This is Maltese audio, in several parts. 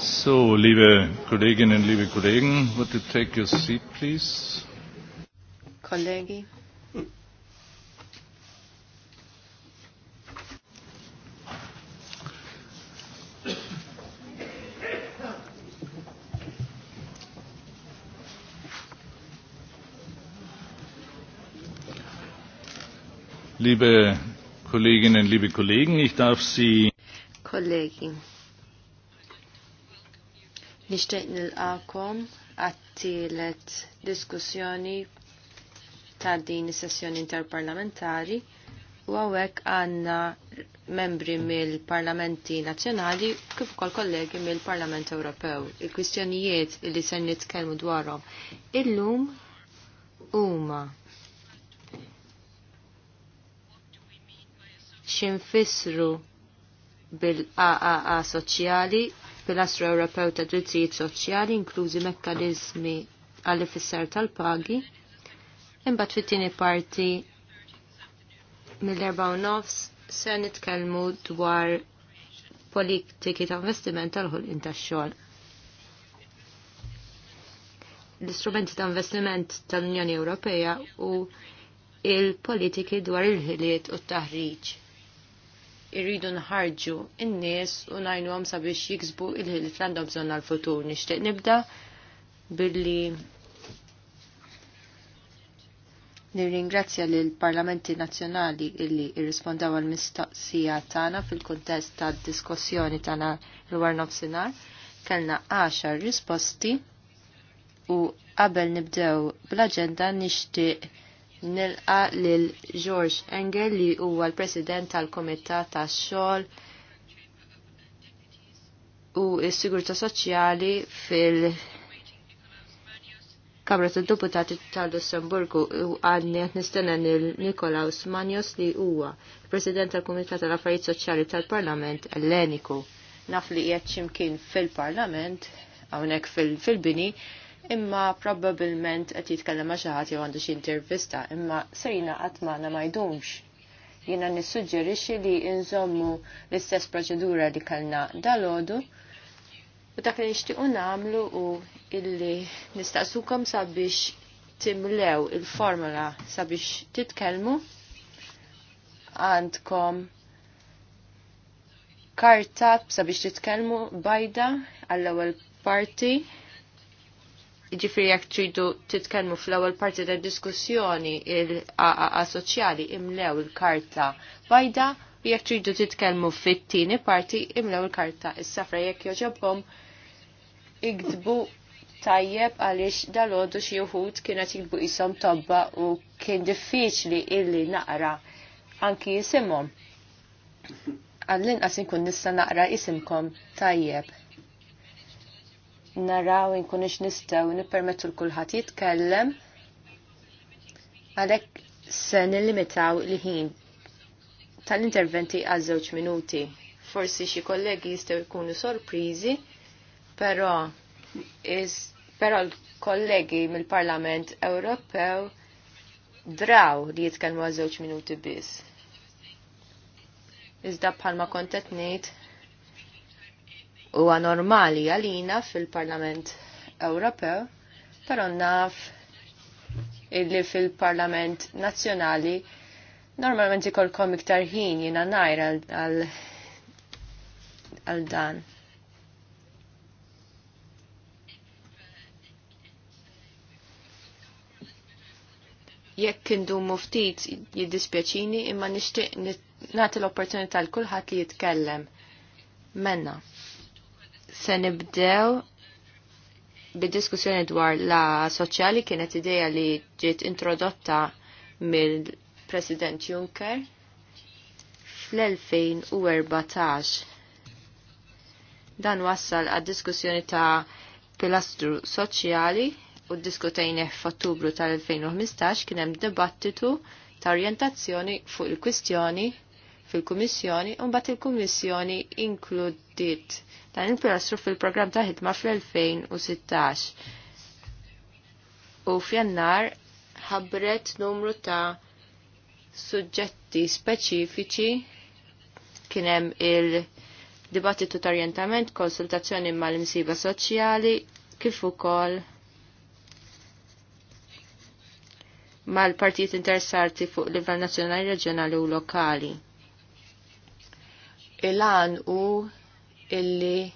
So, liebe Kolleginnen, liebe Kollegen, would you take your seat, please? Kollegi. Liebe Kolleginnen, liebe Kollegen, ich darf Sie Kollegin. Nishtiq nilqakom għattilet diskussjoni ta' din is-sessjoni interparlamentari u għawek għanna membri mill-parlamenti nazjonali kif ukoll kollegi mill-Parlament Ewropew. Il-kwistjonijiet li se nitkellmu dwarhom illum huma xinfissru bil-AAA soċjali fil-Pilastru Ewropew ta' Drittijiet Soċjali inklużi mekkaniżmi għall ifisser tal-pagi. Imbagħad fit-tieni parti mill-erba' nofs se nitkellmu dwar politiki ta' investiment tal-ħolqien tax-xogħol. L-istrumenti ta' investiment tal-Unjoni Ewropea u il-politiki dwar il-ħiliet u t-taħriġ irridu nħarġu in-nies u najnu għam sabiex jiksbu il ħilf għandhom bżonna l-futur. Nishtiq nibda billi nirringrazzja lil parlamenti nazzjonali illi irrispondaw għal mistoqsija tagħna fil-kuntest ta' diskussjoni tagħna l-war nofsinhar. Kellna 10 risposti u qabel nibdew bl-aġenda nixtieq nilqa lil George Engel li huwa l-President tal-Komitat tax-Xogħol u s sigurtà Soċjali fil- Kamra tal-Deputati tal-Lussemburgu għadni għet nistenna nil-Nikolaus Manjos li huwa President tal-Komitat tal-Affarijiet Soċjali tal-Parlament Elleniku. Naf li jgħet ximkien fil-Parlament, għawnek fil-bini, fil parlament hawnhekk fil bini fil fil bini imma probabbilment qed jitkellem ma' xi ħadd jew għandu xi intervista, imma sejna qatt magħna ma jdumx jina nissuġġerixi li inżommu l-istess proċedura li kellna dal-ħodu u dak li nixtiequ nagħmlu u illi nistaqsukom sabiex timlew il-formula sabiex titkellmu għandkom karta sabiex titkellmu bajda għall-ewwel parti ġifiri jek tridu titkellmu fl-ewwel parti ta' diskussjoni il-AAA soċjali imlew il-karta bajda u jekk tridu titkellmu fit-tieni parti imlew il-karta is-safra jekk joġobhom igdbu tajjeb għaliex dalodu xi wħud kienet jilbu qishom tobba u kien diffiċli illi naqra anki jisimhom. Għallin inqas kun nista' naqra isimkom tajjeb naraw ix nistaw nippermettu l-kulħat jitkellem għalek se nillimitaw il-ħin tal-interventi għal żewġ minuti. Forsi xi kollegi jistgħu jkunu sorpriżi, però però l-kollegi mill-Parlament Ewropew draw li jitkellmu għal żewġ minuti biss. Iżda bħalma kontet ngħid huwa normali għalina fil-Parlament Ewropew, però naf illi fil-Parlament Nazzjonali normalment ikolkom iktar ħin jina najra għal dan. Jekk indumu ftit jiddispjaċini imma nixtieq nagħti l-opportunità l kulħadd li jitkellem. Menna. Se nibdew bid-diskussjoni dwar la soċjali kienet ideja li ġiet introdotta mill-President Juncker fl-2014. Dan wassal għad diskussjoni ta' pilastru soċjali u diskutejne f'Ottubru tal-2015 kien hemm dibattitu ta' orjentazzjoni fuq il-kwistjoni fil-Kummissjoni u mbagħad il-Kummissjoni inkludiet Dan il-pilastru fil-programm ta' hitma fl-2016. U f'jannar ħabbret numru ta' suġġetti speċifiċi kienem il-dibattitu ta' orientament, konsultazzjoni mal-imsiba soċjali, kif ukoll mal-partijiet interessati fuq livell nazzjonali, reġjonali u lokali. Il-għan u illi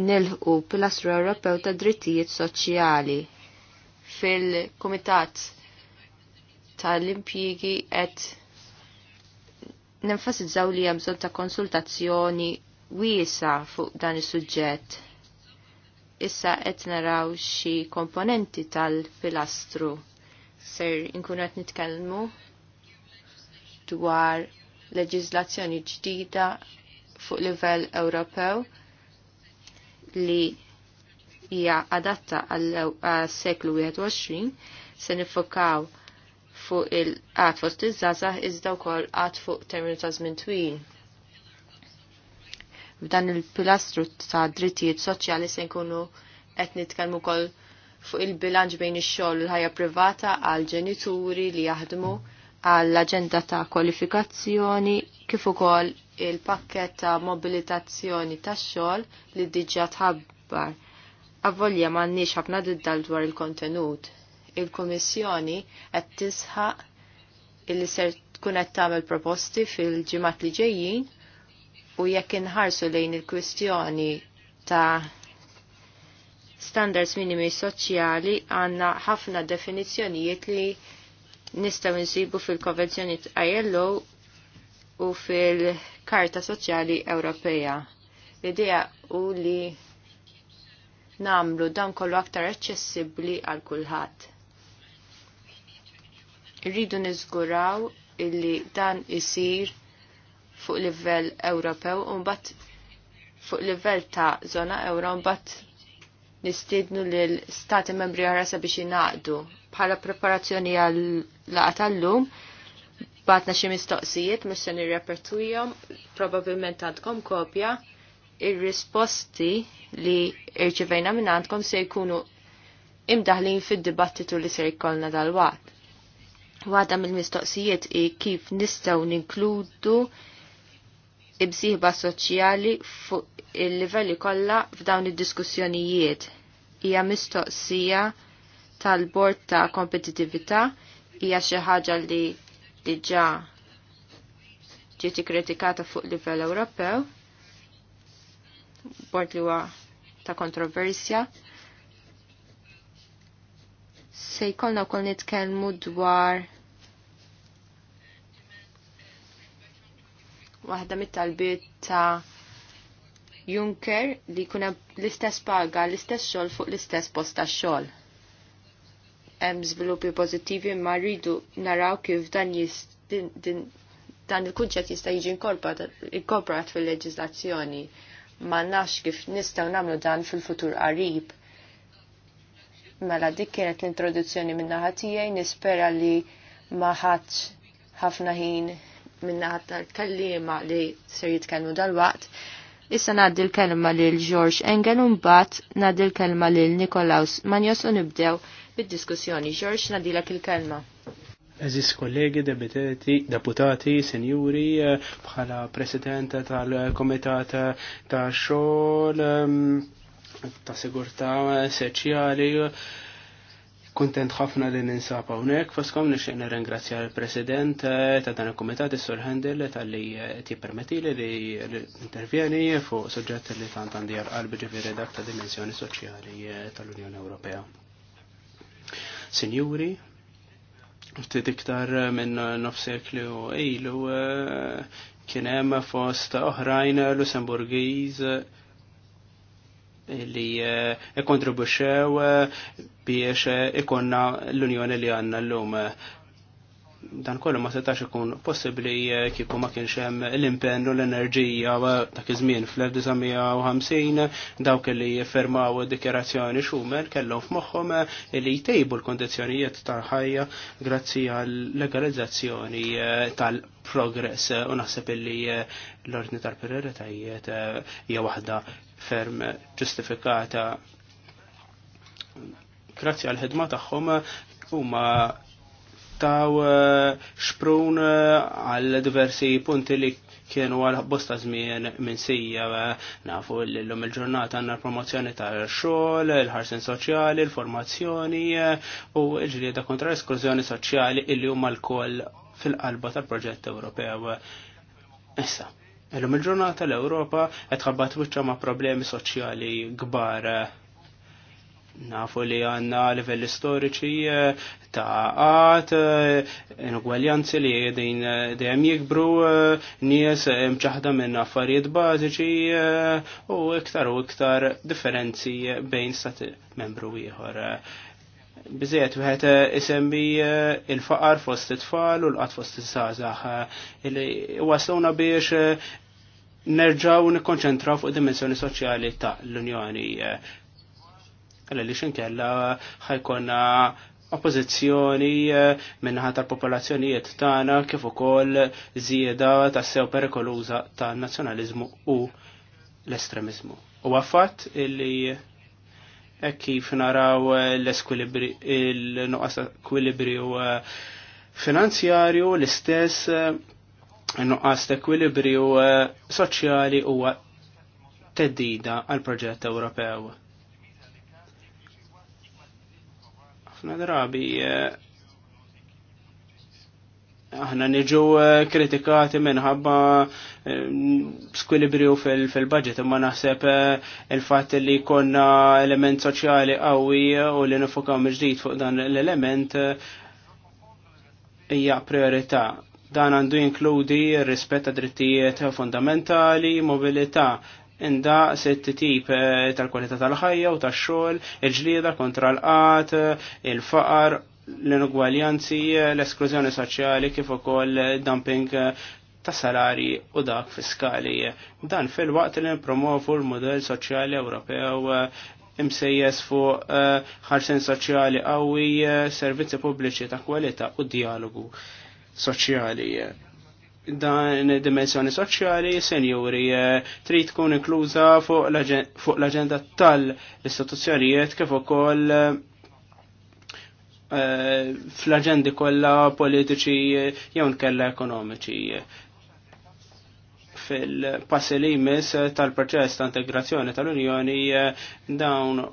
nilħu pilastru Ewropew ta' drittijiet soċjali fil-Kumitat tal-impjigi qed nenfasizzaw li hemm bżonn ta' konsultazzjoni wiesa fuq dan is-suġġett. Issa qed naraw xi komponenti tal-pilastru ser inkunu qed nitkellmu dwar leġiżlazzjoni ġdida fuq livell Ewropew li hija adatta għall seklu 21 se nifokaw fuq il-qat fost iż żazah iżda wkoll qatt fuq terminu ta' żmien twil. F'dan il-pilastru ta' drittijiet soċjali se nkunu qed nitkellmu wkoll fuq il-bilanċ bejn ix-xogħol u l-ħajja privata għal ġenituri li jaħdmu għall aġenda ta' kwalifikazzjoni kif ukoll il-pakket ta' mobilitazzjoni tax xogħol li diġà tħabbar. Avvolja m'għandniex ħafna diddal dwar il-kontenut. Il-Kummissjoni qed tisħaq illi ser tkun qed tagħmel proposti fil-ġimgħat li ġejjin u jekk inħarsu lejn il-kwistjoni ta' standards minimi soċjali għandna ħafna definizzjonijiet li nistaw nsibu fil-konvenzjoni ILO u fil karta soċjali Ewropea. L-idea u li namlu dan kollu aktar aċċessibbli għal kulħadd. Irridu niżguraw illi dan isir fuq livell Ewropew u mbagħad fuq livell ta' zona Ewro mbagħad nistiednu lil stati membri oħra sabiex jingħaqdu bħala preparazzjoni għal laqgħa tal-lum batna xi mistoqsijiet mhux se nirrepetujhom, probabbilment għandkom kopja. Ir-risposti li irċivejna minn għandkom se jkunu imdaħlin fid-dibattitu li ser jkollna dal-waqt. Waħda mill-mistoqsijiet i kif nistgħu ninkludu ibsieħba soċjali fuq il-livelli kollha f'dawn id-diskussjonijiet. Hija mistoqsija tal-Bord ta' Kompetitività hija xi ħaġa li diġa ġieti kritikata fuq livell Ewropew, bord li huwa ta' kontroversja. Se jkollna wkoll nitkellmu dwar waħda mit-talbiet ta' Juncker li kuna l-istess paga, l-istess xogħol fuq l-istess post ta' xogħol hemm żviluppi pożittivi imma rridu naraw kif dan dan il-kunċett jista' jiġi inkorporat fil-leġiżlazzjoni. Ma nafx kif nistgħu nagħmlu dan fil-futur qarib. Mela dik kienet l-introduzzjoni minn naħa tiegħi nispera li ma ħadx ħafna ħin minn naħa tal kelliema li ser jitkellmu dal-waqt. Issa ngħaddi l-kelma lil George Engel u mbagħad ngħaddi l-kelma lil Nikolaus Manjos u nibdew fid-diskussjoni. George, nadilak il-kelma. Eżis kollegi, deputati, senjuri, bħala presidenta tal-komitat ta' xol, ta' sigurta seċjali, kontent ħafna li ninsab hawnhekk foskom nixtieq nirringrazzja l-President ta' dan il-Kumitat is-Sur Handel talli li tippermettili li intervjeni fuq suġġett li tant għandi qalbi ġifieri dak ta' dimensjoni soċjali tal-Unjoni Ewropea. Sinjuri, ftit iktar minn nofsek li u ilu eh, kien hemm fost oħrajn Lussemburgiż eh, li eh, ikkontribuxew biex ikonna l-Unjoni li għandna llum dan kollu ma setax ikun possibbli eh, kieku ma kienx hemm l-impenn u l-enerġija ta' iż-żmien fl-1950 dawk li id dikjerazzjoni Schumer kellhom f'moħħhom eh, li jtejbu l-kondizzjonijiet ta' ħajja grazzi għal legalizzazzjoni eh, tal-progress u naħseb li l-ordni tal-prioritajiet hija waħda ferm ġustifikata. Grazzi għal ħidma tagħhom huma taw eh, xprun eh, għal diversi punti li kienu għal bosta zmin minn sija eh, nafu l-lum il-ġurnata għanna promozzjoni ta' xol, il-ħarsin soċjali, l formazzjoni u il-ġlieda kontra l eskurzjoni soċjali illi huma l-koll fil-qalba tal-proġett Ewropew. Issa, l-lum il-ġurnata l-Ewropa għetħabbat wicċa ma' problemi soċjali gbar Nafu li għanna livelli storiċi eh, ta' għat, eh, ingwaljanzi li din eh, dejjem jikbru nies mċaħda minn affarijiet bażiċi u iktar u iktar differenzi bejn stat membru ieħor bizziet wieħed isembi il-faqar fost it-tfal u l-qat fost it-sazax illi waslona biex nerġaw nikkonċentraw fuq dimensjoni soċjali ta' l-Unjoni għalli li xinkella ħajkonna oppożizzjoni eh, minnaħat tal-popolazzjonijiet tagħna kif ukoll żieda tas-sew perikoluża ta' nazzjonaliżmu u l-estremizmu. U għaffat illi kif naraw l-nuqqas ekwilibrju eh, finanzjarju l-istess eh, nuqqas ekwilibrju soċjali huwa teddida għal proġett Ewropew. ħafna drabi eh, aħna niġu eh, kritikati minħabba eh, skwilibriju fil-budget imma naħseb il-fatt li konna element soċjali qawwi u li nifukaw miġdijt fuq dan l-element hija priorità. Dan għandu jinkludi rispett ta' drittijiet fundamentali, mobilità, inda set tip eh, tal-kwalità tal-ħajja u tax-xogħol, il-ġlieda kontra l-qat, il-faqar, l-inugwaljanzi, l-esklużjoni soċjali kif ukoll dumping eh, ta' salari u dak fiskali. Dan fil-waqt li npromovu l-modell soċjali Ewropew eh, imsejjes fuq ħarsin soċjali qawwi, servizzi pubbliċi ta' kwalità u dialogu soċjali dan dimensjoni soċjali senjuri eh, trid tkun inkluża fuq l-aġenda tal-istituzzjonijiet kif ukoll eh, fl-aġendi kollha politiċi eh, jew nkella ekonomiċi fil-passi li jmiss tal-proċess ta' integrazzjoni tal-Unjoni dawn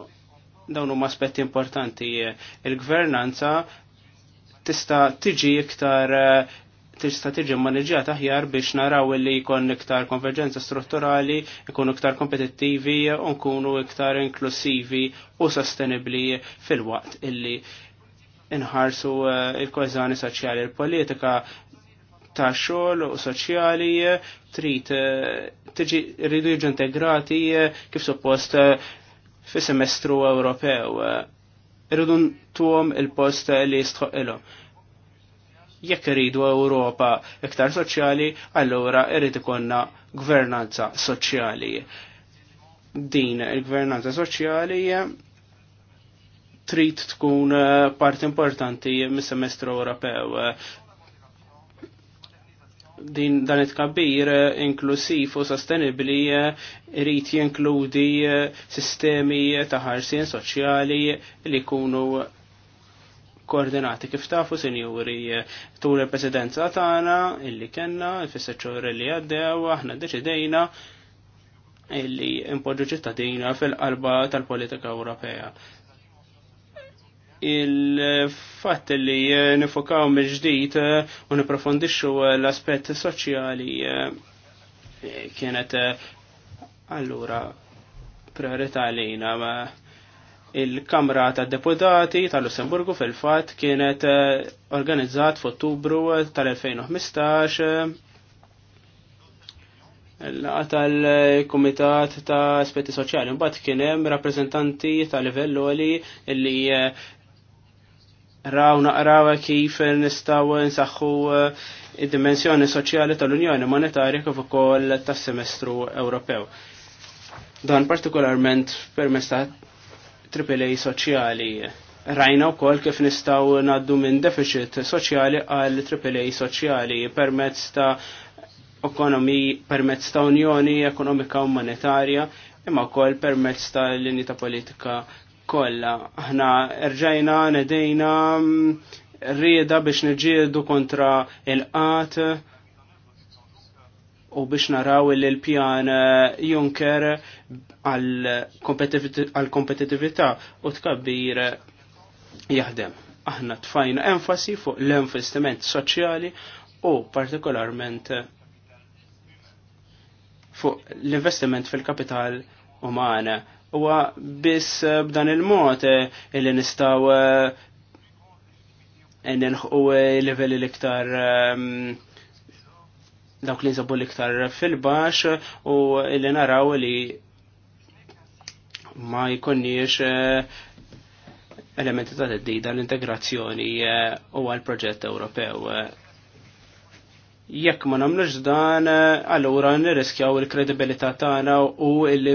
dawn huma aspetti importanti. Il-gvernanza tista' tiġi iktar tista' tiġi maneġġjata aħjar biex naraw li jkun iktar konverġenza strutturali, ikunu iktar kompetittivi u nkunu iktar inklusivi u sostenibli fil-waqt illi inħarsu eh, il-kohezjoni soċjali l-politika ta' xogħol u soċjali trid eh, tiġi rridu jiġu integrati eh, kif suppost fis semestru Ewropew. Irridu tuhom il-post li jistħoq ilhom jekk iridu Ewropa iktar soċjali, allura irid ikonna gvernanza soċjali. Din il-gvernanza soċjali trid tkun eh, part importanti mis-semestru Ewropew. Din dan it-kabbir eh, inklusiv u sostenibli eh, irid jinkludi sistemi ta' ħarsien soċjali li jkunu koordinati. Kif tafu sinjuri tul il-presidenza tagħna illi kenna il-fissaċur illi għaddew aħna deċidejna illi impoġġu ċittadina fil-qalba tal-politika Ewropea. Il-fatt li nifokaw mill-ġdid u niprofondixxu l-aspett soċjali eh, kienet eh, allura priorità lejna ma' il-Kamra ta' Deputati ta' Lussemburgu fil-fat kienet eh, organizzat f'Ottubru tal-2015 eh, tal komitat ta' Aspetti Soċjali. Mbagħad kien hemm rappreżentanti ta' livell li li eh, raw naqraw kif nistgħu nsaħħu id-dimensjoni soċjali tal-Unjoni Monetarja kif ukoll tas-Semestru Ewropew. Dan partikolarment permess ta' AAA soċjali. Rajna u kol kif nistaw naddu minn deficit soċjali għal AAA soċjali permezz ta' ekonomi permezz ta' unjoni ekonomika u monetarja imma wkoll permezz ta' linji ta' politika kollha. Aħna rġajna nedejna mm, rieda biex niġiedu kontra il-qat u biex naraw il l-pjan eh, Juncker għal-kompetitività u tkabbir eh, jaħdem. Aħna tfajna enfasi fuq l-investiment soċjali u partikolarment eh, fuq l-investiment fil-kapital umana. Huwa biss b'dan il-mod illi nistgħu nilħqu livelli l-iktar um, dawk li zabu liktar fil-bax u li naraw li ma jkunniex eh, elementi ta' d-dida l-integrazzjoni eh, u għal-proġett Ewropew. Jekk ma namlux dan, eh, allura nirriskjaw il-kredibilità tagħna u li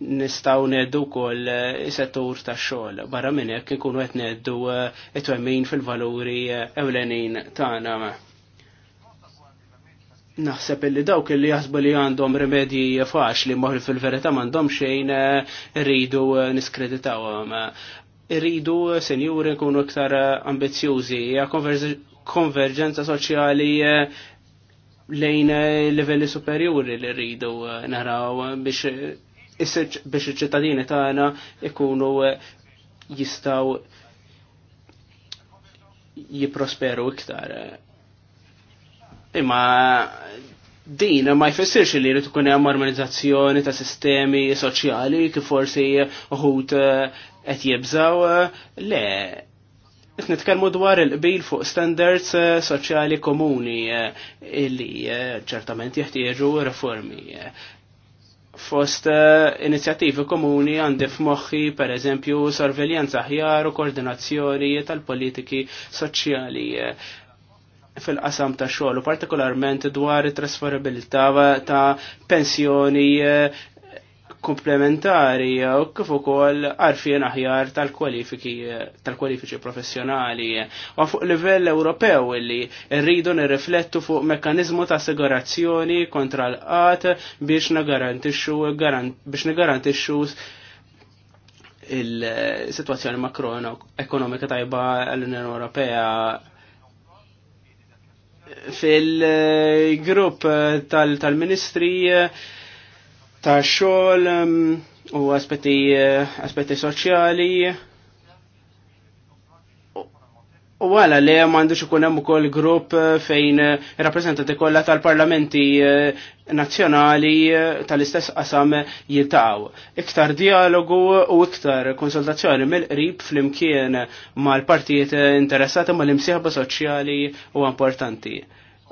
nistaw neddu kol eh, settur ta' xol. Barra minnek kikunu għet neddu eh, twemmin fil-valuri eh, ewlenin tana. Naħseb illi dawk illi jasbu li għandhom rimedji faċ li moħli fil-verita mandom xejn rridu niskreditawhom. Irridu senjuri nkunu iktar ambizjużi, konverġenza soċjali lejn livelli superjuri li rridu naraw biex biex iċ-ċittadini tagħna ikunu eh, jistaw jiprosperu iktar. Imma din ma jfessirx li jrid ikun hemm armonizzazzjoni ta' sistemi soċjali kif forsi uħut eh, qed jibżaw le Qed nitkellmu dwar il-qbil fuq standards eh, soċjali komuni li ċertament jeħtieġu reformi fost eh, inizjattivi komuni għandi f'moħħi per eżempju sorveljanza ħjar u koordinazzjoni tal-politiki soċjali eh, fil-qasam ta' xogħol u partikolarment dwar it-trasferabilità ta' pensjoni eh, komplementari u kif ukoll għarfien aħjar tal-kwalifiki tal-kwalifiċi professjonali u fuq livell Ewropew li rridu nirriflettu fuq mekkaniżmu ta' assigurazzjoni kontra l-qat biex nagarantixxu biex nagarantixxu il-situazzjoni makroekonomika tajba għall-Unjoni Ewropea fil-grupp tal-ministri tal ta' xogħol um, u aspetti uh, aspetti soċjali. U għala li m'għandux ikun hemm ukoll grupp uh, fejn uh, ir kollha tal-parlamenti nazzjonali tal-istess qasam jiltaw. Iktar dialogu u iktar konsultazzjoni mill-qrib flimkien mal-partijiet interessati mal-imsieħba soċjali u importanti.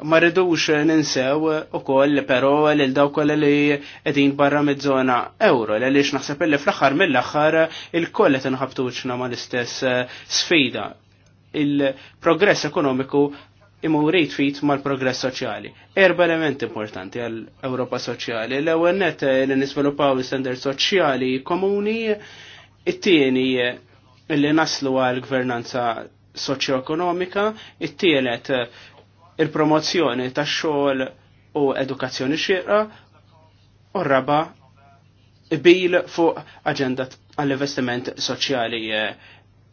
Ma rridux ninsew u koll pero l dawk li edin barra mid-zona euro, li lix naħseb li fl-axar mill-axar il-koll qed inħabtuċna ma l-istess eh, sfida. Il-progress ekonomiku imur fit mal-progress soċjali. Erba element importanti għal Ewropa soċjali. L-ewwel net eh, li nisviluppaw standard soċjali komuni, it-tieni eh, li naslu għal gvernanza soċjoekonomika, it-tielet il-promozzjoni ta' xogħol u edukazzjoni xieqa u raba bil fuq aġenda għall-investiment soċjali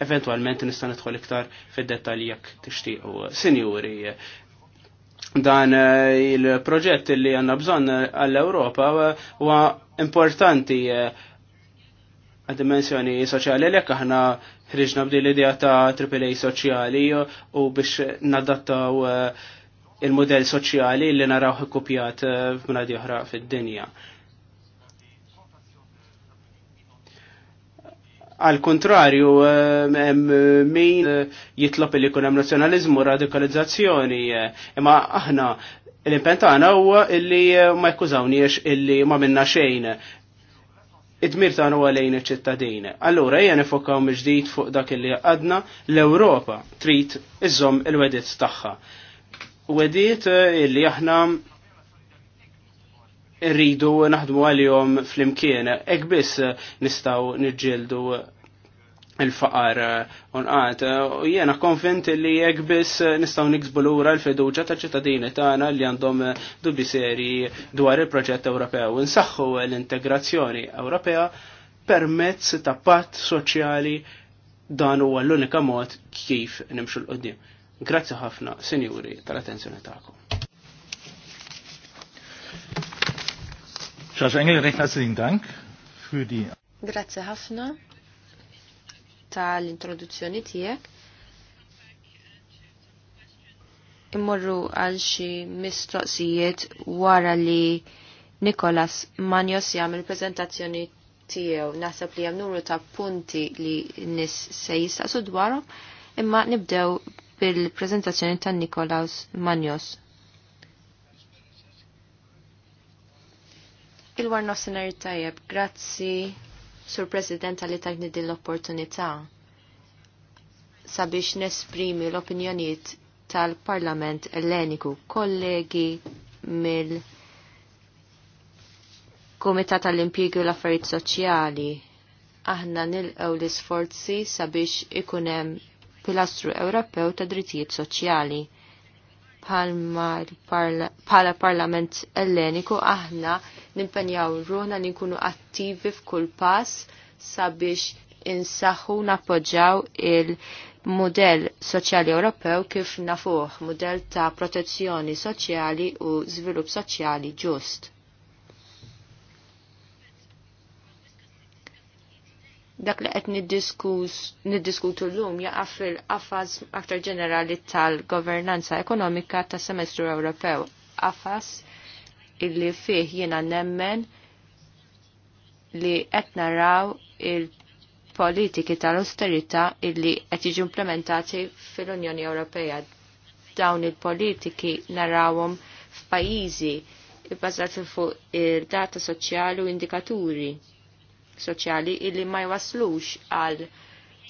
eventualment nista' nidħol iktar fid-dettalji jekk tixtiequ. Sinjuri, dan eh, il-proġett li għandna bżonn għall-Ewropa huwa importanti eh, għad-dimensjoni soċjali l aħna ħriġna bdi l-idea ta' AAA soċjali u biex nadattaw eh, il-modell soċjali li naraw kopjat eh, f'bnadi oħra fid-dinja. Al kontrarju, eh, hemm min jitlob li hemm nazzjonaliżmu radikalizzazzjoni, imma aħna l-impentana huwa illi ma jkużawniex illi ma minna xejn id-dmir tagħna u għalejn iċ-ċittadini. Allura hija nifokaw miġdid fuq dak li għadna l-Ewropa trid iżomm il-wedit tagħha. Wedit eh, illi aħna rridu naħdmu għalihom fl-imkien, hekk biss nistgħu niġġieldu il-faqar eh, unqat. Eh, u jena konvint li jek biss eh, nistaw niksbu lura l-fiduċa ta' ċittadini tagħna li għandhom dubbi seri dwar il-proġett Ewropew. Nsaxħu l-integrazzjoni Ewropea permezz ta' patt soċjali dan huwa l-unika mod kif nimxu l-qoddim. Grazzi ħafna, sinjuri, tal-attenzjoni tagħkom. Ġaġ Grazie ħafna tal-introduzzjoni tiegħek. Immorru għal xi mistoqsijiet wara li Nikolas Manjos jagħmel il-prezentazzjoni tiegħu. Naħseb li hemm numru ta' punti li nis se jistaqsu dwarhom, imma nibdew bil prezentazzjoni ta' Nikolas Manjos. il warnos nofsinhar tajjeb, grazzi. Sur President għalli tajni din l-opportunità sabiex nesprimi l-opinjoniet tal-Parlament Elleniku, kollegi mill Komitat tal-Impjegi u l-Affarijiet Soċjali. Aħna nilqgħu l-isforzi sabiex ikunem pilastru Ewropew ta' drittijiet soċjali pala parlament elleniku aħna nimpenjaw ruħna li nkunu attivi f'kull pass sabiex insaħħu nappoġġaw il-modell soċjali Ewropew kif nafuh, modell ta' protezzjoni soċjali u żvilupp soċjali ġust. dak li qed niddiskutu llum jaqa' fil-qafas aktar ġenerali tal-governanza ekonomika tas-semestru Ewropew. Qafas illi fih jiena nemmen li qed naraw il-politiki tal-austerità illi qed jiġu implementati fil-Unjoni Ewropea. Dawn il-politiki narawhom f'pajjiżi bbażati fuq il-data soċjali u indikaturi soċjali illi ma jwaslux għal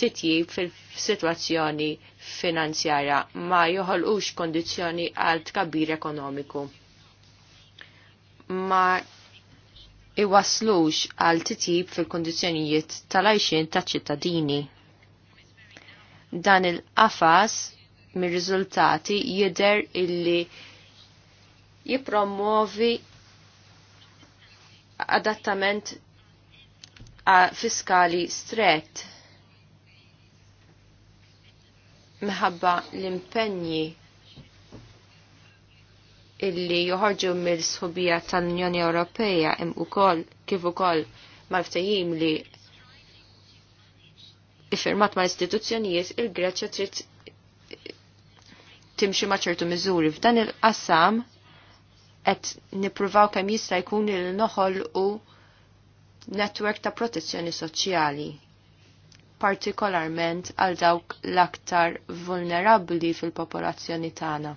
titjib fil-situazzjoni finanzjarja ma joħolqux kondizjoni għal tkabbir ekonomiku. Ma iwaslux għal titjib fil-kondizjonijiet tal-għajxin ta' ċittadini. Dan il-qafas mir-riżultati jider illi jipromovi adattament fiskali stret meħabba l-impenji illi joħorġu mill-sħubija tal-Unjoni Ewropea hemm ukoll kif ukoll mal li iffirmat ma' istituzzjonijiet il-Greċja trid timxi ma' ċertu miżuri. F'dan il-qassam qed nippruvaw kemm jista' jkun il noħol u netwerk ta' protezzjoni soċjali, partikolarment għal dawk l-aktar vulnerabbli fil-popolazzjoni tagħna.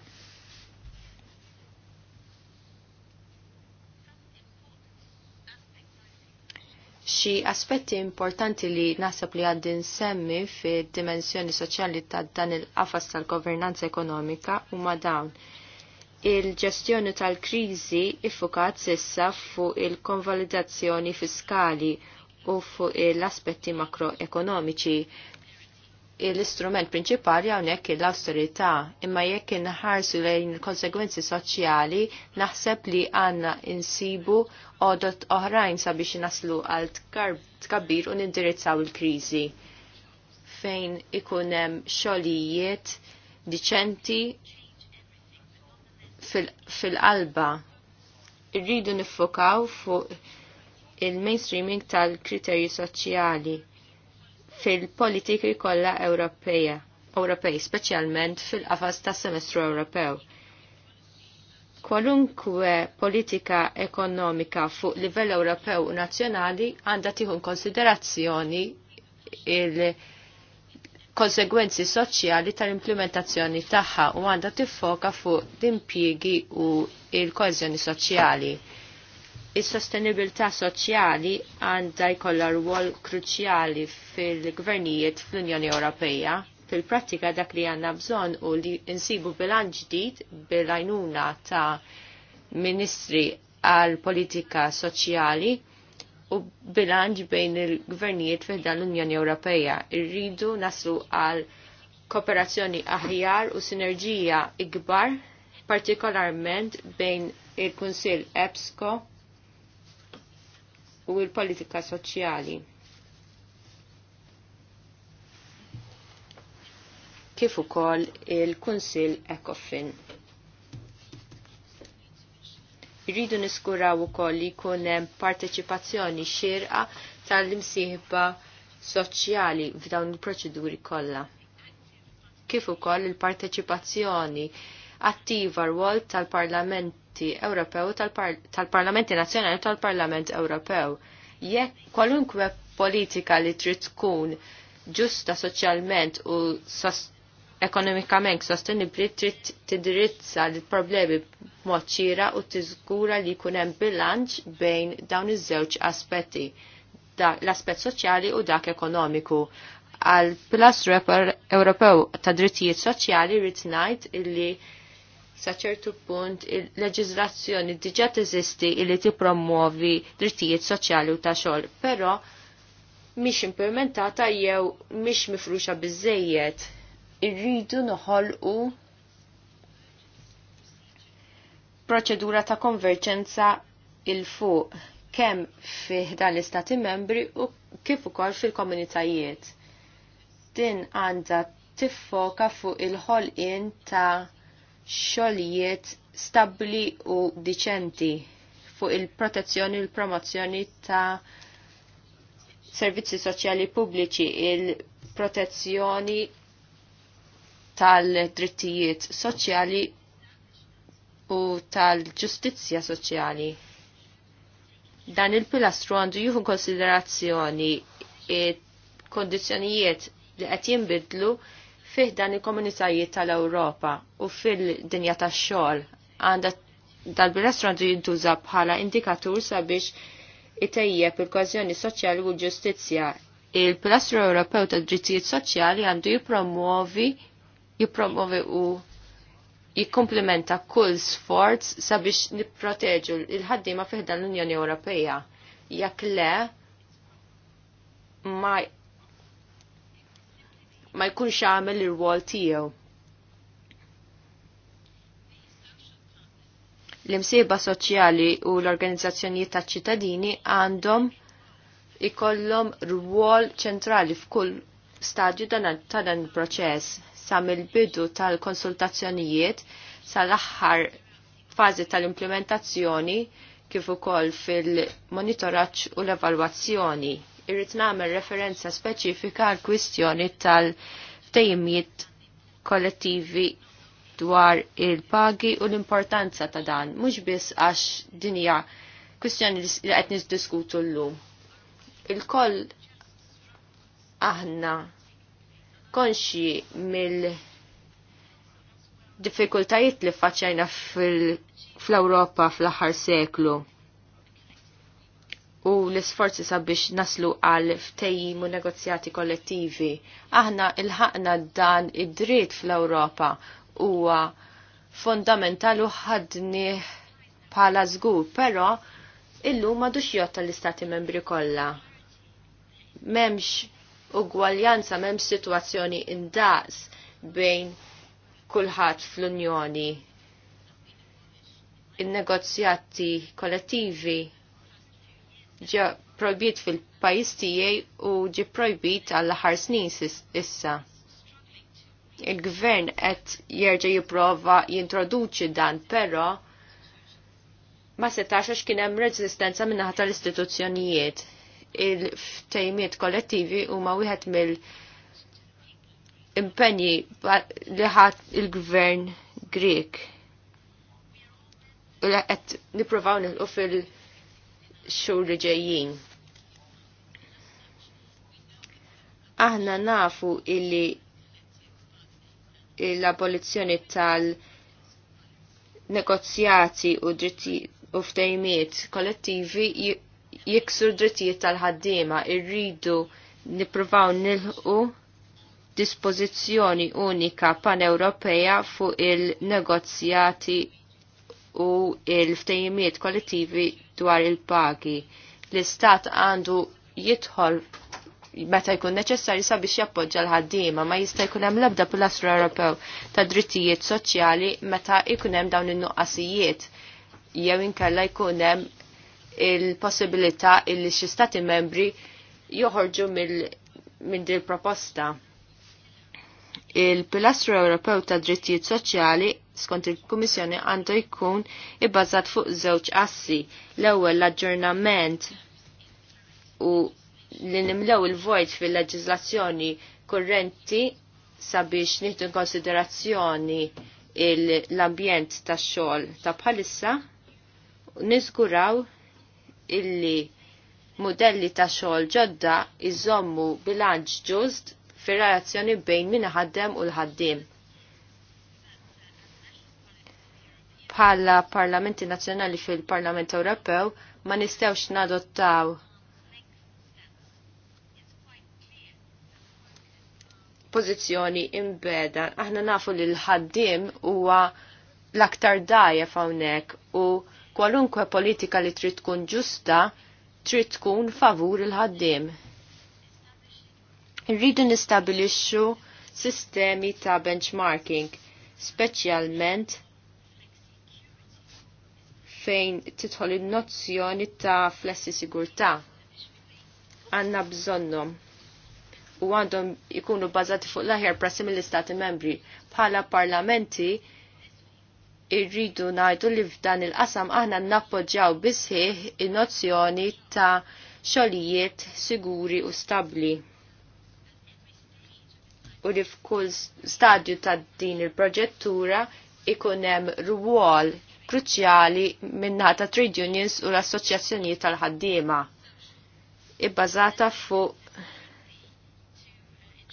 Xi aspetti importanti li naħseb li għaddi nsemmi fid-dimensjoni soċjali ta' dan il-qafas tal-governanza ekonomika huma dawn il-ġestjoni tal-kriżi iffukat sissa fuq il-konvalidazzjoni fiskali u fuq l-aspetti makroekonomiċi. L-istrument prinċipali hawnhekk l-austerità, imma jekk inħarsu lejn il-konsegwenzi soċjali, naħseb li għandna insibu odot oħrajn sabiex naslu għal tkabbir u nindirizzaw il-kriżi fejn ikun hemm xogħlijiet diċenti fil-qalba fil irridu nifokaw fuq il-mainstreaming tal-kriterji soċjali fil-politiki kollha Ewropeja, Ewropej, speċjalment fil-qafas tas semestru Ewropew. Kwalunkwe politika ekonomika fuq livell Ewropew u nazzjonali għandha tieħu konsiderazzjoni il- konsegwenzi soċjali tal-implementazzjoni tagħha u għandha tiffoka fuq l-impjiegi u l-kohezjoni soċjali. Is-sostenibilità soċjali għandha jkollha rwol kruċjali fil-gvernijiet fl-Unjoni Ewropea. Fil-prattika dak li għandna bżonn u li insibu bilan ġdid bil-għajnuna ta' ministri għal politika soċjali u bilanġ bejn il-gvernijiet fil dan l-Unjoni Ewropeja. Irridu naslu għal kooperazzjoni aħjar u sinerġija ikbar, partikolarment bejn il-Kunsil EPSCO u il-politika soċjali. Kif ukoll il-Kunsil ECOFIN. Irridu niskuraw ukoll li jkun hemm parteċipazzjoni xirqa tal-imsieħba soċjali f'dawn il-proċeduri kollha. Kif ukoll il-parteċipazzjoni attiva rwol tal-Parlamenti Ewropew tal-Parlamenti Nazzjonali tal-Parlament Ewropew. Jekk kwalunkwe politika li trid tkun ġusta soċjalment u sost ekonomikament sostenibbli trid tidrizza l problemi b'mod ċira u tiżgura li jkun hemm bilanċ bejn dawn iż-żewġ aspetti l-aspett soċjali u dak ekonomiku. Għal pilastru Ewropew ta' drittijiet soċjali rrid ngħid illi sa ċertu punt il-leġizlazzjoni diġa teżisti li tippromuovi drittijiet soċjali u ta' xogħol, però mhix implementata jew mhix mifruxa biżejjed irridu noħolqu proċedura ta' konverġenza il-fuq kemm fih dan l-istati membri u kif ukoll fil-komunitajiet. Din għandha tiffoka fuq il-ħolqien ta' xogħlijiet stabbli u diċenti fuq il-protezzjoni u l-promozzjoni ta' servizzi soċjali pubbliċi, il-protezzjoni tal-drittijiet soċjali u tal-ġustizzja soċjali. Dan il-pilastru għandu juhu konsiderazzjoni e kondizjonijiet li qed jinbidlu fih dan il-komunitajiet tal-Ewropa u fil-dinja tax-xogħol għandha dal-pilastru għandu jintuża bħala indikatur sabiex itejjeb il-kważjoni soċjali u l-ġustizzja. Il-pilastru Ewropew tad-drittijiet soċjali għandu jippromuovi jippromovi u jikkomplementa kull sforz sabiex nipproteġu il-ħaddima fiħdan l-Unjoni Ewropea. Jekk le, ma ma jkunx għamel ir-rwol tiegħu. L-imsieba soċjali u l-organizzazzjonijiet ta' ċittadini għandhom ikollhom rwol ċentrali f'kull stadju ta' dan il-proċess sa mill-bidu tal-konsultazzjonijiet sal-aħħar fażi tal-implementazzjoni kif ukoll fil-monitoraġġ u l-evalwazzjoni. Irrid nagħmel referenza speċifika għal kwistjoni tal tejmiet kollettivi dwar il-pagi u l-importanza ta' dan, mhux biss għax dinja kwistjoni li qed niddiskutu llum. Il-koll aħna konxi mill diffikultajiet li faċċajna fl-Europa fl-aħħar seklu u l-isforzi sabiex naslu għal ftejjim u negozjati kollettivi. Aħna il-ħakna dan id-dritt fl-Europa huwa fundamental u ħadni bħala żgur, però illum madux jotta l-istati membri kollha. Memx ugwaljanza m'hemmx sitwazzjoni indaqs bejn kulħadd fl-Unjoni. In-negozjati kollettivi ġa projbit fil-pajis tiegħi u ġi projbit għall-aħħar snin issa il-gvern qed jerġa' jipprova jintroduċi dan, però ma setax għax kien hemm reżistenza minnaħa tal-istituzzjonijiet il-ftejmiet kollettivi huma wieħed mill- impenji li ħadd il-gvern Grek. U qed nippruvaw nilqu fil-xhur li ġejjin. Aħna nafu illi l-abolizzjoni tal-negozjati u dritti u ftejmiet kollettivi Jiksu drittijiet tal-ħaddiema irridu nippruvaw nilħu dispożizzjoni unika pan ewropeja fuq il-negozjati u il-ftejimiet kollettivi dwar il-pagi. L-Istat għandu jidħol meta jkun neċessarju sabiex jappoġġa l-ħaddiema ma jista' jkun hemm l-ebda pilastru Ewropew ta' drittijiet soċjali meta jkun hemm dawn in-nuqqasijiet jew inkella jkun hemm il-possibilità illi xi stati membri joħorġu minn din proposta. Il-Pilastru Ewropew ta' Drittijiet Soċjali skont il-Kummissjoni għandu jkun ibbażat fuq żewġ assi. L-ewwel l-aġġornament u li nimlew il-vojt fil-leġiżlazzjoni kurrenti sabiex nieħdu konsiderazzjoni l-ambjent tax xogħol ta' bħalissa niżguraw illi modelli ta' xogħol ġodda iżommu bilanċ ġust fir-relazzjoni bejn min ħaddem u l ħaddim Bħala parlamenti nazzjonali fil-Parlament Ewropew ma nistgħux nadottaw pożizzjoni imbeda. Aħna nafu li l ħaddim huwa l-aktar dajja hawnhekk u kwalunkwe politika li trid tkun ġusta trid tkun favur il-ħaddiem. Irridu nistabilixxu sistemi ta' benchmarking, speċjalment fejn titħol in-nozzjoni ta' flessi sigurtà. Għandna bżonnhom u għandhom ikunu bazati fuq l-aħjar prasim l-istati membri. Bħala parlamenti irridu najdu li f'dan il-qasam aħna nappoġġjaw bisħieħ in-nozzjoni ta' xogħlijiet siguri u stabbli. U li f'kull stadju ta' din il-proġettura ikun hemm rwol kruċjali minna ta' trade unions u l-assoċjazzjonijiet tal-ħaddiema ibbażata fuq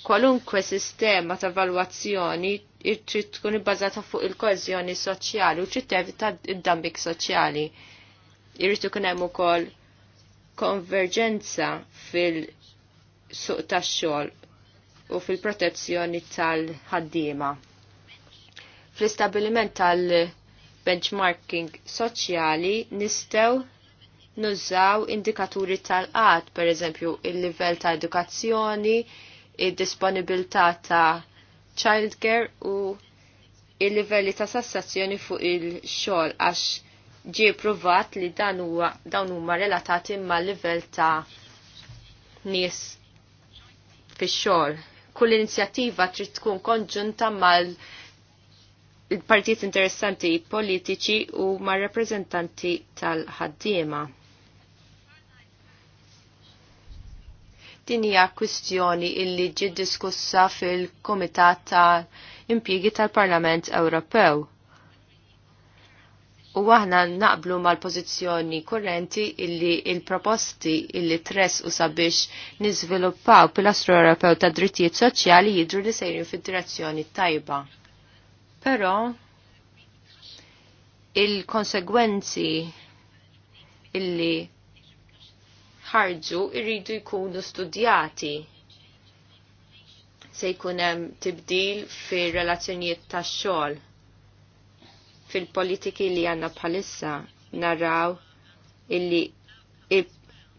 kwalunkwe sistema ta' valwazzjoni trid tkun ibbażata fuq il-koeżjoni soċjali u trid tevita id dambik soċjali. Irrid ikun hemm ukoll konverġenza fil-suq tax-xogħol u fil-protezzjoni tal-ħaddiema. Fl-istabiliment tal-benchmarking soċjali nistgħu nużaw indikaturi tal-qad, per eżempju il-livell ta' edukazzjoni, id-disponibilità ta' childcare u il-livelli ta' sassazzjoni fuq il-xogħol għax ġie provat li dan huwa dawn huma relatati ma' livell ta' nies fix-xogħol. Kull inizjattiva trid tkun konġunta mal il-partijiet interessanti politiċi u mar-reprezentanti tal-ħaddiema. Din hija kwistjoni illi ġi diskussa fil-Kumitat ta' impjiegi tal-Parlament Ewropew. U aħna naqblu mal-pożizzjoni kurrenti illi il-proposti illi tres u sabiex niżviluppaw pilastru Ewropew ta' drittijiet soċjali jidru li sejrin fid-direzzjoni tajba. Però il-konsegwenzi illi ħarġu irridu jkunu studjati se jkun hemm tibdil fir-relazzjonijiet tax-xogħol fil-politiki li għandna bħalissa naraw illi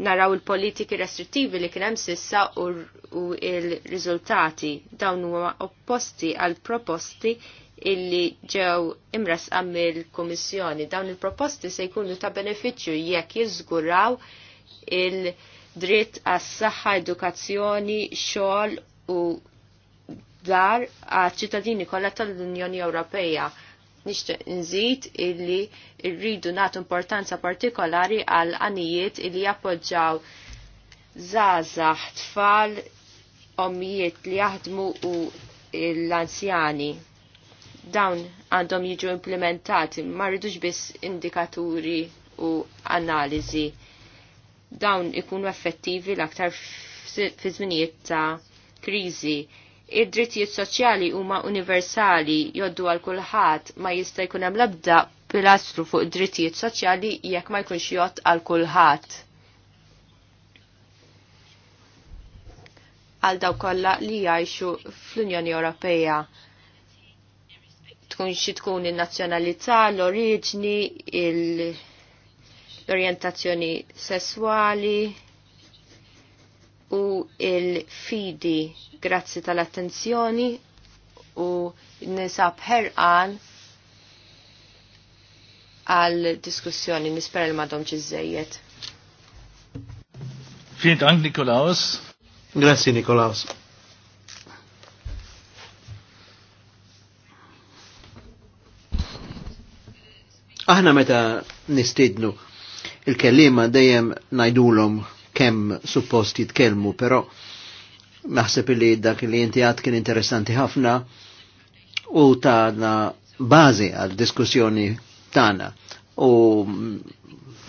naraw il-politiki restrittivi li kien hemm sissa u, u il-riżultati dawn huma opposti għal proposti illi ġew imresqa mill-Kummissjoni. Dawn il-proposti se jkunu ta' benefiċċju jekk jiżguraw il-dritt għas saħħa edukazzjoni, xogħol u dar għal ċittadini kollha tal-Unjoni Ewropea. Nixtieq nżid illi rridu nagħtu importanza partikolari għal anijiet illi jappoġġaw żgħażagħ tfal ommijiet li jaħdmu u l-anzjani dawn għandhom jiġu implementati, ma rridux biss indikaturi u analizi dawn ikunu effettivi l-aktar fi żminijiet ta' kriżi. Id-drittijiet soċjali huma universali joddu għal kulħadd ma jista' jkun hemm l-ebda pilastru fuq id-drittijiet soċjali jekk ma jkunx jgħod għal kulħadd. għal daw kollha li jgħixu fl-Unjoni Ewropea tkun xi tkun in-nazzjonalità, l-oriġni, il- l-orientazzjoni sessuali u il-fidi. Grazzi tal-attenzjoni u nisab herqan għal diskussjoni nispera li madom ċizzejiet. Fint għank Nikolaus. Grazie, Nikolaus. Aħna meta nistidnu il-kellima dejjem najdulom kemm suppost jitkellmu, però naħseb li dak li inti għad kien interessanti ħafna u tagħna bażi għal diskussjoni tagħna. U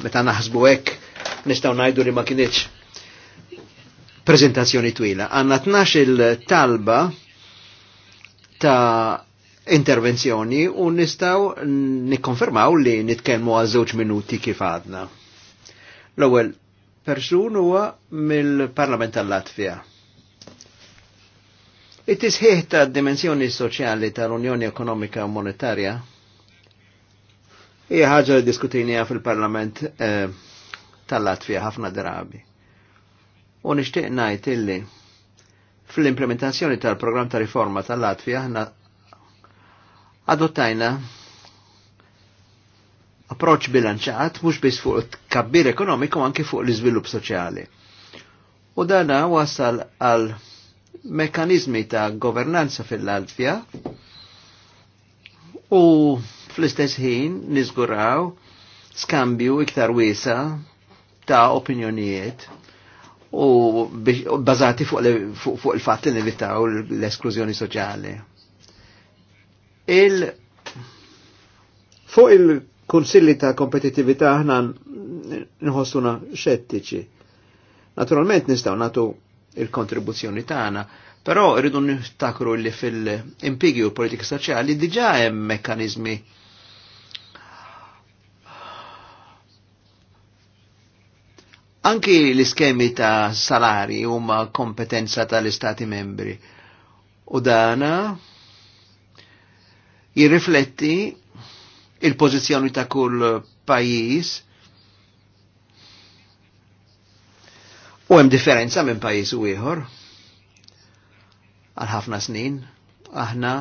meta naħsbu hekk nistaw najdu li ma kienieċ prezentazzjoni twila. Għanna 12 il-talba ta' intervenzjoni u nistaw nikkonfermaw li nitkellmu għal żewġ minuti kif għadna. L-ewwel persun huwa mill-Parlament tal-Latvija. It-tisħiħ ta' dimensjoni soċjali tal-Unjoni Ekonomika u Monetarja hija ħaġa li diskutinija fil-Parlament eh, tal-Latvija ħafna drabi. U nixtieq ngħid illi fl-implementazzjoni tal-programm ta' riforma tal-Latvija aħna adottajna approċ bilanċat mhux biss fuq it-kabbir ekonomiku anke fuq l-iżvilupp soċjali. U dana wasal għal mekanizmi ta' governanza fil-Latvja u fl-istess ħin niżguraw skambju iktar wiesa ta' opinjonijiet u bazati fuq, fuq, fuq il-fat li nivitaw l-esklużjoni soċjali. Il fuq il kunsilli ta' kompetitività ħna nħossuna xettiċi. Naturalment nistaw natu il-kontribuzzjoni tagħna, però rridu niftakru li fil-impigi u politika soċjali diġà hemm mekkaniżmi Anki l-iskemi ta' salari huma kompetenza tal-Istati membri. U dana jirrifletti il-pożizzjoni ta' kull pajjiż. U hemm differenza minn pajjiż u ieħor. Għal ħafna snin aħna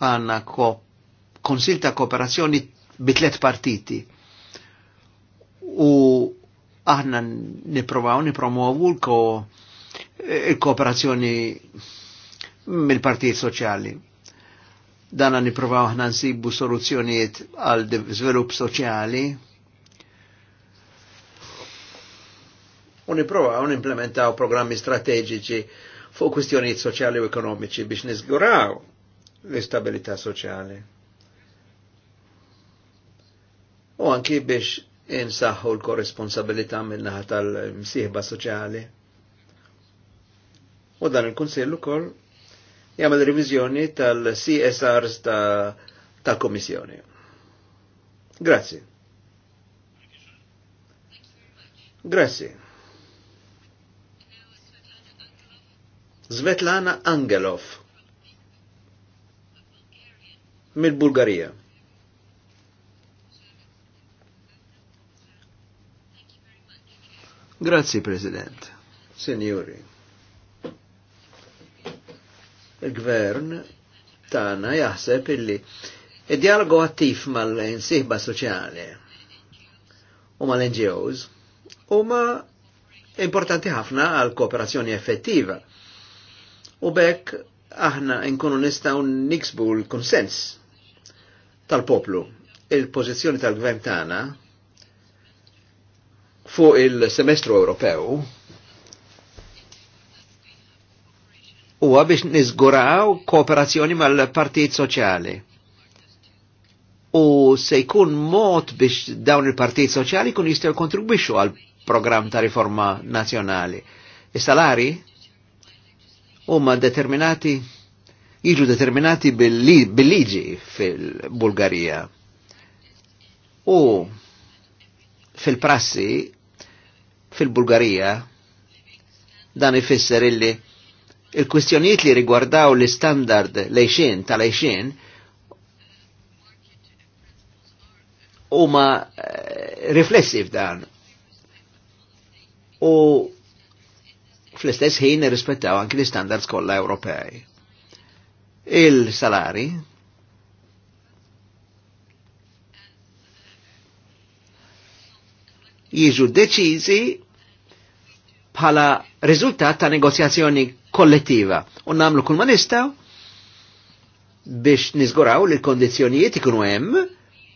għandna konsil ta' kooperazzjoni bitlet partiti. U aħna niprovaw nipromovu l kooperazzjoni mill-partijiet soċjali dan għan niprofaw ħna nsibu soluzzjonijiet għal svilupp soċjali u niprofaw nimplementaw programmi strategiċi fuq kwistjonijiet soċjali u ekonomiċi biex nizguraw l-istabilità soċjali. U anki biex insaħħu l-korresponsabilità mill-naħa tal-msieħba soċjali. U dan il-Kunsill ukoll jagħmel revizjoni tal-CSRs tal-Komissjoni. Ta Grazzi. Grazzi. Svetlana Angelov Mil bulgarija Grazie, Presidente. Signori il-gvern tagħna jaħseb illi id-dialogu attiv mal insihba soċjali u mal-NGOs huma importanti ħafna għal kooperazzjoni effettiva. U bekk aħna nkunu nistgħu niksbu l-konsens tal-poplu. Il-pożizzjoni tal-gvern tagħna fuq il-semestru Ewropew huwa biex nizguraw kooperazzjoni mal-Partit Soċjali. U se jkun mod biex dawn il-Partit Soċjali kun jistgħu kontribwixxu għal programm ta' riforma nazzjonali. Is-salari huma determinati jiġu determinati bil-liġi fil-Bulgarija. U fil-prassi fil-Bulgarija dan ifisser illi il-kwistjonijiet li rigwardaw l-standard lejxin tal-lejxin huma eh, riflessi f'dan u fl-istess ħin irrispettaw anki l-standards kollha Ewropej. Il-salari jiġu deċiżi bħala riżultat ta' negozjazzjoni kollettiva. U namlu kull ma nistaw biex nizguraw li l-kondizjonijiet ikunu hemm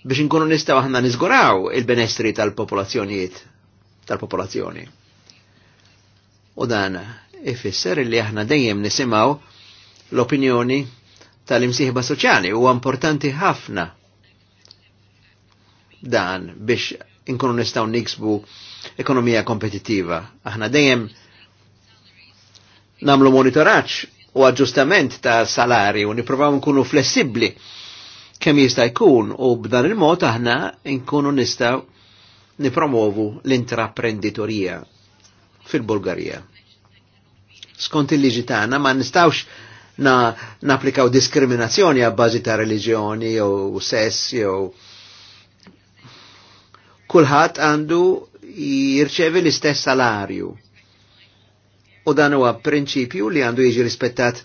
biex nkunu nistaw aħna nizguraw il-benestri tal-popolazzjonijiet tal-popolazzjoni. U dan ifisser li aħna dejjem nisimaw l-opinjoni tal-imsieħba soċjali huwa importanti ħafna dan biex inkunu nistaw niksbu ekonomija kompetittiva. Aħna dejjem namlu monitoraċ u aġġustament ta' salari u niprofaw nkunu flessibli kemm jista' jkun u b'dan il-mod aħna nkunu nistaw nipromovu l-intraprenditorija fil-Bulgarija. Skont il-liġi tagħna ma nistawx na naplikaw diskriminazzjoni għabbażi ta' reliġjoni jew sess jew kulħadd għandu jirċevi l-istess salarju u dan huwa prinċipju li għandu jiġi rispettat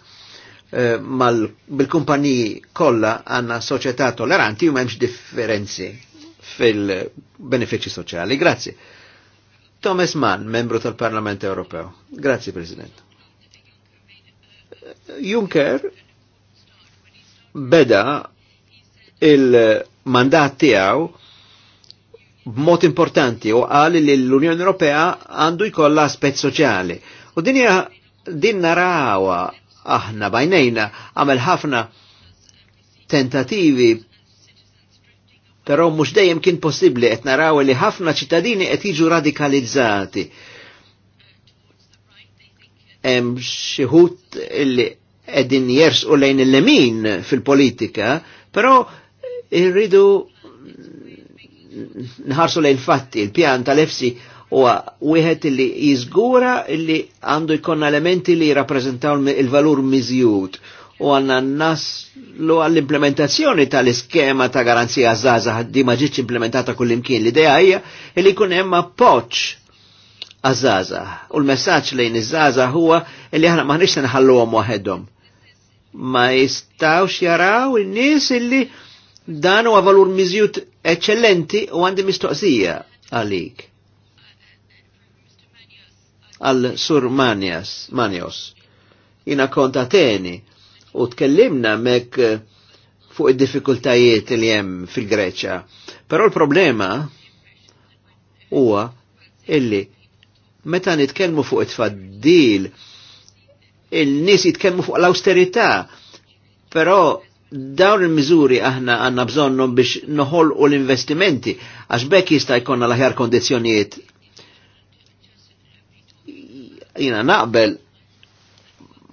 eh, mal bil-kumpaniji kollha għandna soċjetà tolleranti u m'hemmx differenzi fil-benefiċċji soċjali. Grazzi. Thomas Mann, membru tal-Parlament Ewropew. Grazzi, President. Juncker beda il-mandat tiegħu b'mod importanti u qal li l-Unjoni Ewropea għandu jkollha aspett soċjali U dinja din narawa aħna bajnejna għamel ħafna tentativi però mhux dejjem kien possibbli qed naraw li ħafna ċittadini qed jiġu radikalizzati. Hemm xi ħut li qegħdin jersqu lejn il-lemin fil-politika, però irridu nħarsu lejn fatti, il-pjan tal-efsi u wieħed li jizgura li għandu jkun elementi li jirrappreżentaw il-valur miżjud u għanna naslu għall-implementazzjoni tal-iskema ta' garanzija zaza di maġiċ implementata kull-imkien l-ideja hija li kun hemm poċ għazzaza. U l-messaġġ lejn iż-żaza huwa li aħna maħniex se nħalluhom waħedhom. Ma jistawx jaraw in-nies illi dan huwa valur miżjud eċċellenti u għandi mistoqsija għalik għal Sur Manias, Manios. Jina konta teni u tkellimna mek eh, fuq id-diffikultajiet li hemm fil-Greċja. Però l-problema huwa illi meta nitkellmu fuq it-tfaddil, il-nies jitkellmu fuq l-austerità, però dawn il-miżuri aħna għanna bżonnhom biex u l-investimenti għax bekk jista' jkollna l-aħjar kondizzjonijiet jina naqbel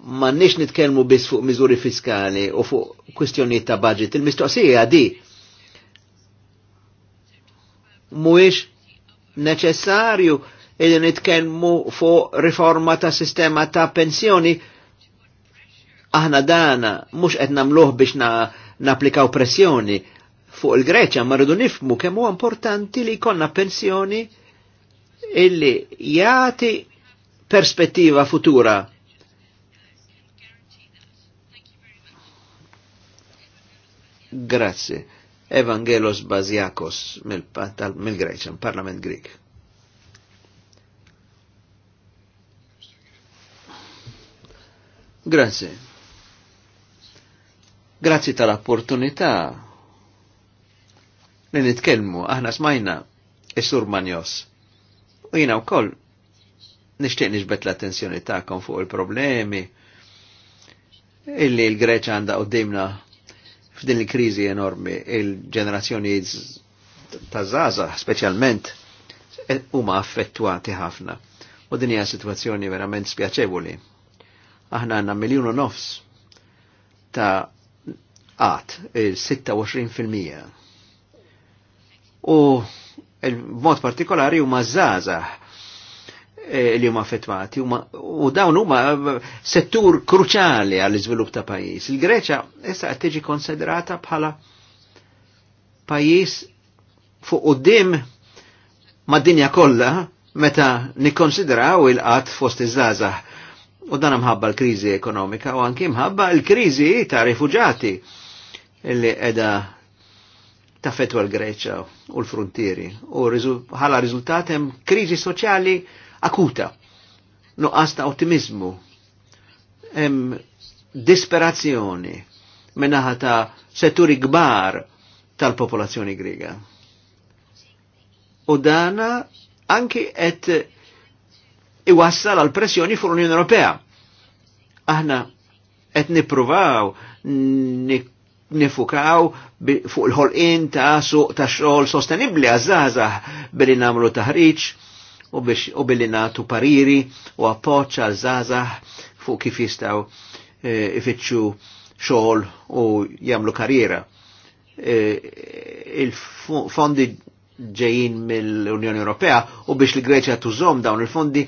ma nix nitkelmu bis fuq miżuri fiskali u fuq kwistjoniet ta' budget. Il-mistoqsija di mhuwiex neċessarju li nitkelmu fuq riforma ta' sistema ta' pensjoni aħna dana mhux qed nagħmluh biex na, naplikaw pressjoni fuq il-Greċja ma rridu nifmu kemm huwa importanti li jkollna pensjoni illi jagħti perspettiva futura. Grazie. Evangelos Basiakos, mill-Greċa, mil Parlament Grik. Grazie. Grazie tal-opportunità li nitkellmu aħna smajna is-Sur Manjos. U jina wkoll nishtiq nixbet l-attenzjoni ta'kom fuq il-problemi illi l-Greċa għanda qoddimna f'din il-krizi enormi il-ġenerazzjoni ta' zaza specialment huma affettwati ħafna u din hija situazzjoni verament spjaċevoli. Aħna għandna miljun u nofs ta' għat il-26%. U il-mod partikolari huma zaza Eh, li huma affettwati u dawn huma eh, settur kruċjali għall iżvilupp ta' pajjiż. Il-Greċja issa qed tiġi konsiderata bħala pajjiż fuq quddiem mad-dinja kollha meta nikkonsidraw il-qatt fost iż-żgħażagħ. U dan mħabba l-kriżi ekonomika u anki mħabba l-kriżi ta' rifuġati li qiegħda fetwa l-Greċja u l-frontieri. U ħala riżultat hemm kriżi soċjali akuta, nuqqas ta' ottimizmu, em, disperazzjoni minnaħa ta' setturi gbar tal-popolazzjoni griega. U dana anki qed iwassal għal pressjoni fuq l-Unjoni Ewropea. Aħna qed nippruvaw nifukaw fuq il-ħolqien ta' suq ta' xogħol sostenibbli għażażaħ billi nagħmlu taħriġ u biex u billi natu pariri u appoċ għal zazah fuq kif jistaw e, ifittxu xogħol u jagħmlu karriera. E, il-fondi ġejjin mill-Unjoni Ewropea u biex l-Greċja tużom dawn il-fondi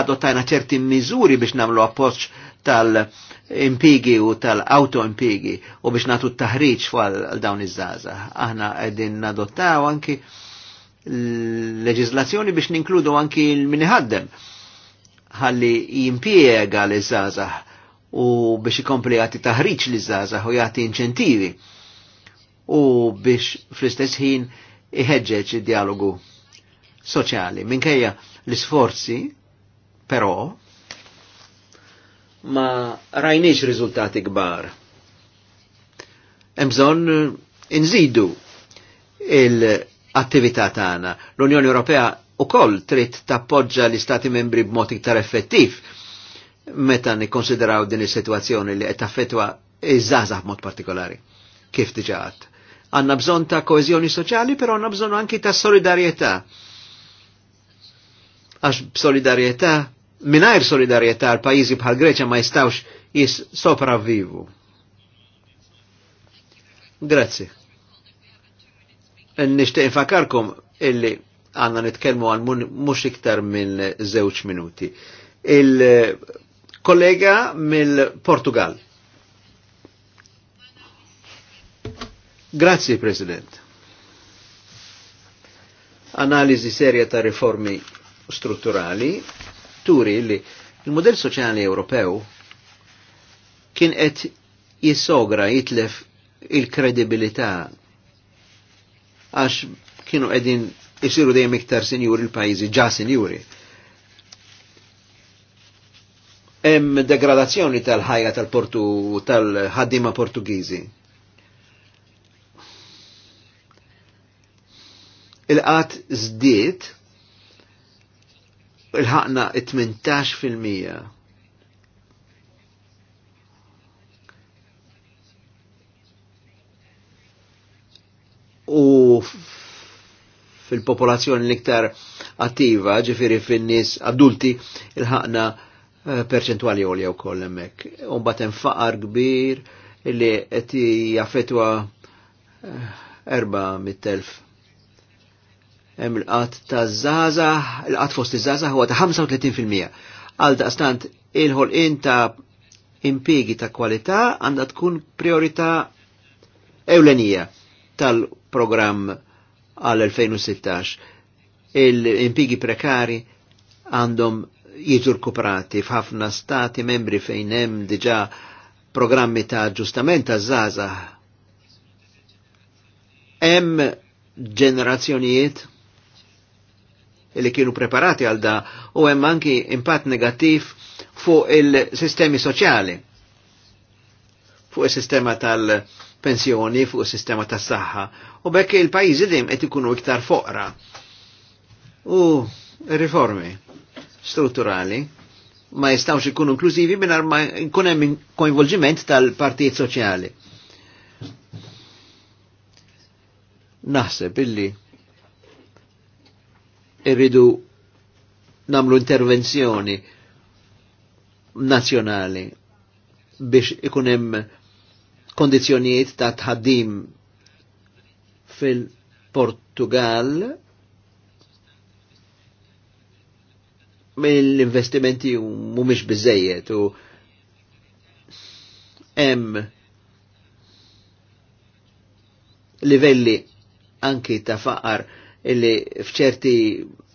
adottajna ċerti miżuri biex namlu appoġġ tal-impigi u tal-auto-impigi u biex natu t-taħriġ għal dawn iż-żaza. Aħna qegħdin nadottaw anki l leġizlazzjoni biex ninkludu anki l miniħaddem ħalli jimpiega l iżazah u biex ikompli jagħti taħriġ l iżazah u jagħti inċentivi u biex fl-istess ħin iħeġġeġ id-dialogu soċjali. Minkejja l-isforzi, però, ma rajniex riżultati kbar. Hemm bżonn inżidu il- attività tagħna. L-Unjoni Ewropea ukoll trid tappoġġa l-Istati membri b'mod iktar effettiv meta nikkonsideraw din is-sitwazzjoni li qed taffetwa iż-żgħażagħ b'mod partikolari. Kif diġà għadd. Għandna bżonn ta' koeżjoni soċjali, però għandna bżonn anki ta' solidarjetà. Għax solidarjetà, mingħajr solidarjetà għal pajjiżi bħal Greċja ma jistawx jis sopravvivu. Grazie nishtiq infakarkom illi għanna nitkelmu għal mux iktar minn zewċ minuti. Il-kollega mill-Portugal. Grazzi, President. Analizi serja ta' riformi strutturali turi li il-modell soċjali Ewropew kien qed jisogra jitlef il-kredibilità għax kienu qegħdin jisiru dejjem iktar sinjuri l-pajjiżi ġa sinjuri. Hemm degradazzjoni tal-ħajja tal-Portu tal-ħaddiema Portugiżi. Il-qat zdiet, il-ħakna 18 fil-mija u fil-popolazzjoni l-iktar attiva, ġifiri fil-nis adulti, il-ħakna eh, perċentuali għolja u koll Un Umbatem faqar kbir li għeti jaffetwa 400.000. Eh, hemm il-qat ta' zaza, il-qat fost iż-żaza huwa ta' 35%. Għal daqstant il-ħolqien ta' impiegi ta' kwalità għandha tkun priorità ewlenija tal program għal-2016. Il-impigi prekari għandhom jiġu rkuprati f'ħafna stati membri fejn hemm diġà programmi ta' ġustament ta' zaza. Hemm ġenerazzjonijiet li kienu preparati għal da u hemm anki impatt negattiv fuq il-sistemi soċjali, fuq il sistema tal- pensjoni fuq sistema tas saħħa u bekk il-pajjiżi dim qed ikunu iktar foqra. U riformi strutturali ma jistawx ikunu inklużivi minn ma jkun hemm koinvolġiment tal-partijiet soċjali. Naħseb illi irridu namlu intervenzjoni nazjonali biex ikunem kondizjoniet ta' tħaddim fil-Portugal mill-investimenti mhumiex biżejjed u hemm livelli anki ta' faqar illi fċerti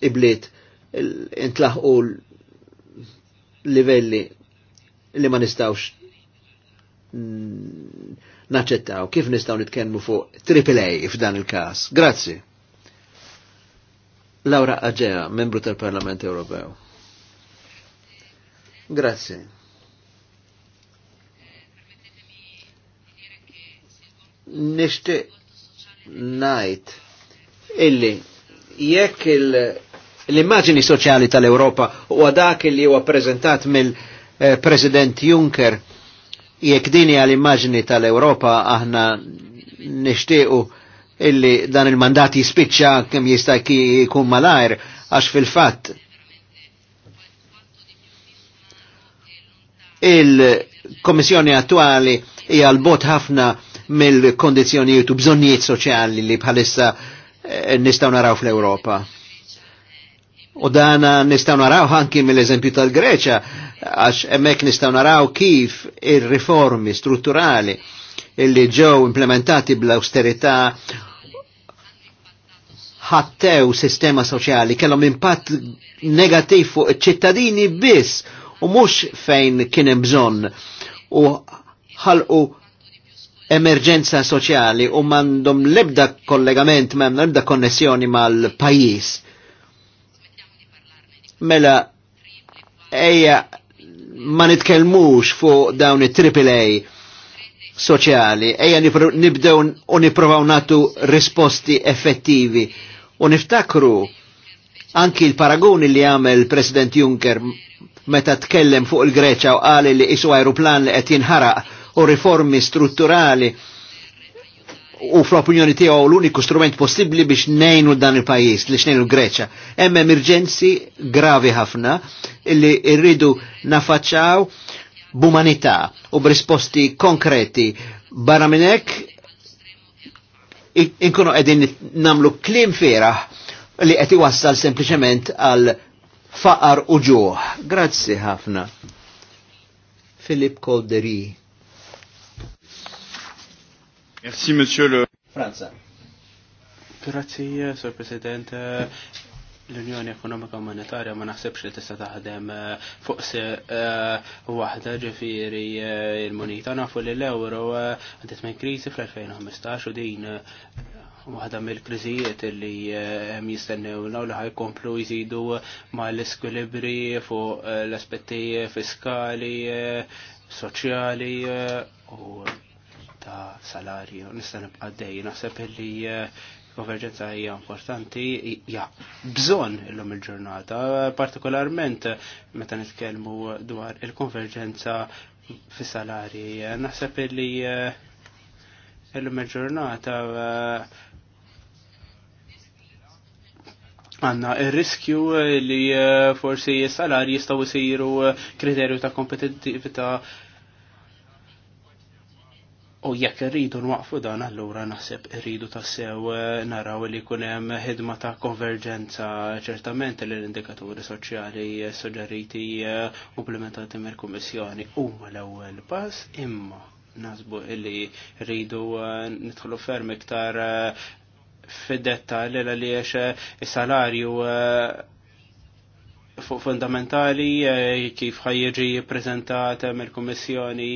iblit intlaħqu livelli li ma nistawx Mm, naċċettaw kif nistgħu nitkellmu fuq AAA f'dan il-każ. Grazzi. Laura Aġea, membru tal-Parlament Ewropew. Grazzi. Nishti najt illi jekk il l immagini soċjali tal-Europa u għadak li huwa prezentat mill-President eh, Juncker jekk dini għal-immaġni tal-Europa aħna nishtiqu illi dan il-mandat jispiċċa kemm jista' jkun malajr għax fil-fatt il-Komissjoni attuali hija l-bot ħafna mill kondizzjonijiet u bżonnijiet soċjali li bħalissa eh, nistgħu naraw fl-Ewropa. U dana nistgħu naraw anki mill-eżempju tal-Greċa għax emmek nistaw naraw kif il-riformi strutturali illi ġew implementati bl-austerità ħattew sistema soċjali kellhom impatt negattiv fuq iċ-ċittadini biss u mhux fejn kien hemm bżonn u ħalqu emerġenza soċjali u m'għandhom l-ebda kollegament, ma l-ebda konnessjoni mal-pajjiż. Mela ejja ma nitkellmux fuq dawn it-triple A soċjali, eja nibdew u niprofaw natu risposti effettivi u niftakru anki l-paragoni li għamel President Juncker meta tkellem fuq il-Greċa u għali li isu aeroplan li qed jinħaraq u riformi strutturali u fl-opinjoni tiegħu l-uniku strument possibbli biex nejnu dan il-pajjiż li xnejnu Greċa. Hemm emerġenzi gravi ħafna li rridu nafaċċaw b'umanità u b'risposti konkreti. Barra minn hekk inkunu qegħdin namlu klim fieraħ li qed iwassal sempliċement għal faqar u ġuħ. Grazzi ħafna. Filip Kolderi. Merci, monsieur le... Franza. Grazie, Sir President. L-Unjoni Ekonomika Monetarja ma naħsebx li tista' taħdem eh, fuq se eh, waħda ġifieri eh, il monita Nafu li l-euro għandet minn kriżi fl-2015 u din waħda mill-kriżijiet li hemm jistennewna u li ħajkomplu jżidu ma l-iskwilibri fuq l-aspetti fiskali, soċjali u ta' salarju. Nista' nibqa' dej, naħseb li eh, konverġenza hija importanti, ja, bżonn illum il-ġurnata, partikolarment eh, meta nitkellmu dwar il-konverġenza fis salari. Naħseb li eh, illum il-ġurnata għanna il-riskju li forsi s-salari jistaw jisiru kriterju ta' kompetitivita' U jekk irridu nwaqfu dan allura naħseb irridu tassew eh, naraw li jkun hemm ħidma ta' konverġenza ċertament li l-indikaturi soċjali eh, suġġeriti eh, implementati mill-Kummissjoni huma l-ewwel pass imma nasbu li rridu nidħlu ferm iktar fid li għaliex is-salarju fundamentali kif ħajjiġi prezentat mill-Kummissjoni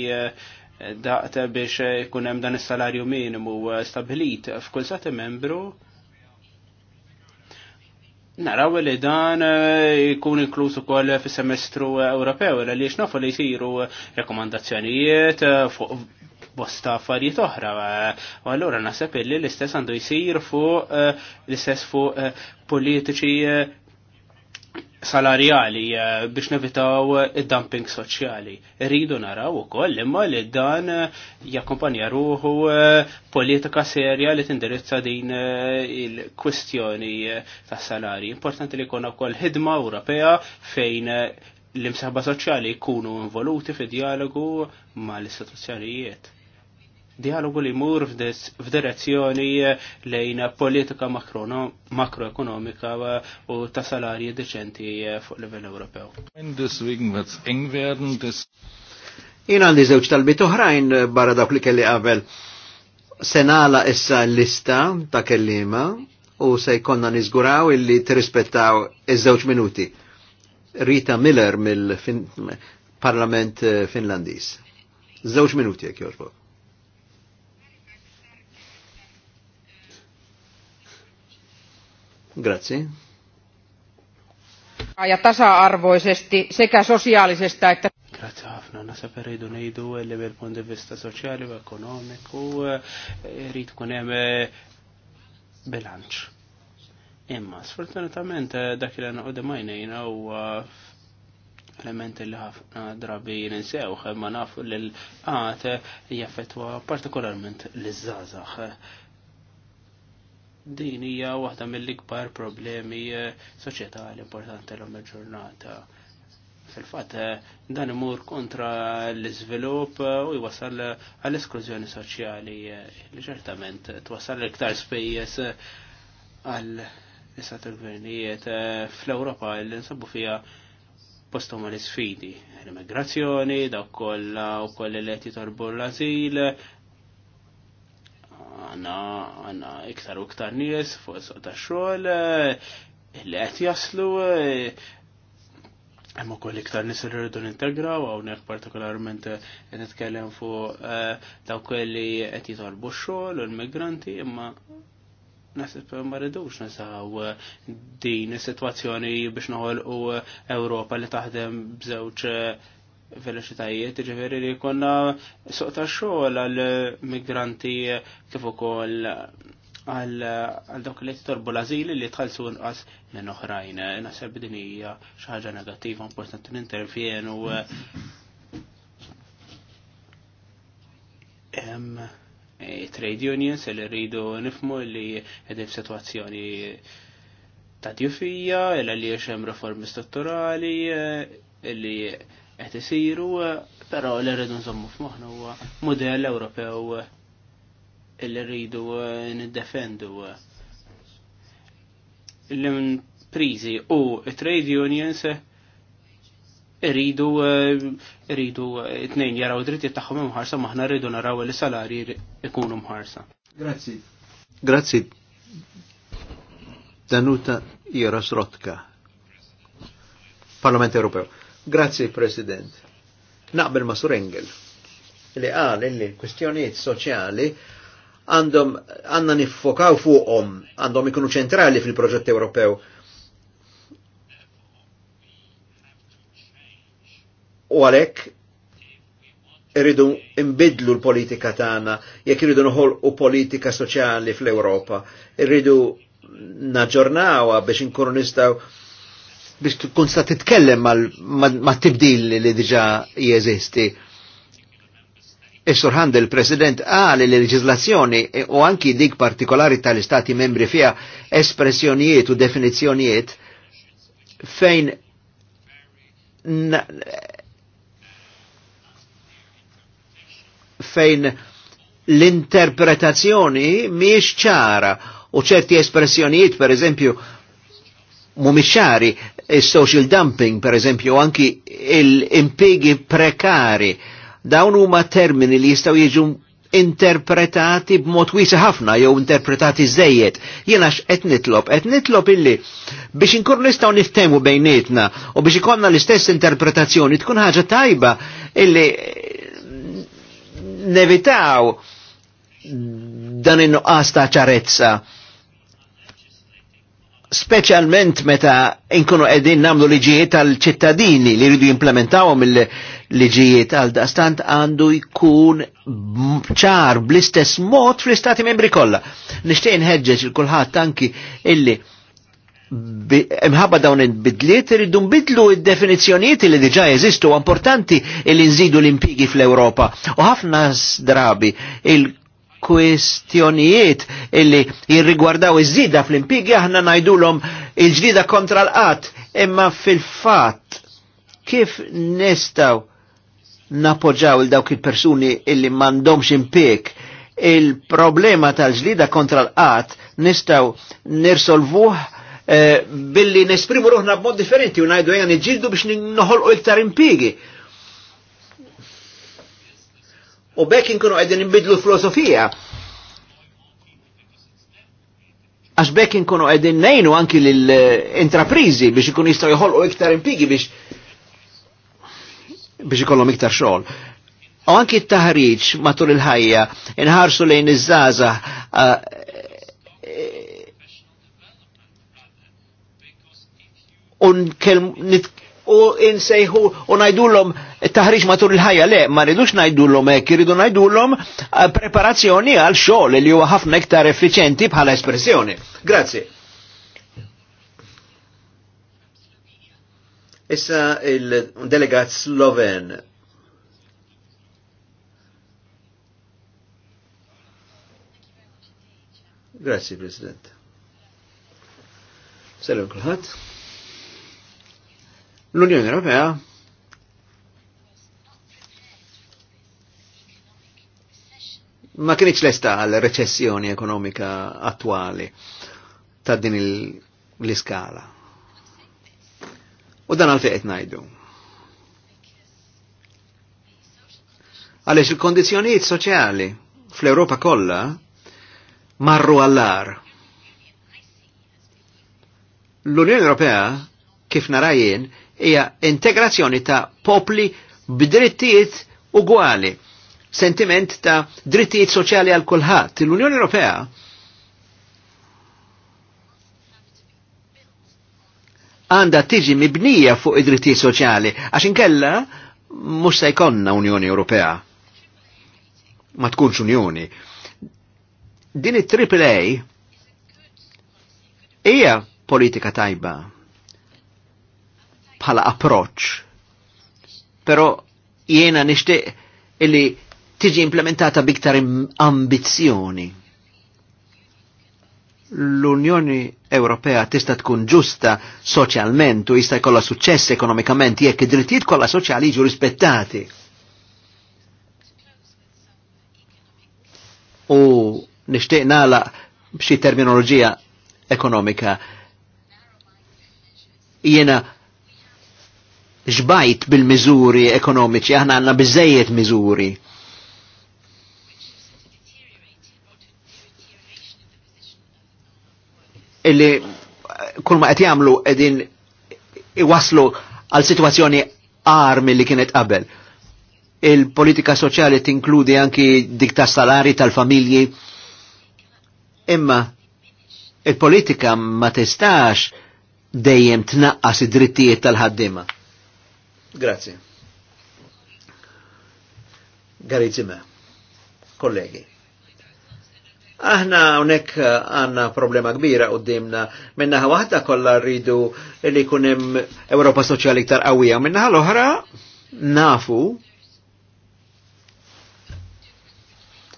Daqta biex ikun hemm dan is-salarju minimu stabilit f'kull sati membru. Naraw li dan jkun eh, inklus ukoll fis-semestru Ewropew għaliex nafu li jsiru rekomandazzjonijiet fuq bosta affarijiet oħra. U allura naħseb li l-istess għandu jsir fuq eh, l-istess fuq eh, politiċi salarjali eh, biex nevitaw id-dumping soċjali. Rridu naraw ukoll imma li dan eh, jakkumpanja ruħu eh, politika serja li tindirizza din il-kwistjoni tas salari. Importanti li jkun ukoll ħidma Ewropea fejn l-imsaħba soċjali jkunu involuti fi dialogu mal istituzzjonijiet dialogu li jmur f'direzzjoni eh, lejn politika makroekonomika eh, u ta' salarji deċenti eh, fuq livell Ewropew. Jien għandi żewġ talbiet oħrajn barra dawk li kelli qabel. Senala issa l-lista ta' kellima u se jkonna nizguraw illi tirrispettaw iż-żewġ minuti. Rita Miller mill-Parlament Finlandis. Żewġ minuti jekk jorbok. Grazie. Ja tasa-arvoisesti sekä sosiaalisesta että... Grazie Afna, non saperei rridu nejdu eh, li mill punt di vista soċjali u ekonomiku eh, e rrid kun hemm eh, bilanċ. Imma sfortunatament dak li naqgħu demajnejna huwa elementi li ħafna drabi ninsewħ ma nafu li ah, l-qat jaffetwa partikolarment l-żazax din hija waħda mill-ikbar problemi eh, soċjetali importanti l il-ġurnata. Fil-fatt eh, dan imur kontra l-iżvilupp eh, u jwassal għall-esklużjoni soċjali li ċertament twassal l-iktar spejjeż għal isat il-gvernijiet fl-Ewropa li nsabu fija postom għal sfidi l-immigrazzjoni, dawk kollha u koll li qed jitolbu l-azil, għanna għanna iktar u iktar nies fuq suq ta' xogħol eh, li qed jaslu eh, hemm ukoll iktar nies irridu nintegraw hawnhekk partikolarment qed eh, nitkellem fuq dawk li qed jitolbu x-xogħol u l-migranti imma nasib ma rridux nisaw din is-sitwazzjoni biex noħolqu Ewropa li taħdem b'żewġ veloċitajiet, ġeveri li konna soqta xogħol għal-migranti kif ukoll għal dawk li torbu l-azili li tħallsu nqas minn oħrajn. Naħseb din hija xi ħaġa negattiva importanti nintervjenu eh, trade unions li rridu nifmu li qegħdin f'sitwazzjoni ta' djufija, li hemm reformi strutturali, eh, li qed isiru, eh, però li rridu nżommu f'moħħna huwa mudell Ewropew eh, li rridu eh, niddefendu. L-imprizi u trade unions rridu rridu tnejn jaraw drittijiet tagħhom imħarsa maħna rridu naraw li salarji ikunu mħarsa. Grazzi. Grazzi. Danuta Jera Srotka, Parlament Europeo. Grazzi, President. Naqbel ma' Engel. li qal illi kwestjonijiet soċjali għandhom għandna niffokaw fuqhom, għandhom ikunu ċentrali fil-proġett Ewropew. U għalhekk irridu imbidlu l-politika tagħna jekk irridu u politika soċjali fl-Ewropa, irridu naġġornawha biex inkunu nistgħu biex tkun sta titkellem ma' tibdil li diġa jeżisti. Is-Sur Handel, President, għal li leġizlazzjoni e, u anki dik partikolari tal-Istati membri fija espressjonijiet u definizjonijiet fejn fejn l-interpretazzjoni miex ċara u ċerti espressjonijiet, per eżempju, mumiċari il-social dumping, per eżempju, anki il impiegi prekari, dawn huma termini li jistaw jiġu interpretati b'mod wisa ħafna jew interpretati żejjed. Jiena x'qed nitlob, qed nitlob illi biex inkun nistgħu niftemu bejnietna u biex ikonna l-istess interpretazzjoni tkun ħaġa tajba illi nevitaw dan in-nuqqas ta' ċarezza specialment meta inkunu edin namlu liġijiet tal-ċittadini li rridu implementawhom il-liġijiet għal dastant għandu jkun ċar bl-istess mod fl-istati membri kollha. Nishtejn inħeġġeġ il kulħadd anki illi imħabba dawn il-bidliet irridu bidlu il definizzjonijiet li diġà jeżistu importanti illi nżidu l-impigi fl-Ewropa. U ħafna drabi il kwestjonijiet illi jirrigwardaw iż-żida fl-impigi aħna najdulhom il-ġdida kontra l-qatt, imma fil-fatt kif nistaw napoġaw il dawk il-persuni illi mandomx impik il-problema tal-ġlida kontra l-qat nistaw nirsolvuh eh, billi nesprimu ruħna b'mod differenti u najdu għan iġildu biex noħolqu iktar impigi. U bekk inkunu għedin nbidlu filosofija. Għax bekk inkunu għedin nejnu anki l-intraprizi biex ikun jistaw jħolqu iktar impigi biex biex ikollhom iktar xogħol. U anki t-taħriġ matul il-ħajja inħarsu lejn iż-żaża eh, eh, u u insejħu u najdullom taħriġ matur il-ħajja le, ma ridux najdullom hekk, ridu najdullom eh, preparazzjoni għal xogħol li huwa ħafna iktar effiċenti bħala espressjoni. Grazie. Issa il-delegat Sloven Grazie President. Salve, kulħadd. L-Unjoni Ewropea ma kienx lesta għal reċessjoni ekonomika attwali ta' din l-iskala. U dan għalfejt najdu. Għalix il kondizjoniet soċjali fl-Europa kolla marru għallar. L-Unjoni Ewropea kif narajien, hija integrazzjoni ta' popli b'drittijiet ugwali, sentiment ta' drittijiet soċjali għal kulħadd. L-Unjoni Ewropea għandha tiġi mibnija fuq id-drittijiet soċjali, għax inkella mhux se jkollna Unjoni Ewropea. Ma tkunx Unjoni. Din it-AAA hija politika tajba bħala approċ. Pero jiena nishtiq illi tiġi implementata biktar ambizjoni. L-Unjoni Ewropea tista' tkun ġusta soċjalment u jista' jkollha suċċess ekonomikament jekk id-drittijiet kollha soċjali jiġu rispettati. U nixtieq nagħlaq b'xi terminoloġija ekonomika. Jiena ġbajt bil-miżuri ekonomiċi, aħna għanna bizzejiet miżuri. Illi eh, kull ma qed jagħmlu qegħdin iwaslu għal situazzjoni armi li kienet qabel. Il-politika soċjali tinkludi anki dik ta' salari tal-familji. Imma il-politika ma tistax dejjem tnaqqas id-drittijiet tal-ħaddiema. Grazie. Garizime, kollegi. Aħna unek eh, għanna problema kbira u dimna. Minnaħa wahda kolla rridu li kunem Europa Soċjali tar għawija. Minna l-oħra nafu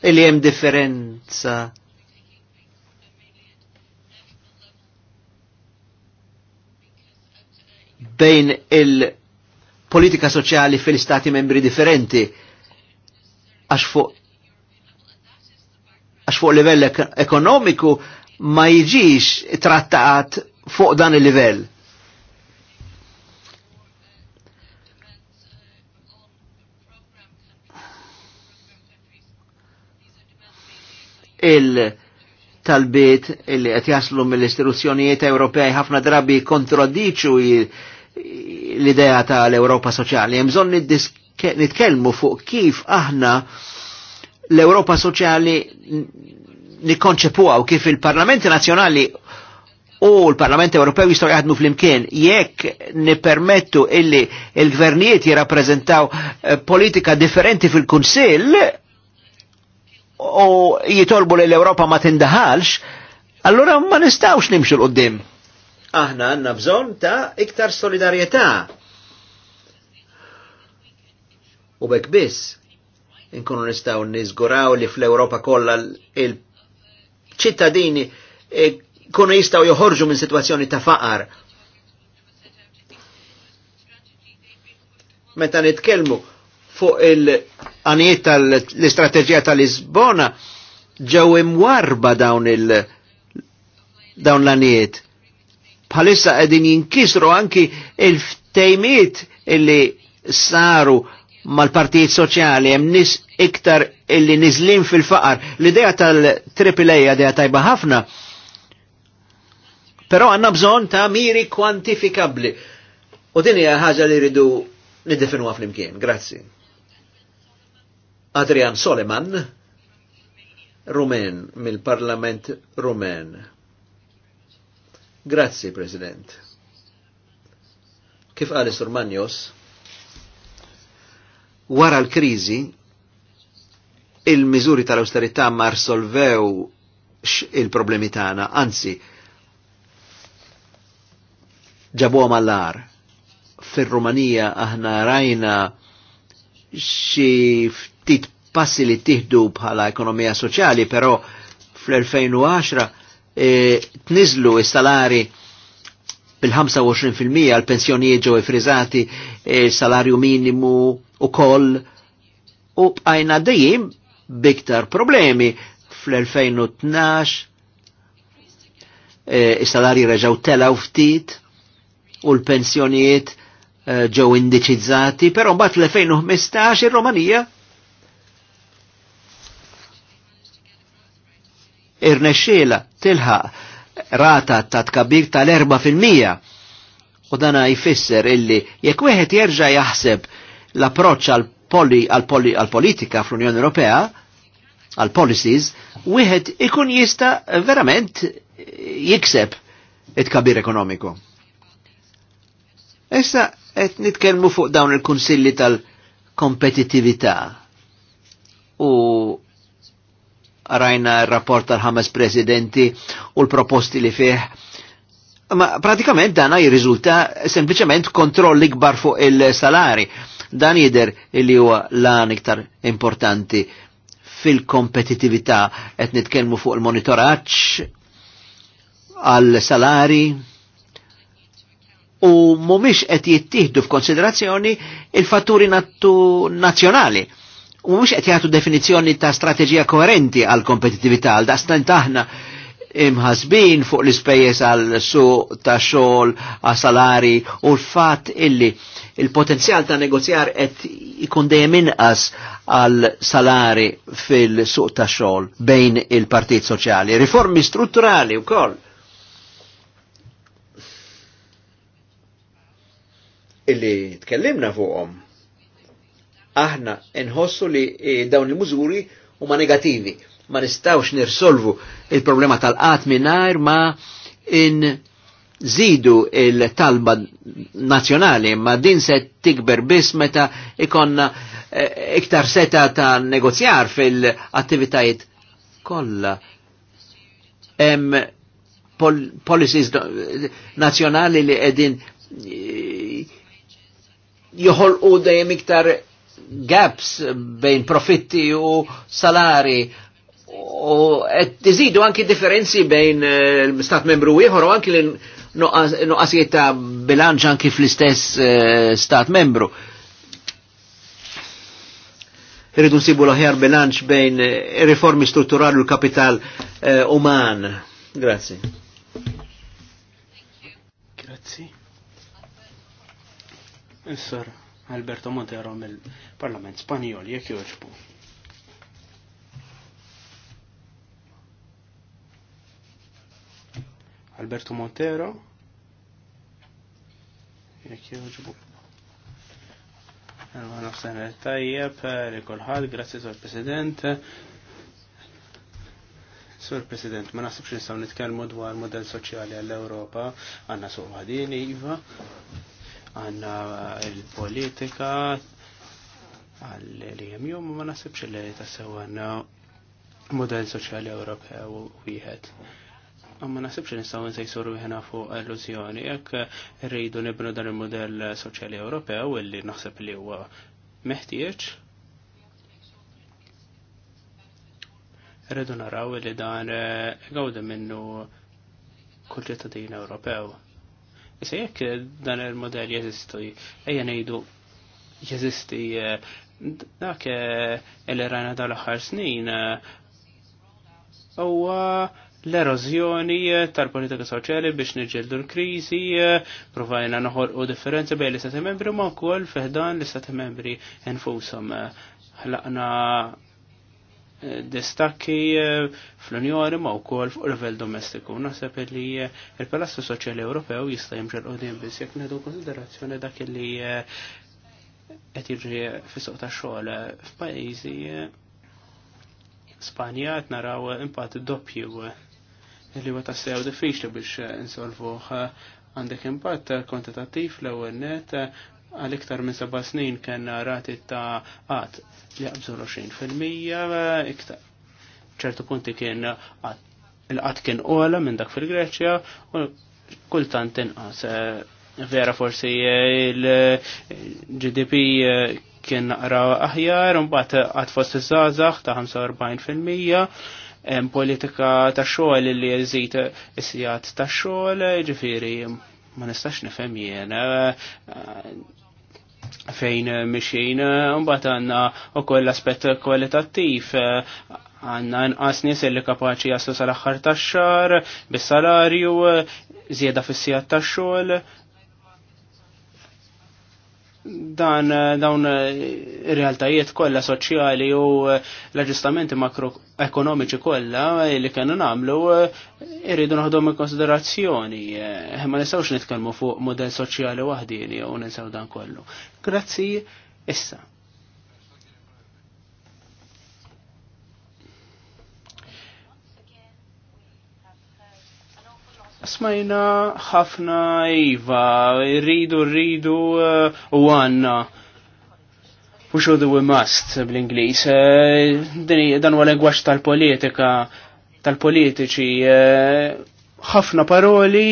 li jem differenza bejn il- politika soċjali fil-stati membri differenti għax fuq għax fuq livell ek ekonomiku ma jiġix trattat fuq dan il-livell. il-talbiet il-li għet jaslu mill-istituzzjonijiet Ewropej ħafna drabi kontradiċu l-idea tal-Europa soċjali. Hemm bżonn nitkellmu fuq kif aħna l-Europa soċjali nikkonċepuha u kif il-Parlamenti Nazzjonali u l-Parlament Ewropew jistgħu jaħdmu flimkien jekk nippermettu illi il-gvernijiet jirrappreżentaw eh, politika differenti fil-Kunsill u jitolbu li l-Ewropa ma tindaħalx, allura ma nistgħux nimxu l-qoddim aħna għanna bżon ta' iktar solidarieta. U bekk biss, inkunu nistaw nizguraw li fl-Europa kollha il-ċittadini kunu jistaw joħorġu minn situazzjoni ta' faqar. Meta nitkellmu fuq il-għaniet tal-istrateġija tal-Lisbona, ġew imwarba dawn il- dawn l-għaniet palissa għedin jinkisru anki il-ftejmiet illi saru mal-partijiet soċjali hemm nis iktar illi nizlin fil-faqar. L-idea tal-AAA għadija tajba ħafna, però għanna bżon ta' miri kwantifikabli. U din hija ħaġa li rridu niddefinuha fl Grazzi. Adrian Soleman, Rumen, mill-Parlament Rumen. Grazzi, President. Kif għal Sur wara l-krizi, il-miżuri tal-austerità ma rsolvew il-problemi tagħna, anzi ġabu mal fil Fir-Rumanija aħna rajna xi ftit passi li tieħdu bħala ekonomija soċjali, però fl-2010 E, tniżlu s-salari bil-25% għal-pensjonijiet ġo ifriżati e, salarju minimu u koll u bqajna dejjem biktar problemi fl-2012 is-salari e, reġaw telaw ftit u l-pensjonijiet ġew indiċizzati, però mbagħad fl-2015 ir-Romanija irnexxiela tilħaq rata ta' tkabbir tal-4% u dana jfisser illi jekk wieħed jerġa' jaħseb l-approċċ għal poli għal politika fl-Unjoni Ewropea għal policies, wieħed ikun jista' verament jikseb it-kabir ekonomiku. Issa qed nitkellmu fuq dawn il-kunsilli tal-kompetitività. U rajna il-rapport tal-ħames presidenti u l-proposti li fih. Ma pratikament dana jirriżulta sempliciment kontroll ikbar fuq il-salari. Dan jider li huwa lan iktar importanti fil-kompetitività qed nitkellmu fuq il-monitoraġġ għal salari u mhumiex qed jittieħdu f'konsiderazzjoni il-fatturi nazzjonali u mux qed jagħtu definizzjoni ta' strateġija koherenti għal kompetitività għal daqstan taħna imħasbin fuq l-ispejjeż għal su ta' xogħol għal salari u l-fatt illi il-potenzjal ta' negozjar qed ikun dejjem inqas għal salari fil-suq ta' xogħol bejn il-Partit Soċjali. Riformi strutturali wkoll. Illi tkellimna fuqhom aħna nħossu li eh, dawn il-mużuri huma negativi. Ma nistawx nirsolvu il-problema tal-qat minnajr ma in zidu il-talba nazjonali, ma din se tikber biss meta ikonna eh, iktar seta ta' negozjar fil-attivitajiet kollha. Hemm pol policies nazjonali li qegħdin eh, joħolqu dejjem iktar gaps bejn profitti u salari u qed iżidu anki differenzi bejn eh, l-stat membru ieħor u anki l-nuqqasijiet ta' bilanċ anki fl-istess eh, stat membru. Irridu nsibu l-ħjar bilanċ bejn eh, riformi strutturali u l-kapital uman. Grazie. Grazie. is Alberto Montero mill-Parlament Spanjol, jekk joġbu. Alberto Montero, jek joġbu. Għan għan tajjeb li eh, kolħad, grazzi sur President. Sur President, ma nasibx nistaw nitkelmu dwar model soċjali għall-Europa, għanna suq għadini, Iva għanna eh, il-politika għalli jemjum ma nasibx li tassew għanna model soċjali Ewropew wieħed. Ma nasibx li nistgħu nsejsuru ħena fuq illużjoni jekk rridu nibnu dan il model soċjali Ewropew illi naħseb li huwa meħtieġ. Rridu naraw li dan eh, gawda minnu kull ċittadin Ewropew Issa jekk dan il-modell jeżistu, ejja ngħidu jeżisti eh, dak eh, il rana dal aħħar snin eh, huwa l-erozjoni tal-politika soċjali biex niġġeldu l-kriżi, provajna noħolqu differenzi bejn l-istati membri ma wkoll fiħdan l-istati membri infushom ħlaqna distakki eh, fl-Unjoni ma' u kol livell domestiku. Naħseb li eh, il palazzo Soċjali Ewropew jista' jimxel qudiem biss jek nedu konsiderazzjoni dak li eh, qed jiġri fis ta' tax-xogħol f'pajjiżi Spanja qed naraw impatt doppju li huwa tassew diffiċli biex insolvuh għandek impatt kwantitattiv l ewwel net għal iktar minn seba' snin kena rati ta' għat li għabżu 20% iktar. ċertu punti kien il-qat kien ola minn dak fil-Greċja u kultant inqas eh, vera forsi il-GDP eh, kien naqra aħjar, mbagħad qatt fost iż-żgħażagħ ta' 45%, hemm politika ta' xogħol li jżid is-sijat ta' xogħol, ġifieri ma nistax nifhem jien eh, fejn eh, mixin, mbagħad eh, għandna wkoll l-aspett kwalitattiv eh, għanna nqas nies li kapaċi jaslu sal-aħħar tax-xar, bis-salarju, żieda fis-sijat tax-xogħol, dan eh, dawn ir-realtajiet eh, kollha soċjali u eh, l-aġġustamenti makroekonomiċi kollha li kienu nagħmlu irridu naħdhom in konsiderazzjoni. Ma nistgħux nitkellmu fuq modell soċjali waħdini u ninsew dan kollu. Grazzi issa. Smajna ħafna Iva, rridu, rridu uh, u għanna. U the u mast bl-Inglis. Uh, dan huwa lengwaġġ tal-politika, tal-politiċi. Uh, ħafna paroli,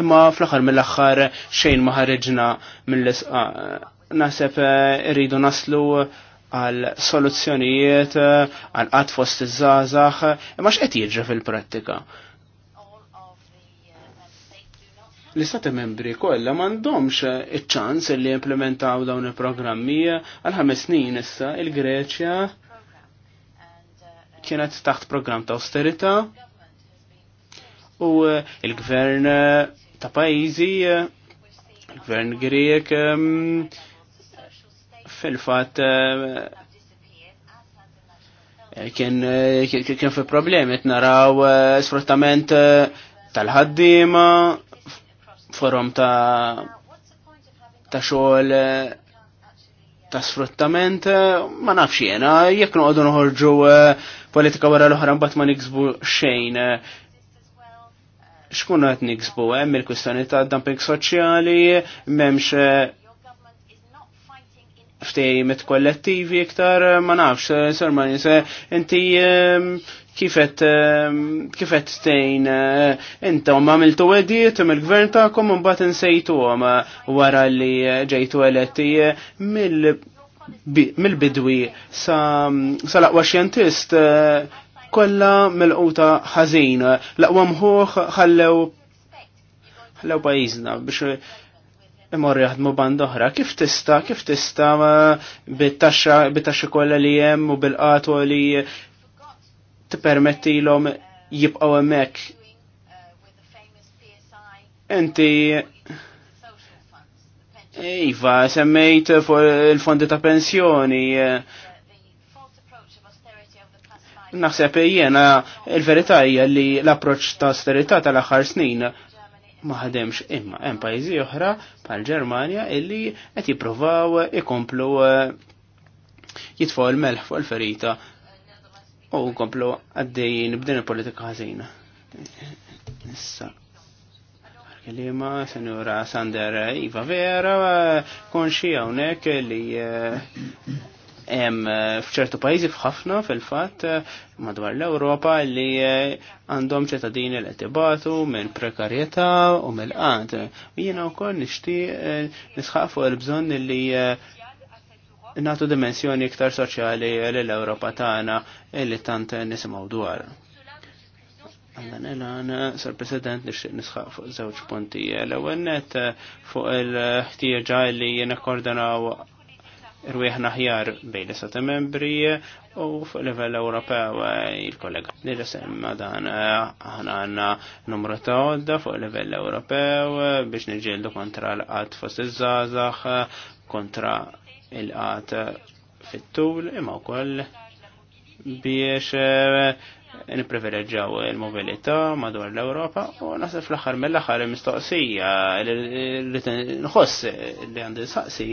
imma fl-aħħar mill-aħħar xejn ma ħareġna mill-isqa. Naseb rridu naslu għal soluzzjonijiet, għal qatfost fost iż żazax imma x'qed jiġri fil-prattika l-istati membri kollha m'għandhomx iċ-ċans li implementaw dawn il-programmi għal ħames snin issa il-Greċja kienet taħt program ta' austerita u il-gvern ta' pajjiżi il-gvern Grek fil-fatt kien kien fi problemi naraw eh, sfruttament eh, tal ħaddima forum ta' ta' xogħol ta' sfruttament, ma nafx jena, jekk noqogħdu noħorġu eh, politika wara l-oħra mbagħad ma niksbu xejn. Xkun qed niksbu hemm il-kwistjoni ta' dumping soċjali, m'hemmx eh, ftejmet kollettivi iktar eh, ma nafx, eh, se eh, inti kifet kifet stejn inta ma għamiltu għediet mill-gvern ta'kom un bat nsejtu ma wara li ġejtu eletti mill-bidwi sa laqwa xjentist kolla mill-quta ħażin laqwa mħuħ ħallew ħallew pajizna biex imorru jaħdmu band oħra. Kif tista, kif tista bit-taxxa kollha li hemm u bil-qatu li tippermettilhom jibqgħu hemmhekk. Inti Iva, semmejt il-fondi ta' pensjoni. Naħseb jiena il-verità hija li l-approċċ ta' austerità tal-aħħar snin ma ħademx imma hemm pajjiżi oħra bħal Ġermanja illi qed jippruvaw ikomplu eh, jitfgħu l-melħ fuq il-ferita u nkomplu għaddejjin b'din il-politika ħażina. Issa. Kelima, senjura Sander Iva Vera, konxi hawnhekk li eh, hemm eh, f'ċertu pajjiżi f'ħafna fil-fatt eh, madwar l-Ewropa li eh, għandhom ċittadini l tibatu mill prekarjetà u mill-qad. Jiena wkoll nixtieq nisħaq fuq il-bżonn li nagħtu dimensjoni iktar soċjali l-Ewropa tagħna li tant nisimgħu dwar. Għandan il-għan, Sir President, nixtieq nisħaq fuq żewġ punti. L-ewwel fuq il-ħtieġa li jien akkordanaw rwieħna ħjar bejn l membri u fuq livell Ewropew eh, il-kollega. Nidra semma eh, dan eh, aħna għandna numru ta' għodda fuq livell Ewropew biex niġġieldu kontra l-qatt fost iż-żgħażagħ, kontra l qatt fit-tul imma wkoll biex niprivileġġaw il-mobilità madwar l-Ewropa u nasib fl-axar mill-axar mistoqsija li nħoss li għandi saqsi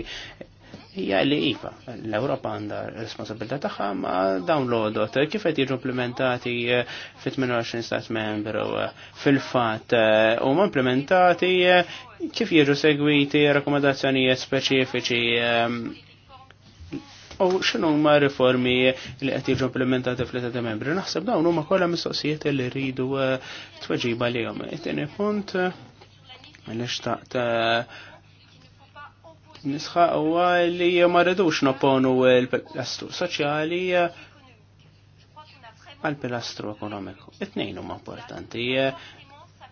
hija li iva, l-Ewropa għandha responsabilità tagħha ma dawn kif qed jiġu implementati eh, fit-28 stat membru eh, fil-fatt eh, huma implementati kif jiġu segwiti rakkomandazzjonijiet speċifiċi u x'inhu huma riformi li qed jiġu implementati fl-Istati membru. Naħseb dawn huma kollha mistoqsijiet li rridu tweġiba lihom. It-tieni punt li xtaqt nisħa u li ma rridux nopponu l-pilastru soċjali eh, għal-pilastru ekonomiku. It-tnejn huma importanti eh,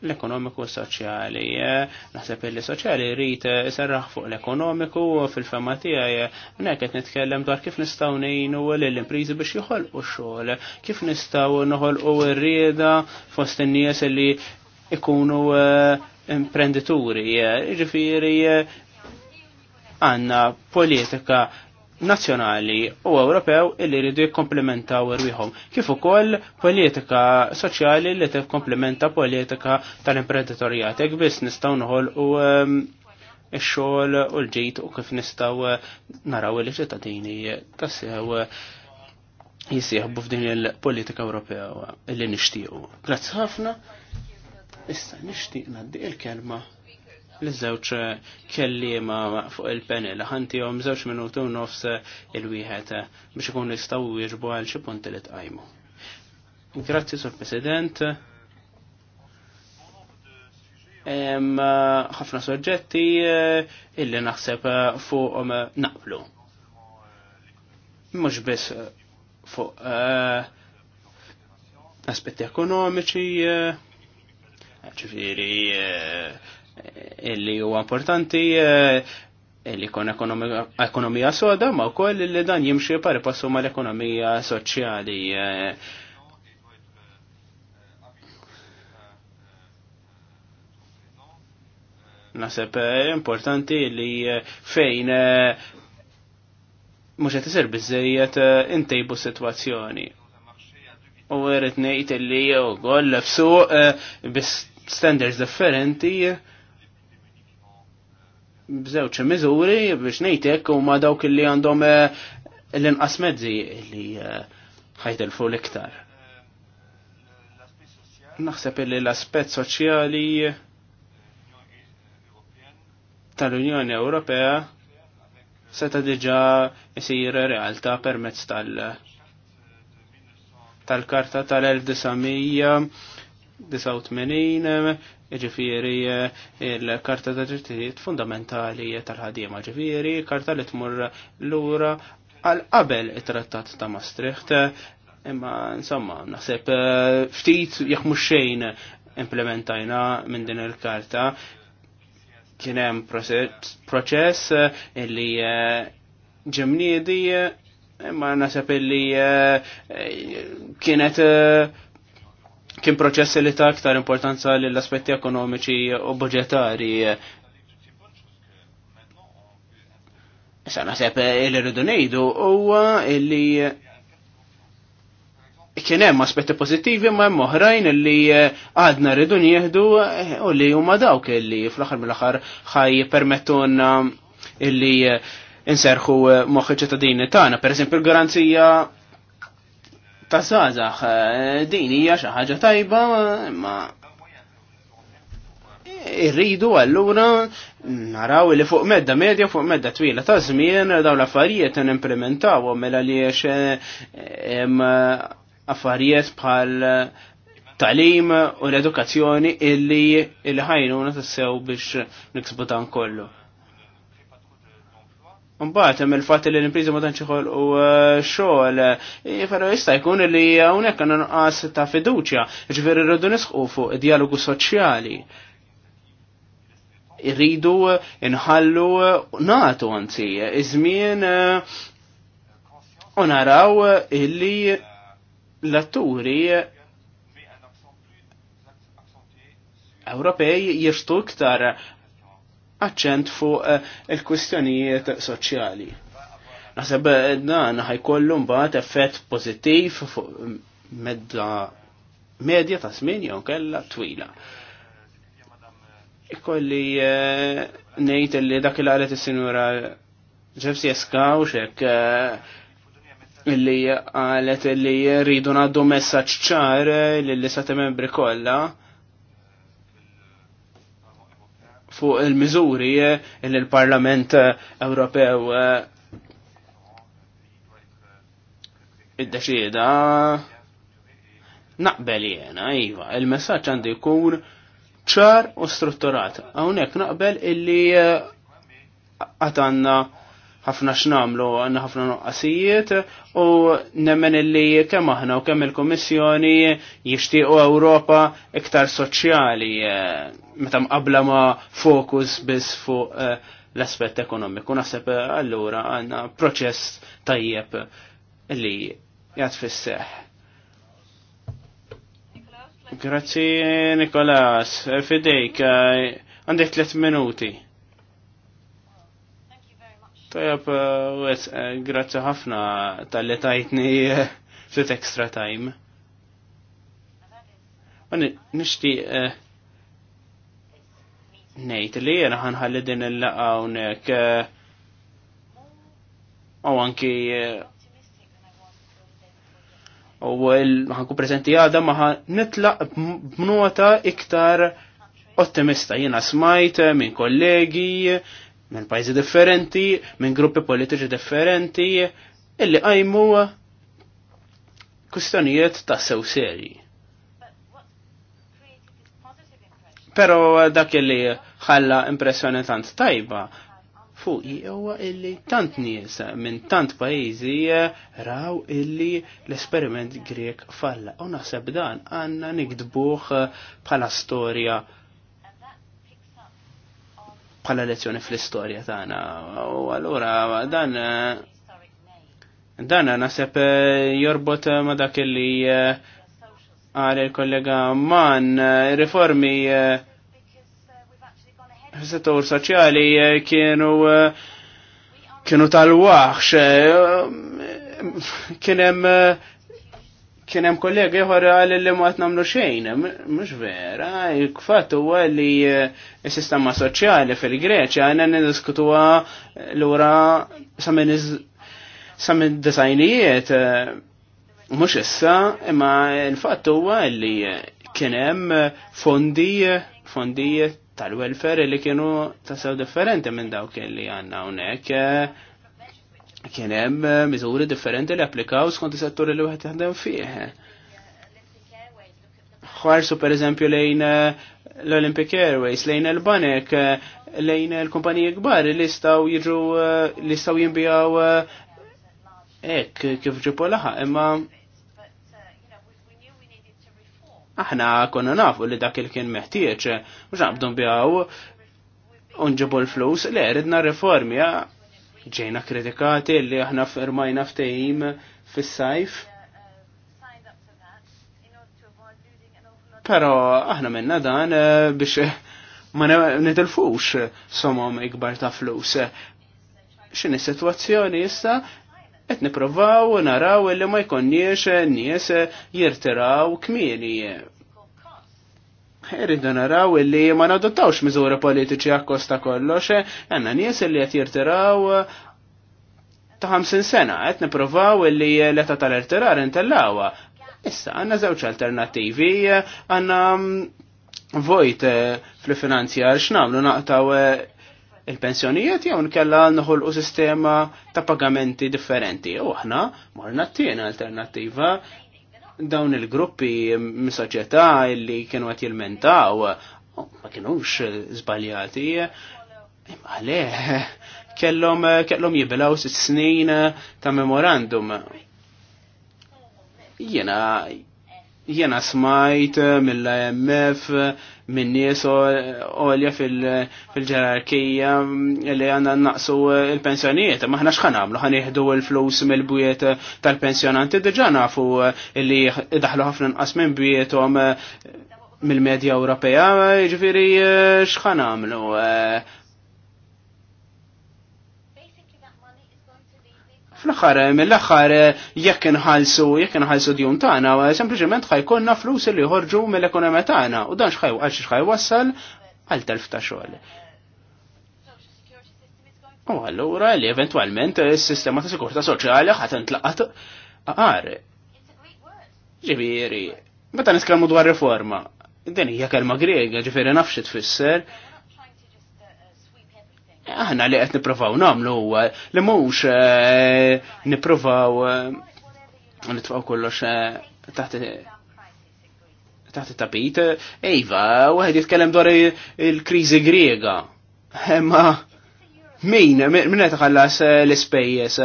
l-ekonomiku soċjali. Eh. Naħseb li soċjali rrit serraħ fuq l-ekonomiku fil-fema tiegħi hekk qed nitkellem dwar kif nistgħu ngħinu lill-imprizi biex joħolqu xogħol kif nistgħu noħolqu r-rieda fost in-nies li ikunu imprendituri. Ġifieri għanna politika nazzjonali u Ewropew illi jridu jikkomplementaw irwieħhom. Kif ukoll politika soċjali li tikkomplementa politika tal imprenditorijat Jekk biss nistgħu noħolqu ehm, ix-xogħol u l ġid u kif nistgħu eh, naraw li ċittadini tassew eh, jisieħbu f'din il-politika Ewropew li nixtiequ. Grazzi ħafna. Issa nixtieq naddi il-kelma l żewċ kellima fuq il-panel, ħantijom għom minuti minutu nofs il wihet biex ikun jistgħu jirbu għal xi punti li tqajmu. Grazzi, Sur President. ħafna soġġetti eh, illi naħseb fuqhom naqblu. Mux bis fuq eh, aspetti ekonomiċi, ċifiri eh, illi huwa importanti eh, li kon ekonomija soda ma wkoll li dan jimxi pari passu ma l-ekonomija soċjali. Eh. Naseb eh, importanti li fejn mhux qed isir biżejjed intejbu sitwazzjoni. U rrid ngħid li wkoll f'suq bi standards differenti bżewċ miżuri biex nejtek u ma dawk li għandhom eh, l-inqas mezzi li eh, ħajdelfu l-iktar. Naħseb li l-aspet soċjali tal-Unjoni Ewropea seta diġa jisir realtà permezz tal- tal-karta tal-1900 89, eh, ġifiri eh, il-karta ta' ġittijiet fundamentali tal ħadima ġifiri, karta li tmur l-ura għal-qabel it-trattat ta' Maastricht, imma insomma, naħseb eh, ftit jekk mhux xejn implementajna minn din il-karta. Kien hemm proċess illi ġemnidi, imma naħseb illi kienet kien proċess li ta' aktar importanza l-aspetti ekonomiċi u budgetari. Issa naħseb li rridu ngħidu u li kien hemm aspetti pozittivi ma hemm oħrajn illi għadna rridu nieħdu u li huma dawk illi fl-aħħar mill-aħħar ħaj permettuna illi inserħu moħħi ċittadini tagħna. Per eżempju, il-garanzija ta' zazax, eh, din hija xi ħaġa tajba, imma irridu allura naraw li fuq medda medja fuq medda twila ta' żmien dawn l-affarijiet nimplementaw mela li eh, affarijiet bħal talim u l-edukazzjoni illi il-ħajnuna tassew biex niksbu dan kollu. Mbagħad hemm il-fatt li l-impriża ma tantx u uh, xogħol, però jista' jkun li hawnhekk għandna nuqqas ta' fiduċja, ġifieri rridu nisħu fuq dialogu soċjali. Irridu inħallu nagħtu anzi iż-żmien uh, u naraw illi l-atturi Ewropej jirstu iktar aċċent fuq eh, il-kwistjonijiet soċjali. Naħseb eh, dan ħajkollu mbagħad effett pożittiv fuq medda medja ta' żmien jew kellha twila. Ikolli eh, ngħid li dak il qalet is-sinjura ġefsi jeskaw xek illi qalet li rridu ngħaddu messaġġ ċar lill-istati membri kollha fuq il-miżuri eh, li l-Parlament eh, Ewropew eh, id deċida naqbel jena, iva, il-messagġ għandu jkun ċar u strutturat. Hawnhekk naqbel illi għatanna ħafna x'namlu għandna ħafna noqqasijiet u nemmen illi kemm aħna u kemm il-Kummissjoni jixtiequ Ewropa iktar soċjali eh, meta mqabbla ma fokus biss fuq eh, l-aspett ekonomiku. Naħseb eh, allura għandna proċess tajjeb li jgħat fis Grazzi Nikolas, fidejk, għandek 3 minuti. Tajab, eh, eh, grazzi ħafna tal-li tajtni eh, fit extra time. Għani, nishti nejt li jena ħanħalli din il-laqa unek u anki u ħanku prezenti għada maħa nitlaq b'nota iktar ottimista. Jena smajt minn kollegi, minn pajzi differenti, minn gruppi politiċi differenti, illi għajmu kustonijiet ta' sew seri. Pero dak illi ħalla impressjoni tant tajba fuq huwa illi tant nies minn tant pajjiżi raw illi l-esperiment Grek falla. U naħseb dan għandna nikdbuh bħala storja bħala lezzjoni fl-istorja tagħna. U allura dan dan naseb eh, jorbot ma dak li eh, għal il-kollega Man, eh, riformi fis-settur soċjali kienu kienu tal-waħx kien hemm kien hemm kollega għalli li ma qed nagħmlu xejn, mhux vera, il-fatt għalli li eh, s-sistema soċjali fil-Greċja għandna niddiskutuha eh, lura sa minn sa minn disajnijiet eh, mhux issa, imma l-fatt huwa li kien hemm fondi fondi tal-welfare li kienu tasaw differenti minn dawk li għandna hawnhekk kien hemm eh, miżuri differenti li applikaw skont is-settur li wieħed jaħdem fih. Ħarsu pereżempju lejn eh, l-Olympic Airways, lejn il-Banek, eh, lejn il-kumpaniji kbar li jistgħu jiġu li jistgħu jinbijaw hekk kif ġipu laħa, imma aħna konna nafu li dak il kien meħtieġ, mhux naqbdu nbijaw unġibu l-flus, le ridna reformi, ġejna kritikati li aħna firmajna ftehim fis-sajf. Pero aħna minna dan eh, biex ma nitilfux somom ikbar ta' flus. X'inhi situazzjoni issa qed nippruvaw naraw li ma jkunniex nies jirtiraw kmieni Irridu naraw illi ma nadottawx miżuri politiċi akkosta kollox, eh? għanna nies illi qed jirtiraw eh, ta' 50 sena, qed niprovaw illi l-età tal-irtirar intellawa. Issa, għanna żewġ alternattivi, eh, għanna mm, vojt fil-finanzjar x'namlu naqtaw il-pensjonijiet jew nkella noħolqu sistema ta' pagamenti differenti. U aħna morna t-tieni alternattiva dawn il-gruppi mis-soċjetà li kienu għat jilmentaw, ma kienux zbaljati, għale, kellom, kellom jibilaw sitt snin ta' memorandum. Jena, jena smajt mill-AMF, minn nies għolja fil-ġerarkija mm, li għanna naqsu il-pensjonijiet. Maħna xħan għamlu, ħan jihdu il-flus mill-bujiet tal-pensjonanti, diġa nafu eh, li daħlu ħafna nqas minn bujietom eh, mill-medja Ewropea, ġifiri eh, xħan għamlu. Fl-axar, mill-axar, jekk nħalsu, jekk nħalsu djun tagħna, sempliċement ħajkonna flus li jħorġu mill-ekonomija tagħna u dan xħaj għal xħaj wassal għal telf ta' xogħol. U allura li eventwalment s sistema ta' sikurta soċjali ħadd tlaqat għar. Ġifieri, meta nitkellmu dwar riforma, din hija kelma grega, ġifieri nafx tfisser aħna li qed nippruvaw nagħmlu huwa li mhux eh, nippruvaw eh, nitfgħu kollox eh, taħt taħt tapit ejva, għed jitkellem dwar il-kriżi Griega. Ma, min, min qed għallas l-ispejjeż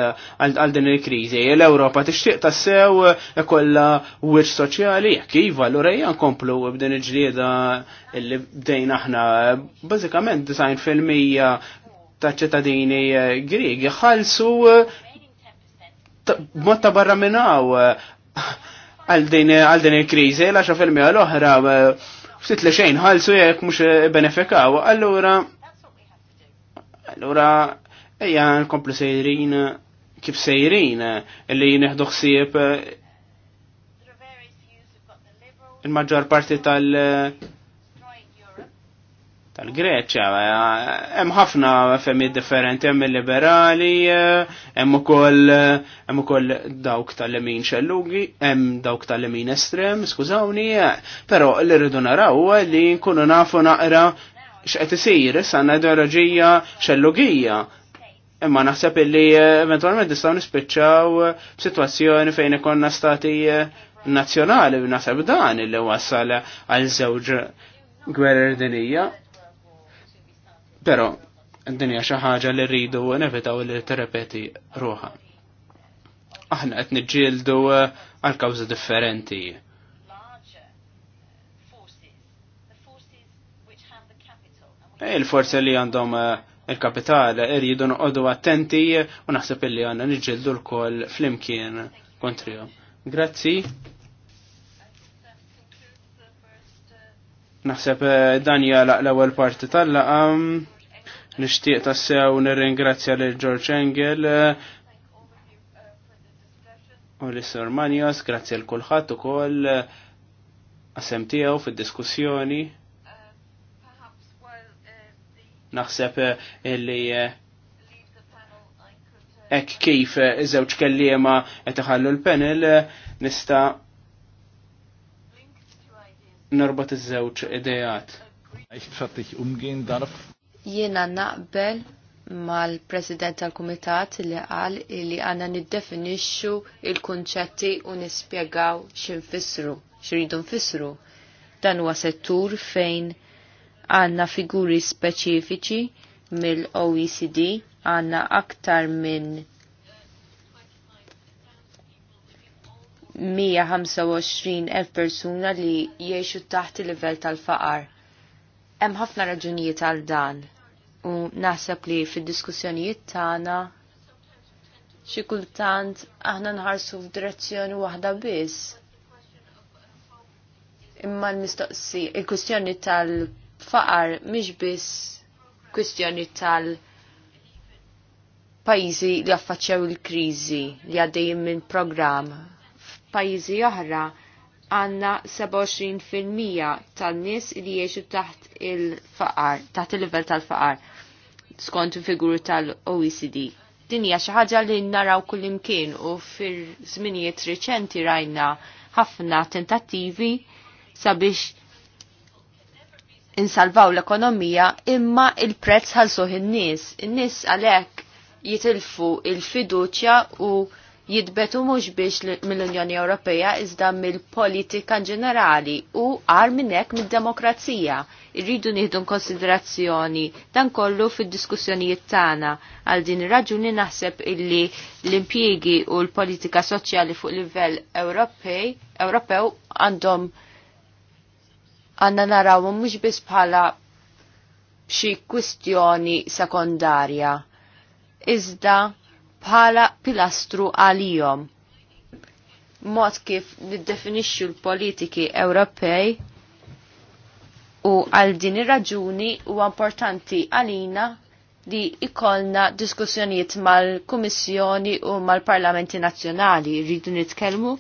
għal din il-kriżi? l t tixtieq tassew kollha wiċċ soċjali, jekk iva, urej hija nkomplu b'din il-ġlieda li bdejn aħna bażikament 90 fil-mija ta' ċittadini eh, Griegi ħalsu eh, mod ta' barra minnaw eh, għal din il-krizi, għal 10 filmi għal-oħra, ftit li xejn ħalsu jek mux benefikaw. Allura, allura, ejja nkomplu sejrin kif sejrin li neħdu ħsieb il-maġġor parti tal- tal-Greċja. Hemm ħafna femmi differenti, hemm il-liberali, hemm ukoll hemm ukoll dawk tal-lemin xellugi, hemm dawk tal-lemin estrem, skużawni, però li rridu naraw li nkunu nafu naqra x'qed isir sanna ideoloġija xellugija. Imma naħseb illi eventualment nistgħu nispiċċaw b'sitwazzjoni fejn ikonna stati nazzjonali naħseb dan illi wassal għal żewġ gwerer dinija Pero, d-dinja xaħġa li rridu nevitaw li tirrepeti ruħa. Aħna qed niġġieldu eh, għal kawża differenti. Eh, il-forzi li għandhom eh, il-kapital irridu noqogħdu attenti u naħseb illi għandna niġġieldu l flimkien kontrihom. Grazzi. Naħseb eh, dan jala l-ewwel parti tal-laqam. Nixtieq tassew nirringrazzja lil George Engel eh, u l-Sir Manios, grazzi l kulħadd ukoll qasem eh, tiegħu fid-diskussjoni. Naħseb illi hekk kif iż-żewġ kelliema qed iħallu l-panel nista' narbat iż-żewġ idejat. Jiena naqbel mal-President tal-Kumitat li qal li għanna niddefinixxu il-kunċetti u nispjegaw x'infissru, x'ridu nfissru. Dan huwa settur fejn għanna figuri speċifiċi mill-OECD għanna aktar minn 125.000 persuna li jiexu taħt il-livell tal-faqar. Hemm ħafna raġunijiet għal dan u naħseb li fid-diskussjonijiet tagħna xi kultant aħna nħarsu f'direzzjoni waħda biss. Imma l-mistoqsi, il-kwistjoni tal-faqar mhix biss kwistjoni tal-, pajzi li affaċċew il-krizi li għaddejjin minn program pajjiżi oħra għanna 27% tan-nies li jiexu taħt il-faqar, taħt il-livell tal-faqar, skont il-figuru tal-OECD. Din hija xi ħaġa li naraw kullimkien u fir-żminijiet reċenti rajna ħafna tentattivi sabiex insalvaw l-ekonomija imma il-prezz ħalsuh in-nies. In-nies għalhekk jitilfu il-fiduċja u Jidbetu mhux biex mill-Unjoni Ewropea iżda mill-politika ġenerali u għar minn hekk mid-demokrazija. Irridu nieħdu konsiderazzjoni dan kollu fid-diskussjonijiet tagħna għal din ir-raġuni naħseb illi l-impjiegi u l-politika soċjali fuq livell Ewropej Ewropew għandhom għandna narawhom mhux biss bħala xi kwistjoni sekondarja. Iżda bħala pilastru għalihom. Mod kif niddefinixxu l-politiki Ewropej u għal din ir-raġuni huwa importanti għalina li ikollna diskussjonijiet mal-Kummissjoni u mal-Parlamenti Nazzjonali rridu nitkellmu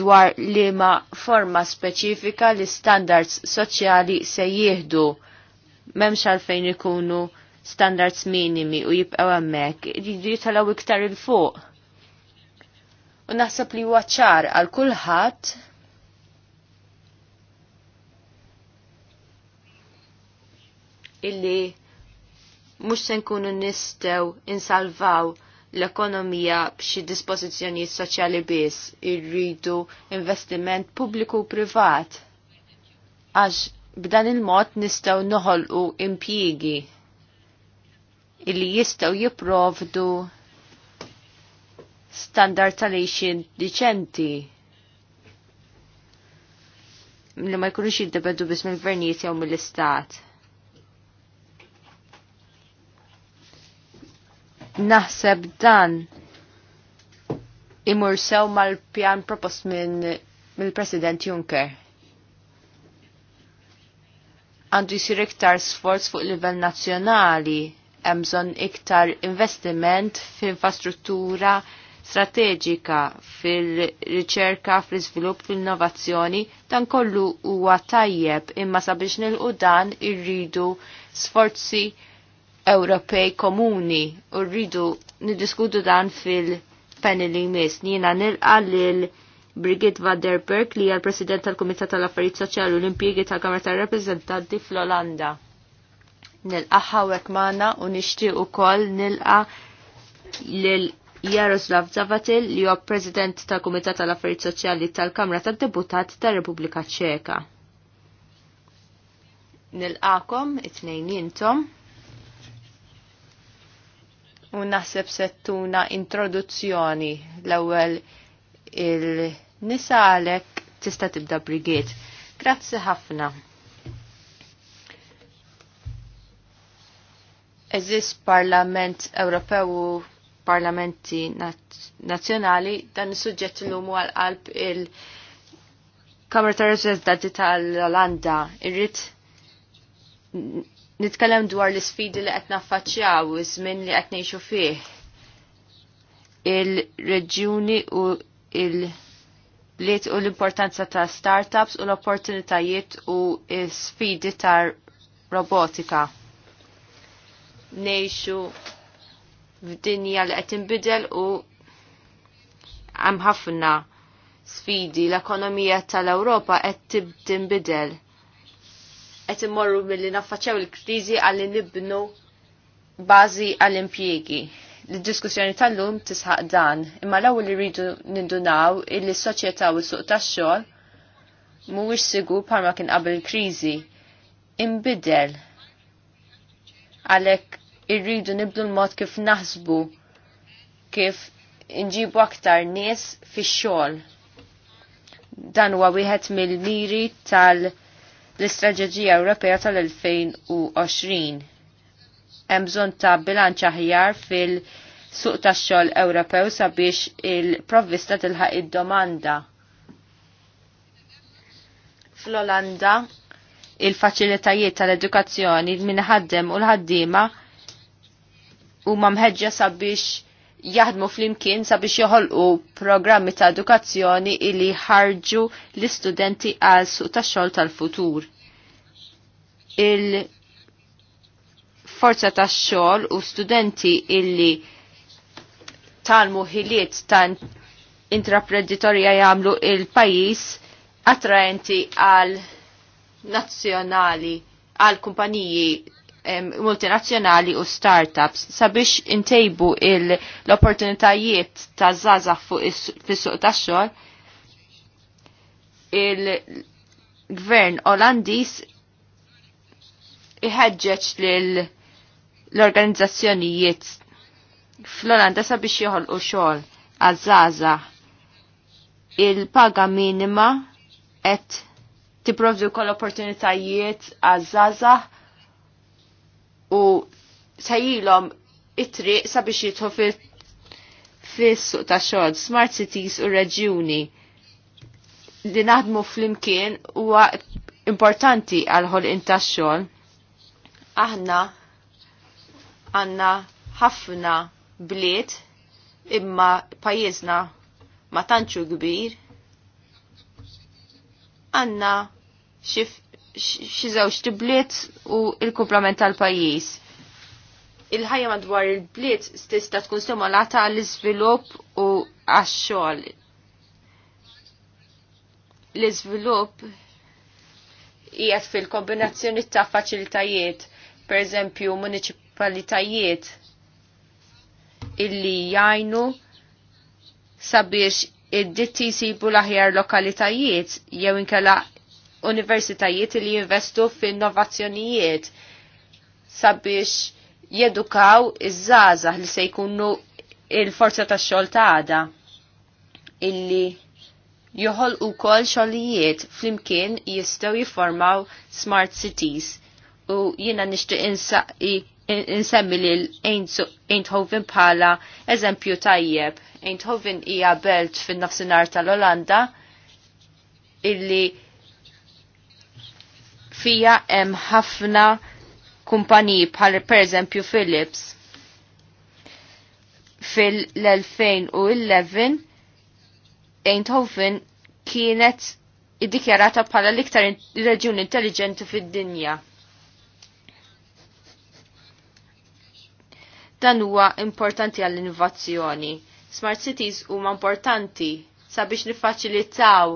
dwar liema forma speċifika li standards soċjali se jieħdu memx għalfejn ikunu standards minimi u jibqaw hemmhekk, jridu jitalaw iktar il fuq. U naħseb li huwa ċar għal kulħadd illi mhux se nkunu nistgħu insalvaw l-ekonomija b'xi dispożizzjonijiet soċjali biss, irridu investiment pubbliku u privat. Għax b'dan il-mod nistgħu noħolqu impjiegi illi jistaw jiprovdu standard tal-ixin diċenti Mille ma jkunux jiddependu biss mill-gvernijiet jew mill-istat. Naħseb dan imur sew mal-pjan propost minn mill-President Juncker. Għandu jisir iktar sforz fuq livell nazzjonali hemm bżonn iktar investiment f'infrastruttura strateġika fil-riċerka, fl-iżvilupp, fil-innovazzjoni, dan kollu huwa tajjeb imma sabiex nilqu dan irridu sforzi Ewropej komuni u rridu niddiskutu dan fil paneli mis. Nina nilqa lil Brigitte van der Berg li hija l-President tal-Kumitat tal-Affarijiet Soċjali u l-Impjiegi tal-Kamra tar-Rappreżentanti fl-Olanda nil-qaħa u ekmana u nishti u kol nil-qa jaroslav Zavatil li huwa President tal-Kumitat tal-Affarijiet Soċjali tal-Kamra tad-Deputat tar-Repubblika Ċeka. Nil-qakom it-tnejn jintom u naħseb settuna introduzzjoni l-ewwel il-nisa għalek tista' tibda brigiet. Grazzi ħafna. eżis Parlament Ewropew u parlamenti nazzjonali dan is-suġġett illum għal qalb il-Kamra ta' reżidenti tal-Olanda irrid nitkellem dwar l-isfidi li qed naffaċċjaw iż-żmien li qed ngħixu fih il-reġjuni u il- bliet u l-importanza ta' startups u l-opportunitajiet u s-sfidi ta' robotika nejxu f'dinja li qed inbidel u hemm ħafna sfidi l-ekonomija tal-Ewropa qed tinbidel. Qed immorru milli naffaċċew il-kriżi għalli nibnu bażi għall-impjiegi. L-diskussjoni tal-lum tisħaq dan, imma l-ewwel li rridu nindunaw illi s-soċjetà u s-suq tax-xogħol mhuwiex sigur bħalma kien qabel il-kriżi. Inbidel għalhekk irridu nibdu l-mod kif naħsbu kif nġibu aktar nies fix-xogħol. Dan huwa wieħed mill-miri tal-Istraġeġija Ewropea tal-2020. Hemm bżonn ta' bilanċ aħjar fil-suq tax-xogħol Ewropew sabiex il-provvista tilħaq id-domanda. Fl-Olanda il-faċilitajiet tal-edukazzjoni ħaddem u l-ħaddiema huma mħeġġa sabiex jaħdmu flimkien sabiex joħolqu programmi ta' edukazzjoni illi ħarġu l-istudenti għal suq tax-xogħol tal-futur. Il-forza tax-xogħol u studenti illi talmu ħiliet ta' intraprenditorja jagħmlu il-pajjiż attraenti għal nazzjonali għal kumpaniji multinazzjonali u startups sabiex intejbu l-opportunitajiet ta' zaza fis-suq ta' xogħol il-gvern Olandis iħeġġeġ lil l-organizzazzjonijiet fl-Olanda sabiex joħolqu xogħol għaż-żaza il-paga minima qed tipprovdu kol opportunitajiet għaż-żaza u sajilom it-triq sabiex jitħu fis-suq ta' xogħol smart cities u reġjuni li naħdmu fl-imkien huwa importanti għal ħolqien tax-xogħol. Aħna għandna ħafna bliet imma pajjiżna ma tantxu kbir. għanna xif xi żewġ tibliet u il-kumplament tal-pajjiż. Il-ħajja madwar il-bliet tista' tkun stimolata għall-iżvilupp u għax-xogħol. L-iżvilupp qiegħed fil-kombinazzjoni ta' faċilitajiet, pereżempju municipalitajiet illi jajnu sabiex id-ditti jisibu aħjar lokalitajiet jew inkella universitajiet li jinvestu f'innovazzjonijiet sabiex jedukaw iż żaza li se jkunu il-forza ta' xogħol ta' għada illi joħol u kol xogħlijiet flimkien jistgħu jiformaw smart cities u jiena nixtieq insemmi li l-Eindhoven bħala eżempju tajjeb. Eindhoven hija belt fin-nofsinhar tal-Olanda illi fija hemm ħafna kumpaniji bħal pereżempju Philips. Fil-2011 Eindhoven kienet iddikjarata bħala l-iktar reġjun intelligenti fid-dinja. Dan huwa importanti għall-innovazzjoni. Smart cities huma importanti sabiex nifaċilitaw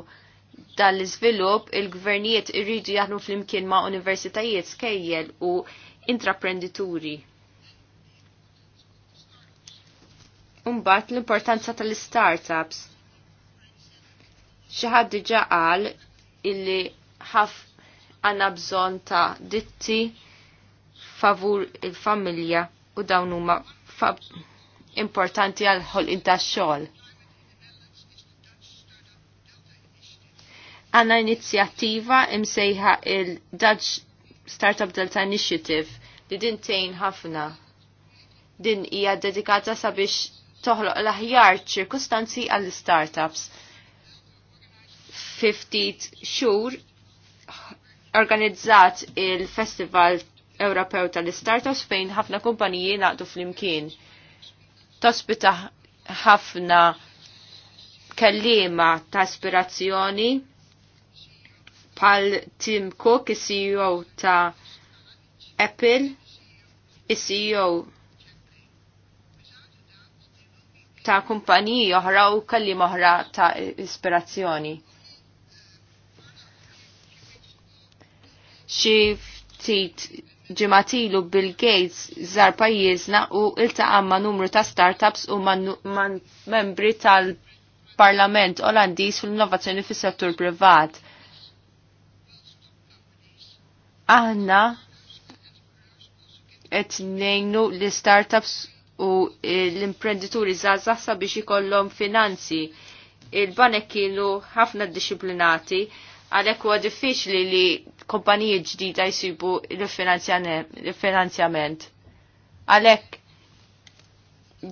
dan l-iżvilupp il-gvernijiet irridu jaħdmu flimkien ma' universitajiet skejjel u intraprendituri. Umbat l-importanza tal-startups. ħadd diġà qal illi ħaf għanna bżonn ta' ditti favur il-familja u dawn huma importanti għal ħol tax-xogħol. għanna inizjattiva imsejħa il-Dutch Startup Delta Initiative li din tejn ħafna. Din hija dedikata sabiex toħloq l-aħjar ċirkustanzi għall-startups. 50 xhur organizzat il-Festival Ewropew tal-Startups fejn ħafna kumpaniji naqdu fl-imkien. Tospita ħafna kellima ta' aspirazzjoni pal Tim Cook, il-CEO ta' Apple, il-CEO ta' kumpaniji oħra u kalli oħra ta' ispirazzjoni. Xi ftit ġimatilu Bill Gates żar pajjiżna u iltaqa' ma' numru ta' startups u ma' membri tal-Parlament Olandiż fil-innovazzjoni fis-settur privat. Aħna qed nejnu l-startups u l-imprenditori żgħażagħ biex ikollhom finanzi. Il-banek kienu ħafna disciplinati għalhekk huwa diffiċli li kompaniji ġdida jsibu l-finanzjament. Għalhekk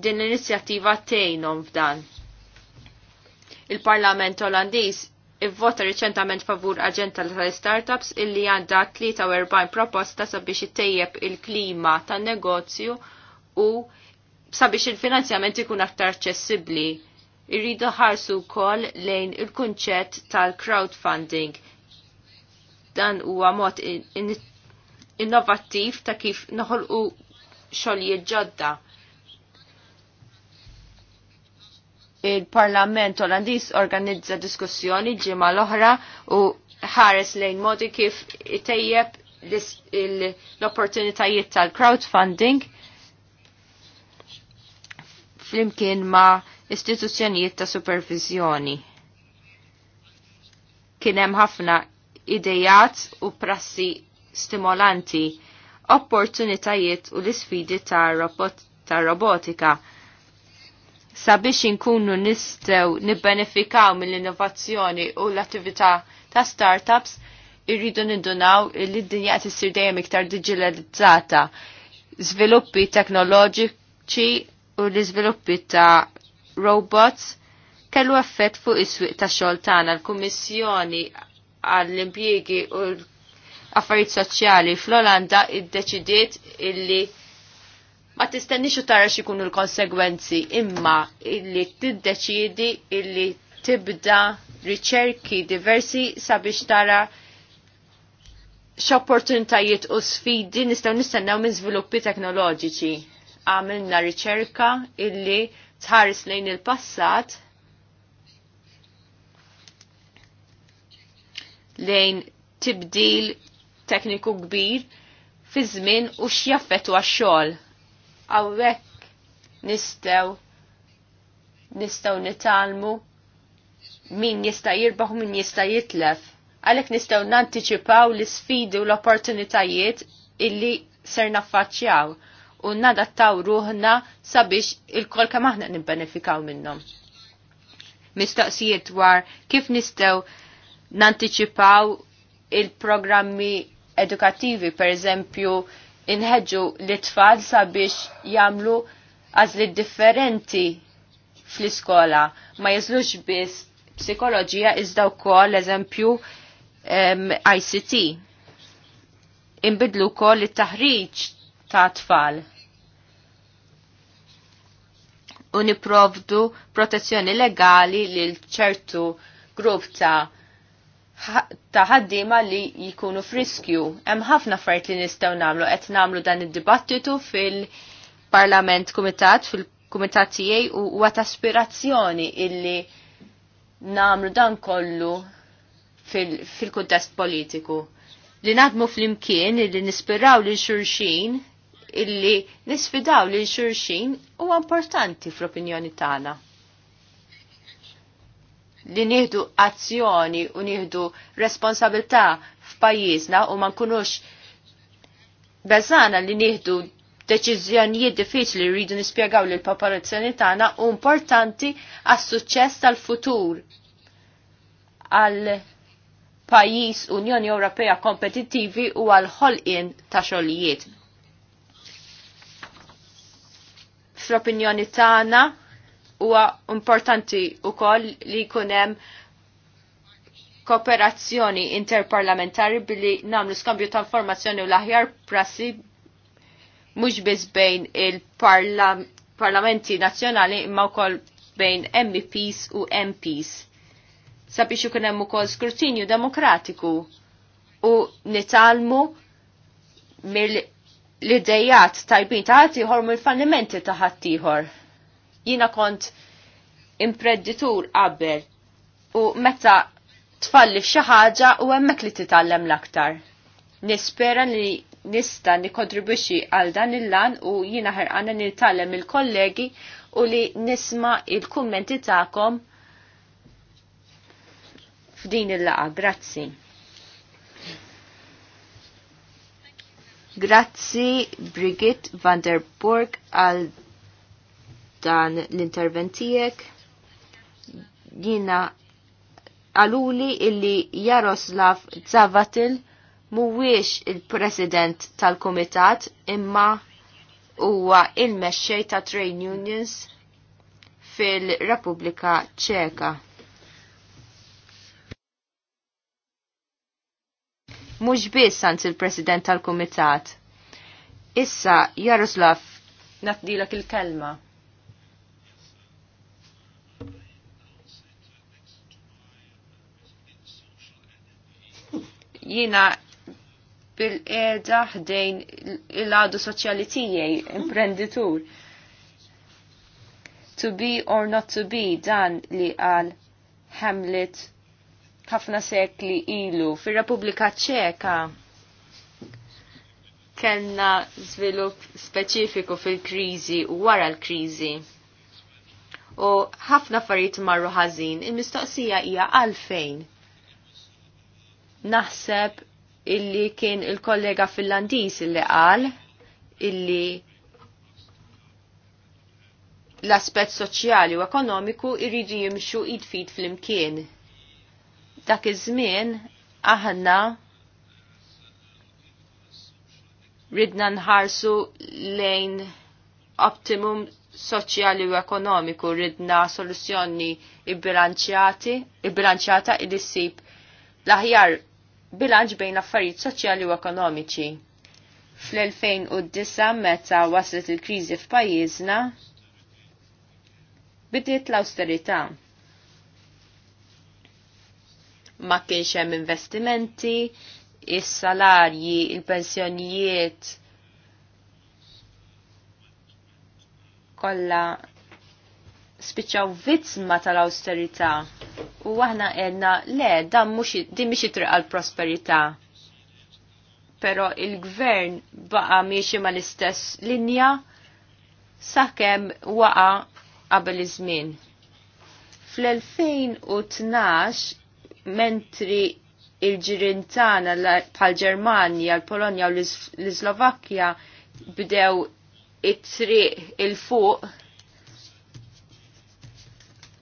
din l-inizjattiva tgħinhom f'dan. Il-Parlament Olandiż ivvota riċentament favur aġenta tal-startups illi għandha 43 proposta sabiex ittejjeb il-klima tan-negozju u sabiex il-finanzjament ikun aktar ċessibli. Irridu ħarsu wkoll lejn il-kunċett tal-crowdfunding. Dan huwa mod innovattiv ta' kif noħolqu xogħlijiet ġodda il-Parlament Olandiż organizza diskussjoni ġimgħa l-oħra u ħares lejn modi kif tejjeb l-opportunitajiet tal-crowdfunding flimkien ma' istituzzjonijiet ta' supervizjoni. Kien hemm ħafna idejat u prassi stimolanti, opportunitajiet u l-isfidi ta' robotika sabiex inkunu nistew nibbenefikaw mill-innovazzjoni u l-attività ta' startups irridu nindunaw li d-dinja qed issir dejjem iktar digitalizzata. Żviluppi teknoloġiċi u l-iżviluppi ta' robots kellu effett fuq is-swieq ta' xogħol tagħna l-Kummissjoni għall-impjiegi u l-affarijiet soċjali fl-Olanda iddeċidiet illi ma tistenni u tara xikunu l-konsegwenzi imma illi t-deċidi illi tibda riċerki diversi sabiex tara x'opportunitajiet u sfidi nistgħu nistennaw minn żviluppi teknoloġiċi. Għamilna riċerka illi tħares lejn il-passat lejn tibdil tekniku kbir fi żmien u x'jaffettu għax-xogħol Għawek nistaw nistaw nitalmu min jista jirbaħ u min jista jitlef. Għalek nistaw nantiċipaw l-sfidi u l-opportunitajiet illi ser naffaċċjaw u nadattaw ruħna sabiex il-kol kam aħna nibbenefikaw minnom. Mistaqsijiet dwar kif nistaw nantiċipaw il-programmi edukativi, per eżempju, inħedġu l-tfal sabiex jamlu għazli differenti fl-iskola. Ma jizlux biss psikoloġija iżda wkoll eżempju um, ICT. Inbidlu wkoll it-taħriġ ta' tfal. U protezzjoni legali lil ċertu grupp ta' ta' ħaddiema li jikunu friskju. Hemm ħafna affarijiet li nistgħu nagħmlu qed nagħmlu dan id-dibattitu fil-Parlament Kumitat fil-Kumitat tiegħi u huwa ta' aspirazzjoni illi nagħmlu dan kollu fil-kuntest fil politiku. Li naħdmu fl-imkien illi nispiraw lil xurxin illi nisfidaw lil xurxin huwa importanti fl-opinjoni tagħna li nieħdu azzjoni u nieħdu responsabilità f'pajjiżna u ma nkunux bezzana li nieħdu deċiżjonijiet diffiċli rridu nispjegaw lil popolazzjoni tagħna u importanti għas-suċċess tal-futur għal pajjiż Unjoni Ewropea kompetittivi u għal ħolqien ta' xogħlijiet. Fl-opinjoni tagħna huwa importanti wkoll li jkun hemm kooperazzjoni interparlamentari billi nagħmlu skambju ta' informazzjoni u l-aħjar prassi mhux biss bejn il-parlamenti nazzjonali imma wkoll bejn MEPs u MPs sabiex ikun hemm ukoll skrutinju demokratiku u nitalmu mill idejat tajbin ta' ħaddieħor mill-fallimenti ta' ħaddieħor. Jina kont imprenditur qabel u meta tfalli xi ħaġa u hemmhekk li titgħallem l-aktar. Nispera li nista nikontribwixxi għal dan il-lan u jiena ħerqana nitgħallem il-kollegi u li nisma il-kummenti tagħkom f'din il-laqa. Grazzi. Grazzi Brigitte van der Burg għal Dan l-interventijek jina għaluli illi Jaroslav Zavatil mhuwiex il-president tal-komitat imma huwa il-mexxej ta' trade unions fil-Repubblika Ċeka. Mhux biss sant il-President tal-Kumitat. Issa Jaroslav, natdilak il-kelma. Jina bil-qeda ħdejn il-għadu soċjali tiegħi, imprenditur. To be or not to be dan li għal Hamlet ħafna sekli ilu fir-Repubblika Ċeka kellna żvilupp speċifiku fil-kriżi u wara l-kriżi. U ħafna affarijiet marru ħażin, il-mistoqsija hija għalfejn Naħseb illi kien il-kollega finlandis illi qal illi l-aspett soċjali u ekonomiku irridu jimxu id-fit fl-imkien. Dak iż-żmien aħna ridna nħarsu lejn optimum soċjali u ekonomiku, ridna soluzzjoni ibbilanċjati, ibbilanċjata id-issib l-aħjar bilanċ bejn affarijiet soċjali u ekonomiċi. Fl-2009 meta waslet il-kriżi f'pajjiżna, bidiet l-austerità. Ma kienx hemm investimenti, is-salarji, il pensjonijiet kollha spiċċaw vittma tal-austerità u aħna għedna le dan mhux din mhix it-triq għall-prosperità. Però il-gvern baqa' miexi mal-istess linja sakemm waqa qabel iż-żmien. Fl-2012 mentri il-ġirintana pal ġermanja l-Polonja u l-Slovakkja bdew it-triq il-fuq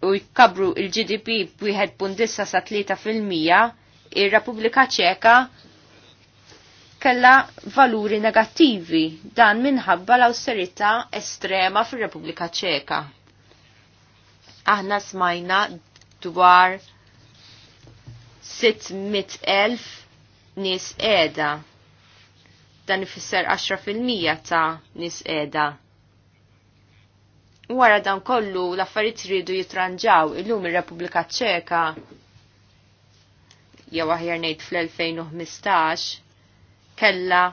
u jkabru il-GDP b'1.9 sa 3% ir-Repubblika Ċeka kella valuri negattivi dan minħabba l awsterità estrema fir-Repubblika Ċeka. Aħna smajna dwar 600.000 nis edha. Dan ifisser 10% ta' nis edha wara dan kollu l-affarijiet ridu jitranġaw illum ir-Repubblika Ċeka jew aħjar ngħid fl-2015 kellha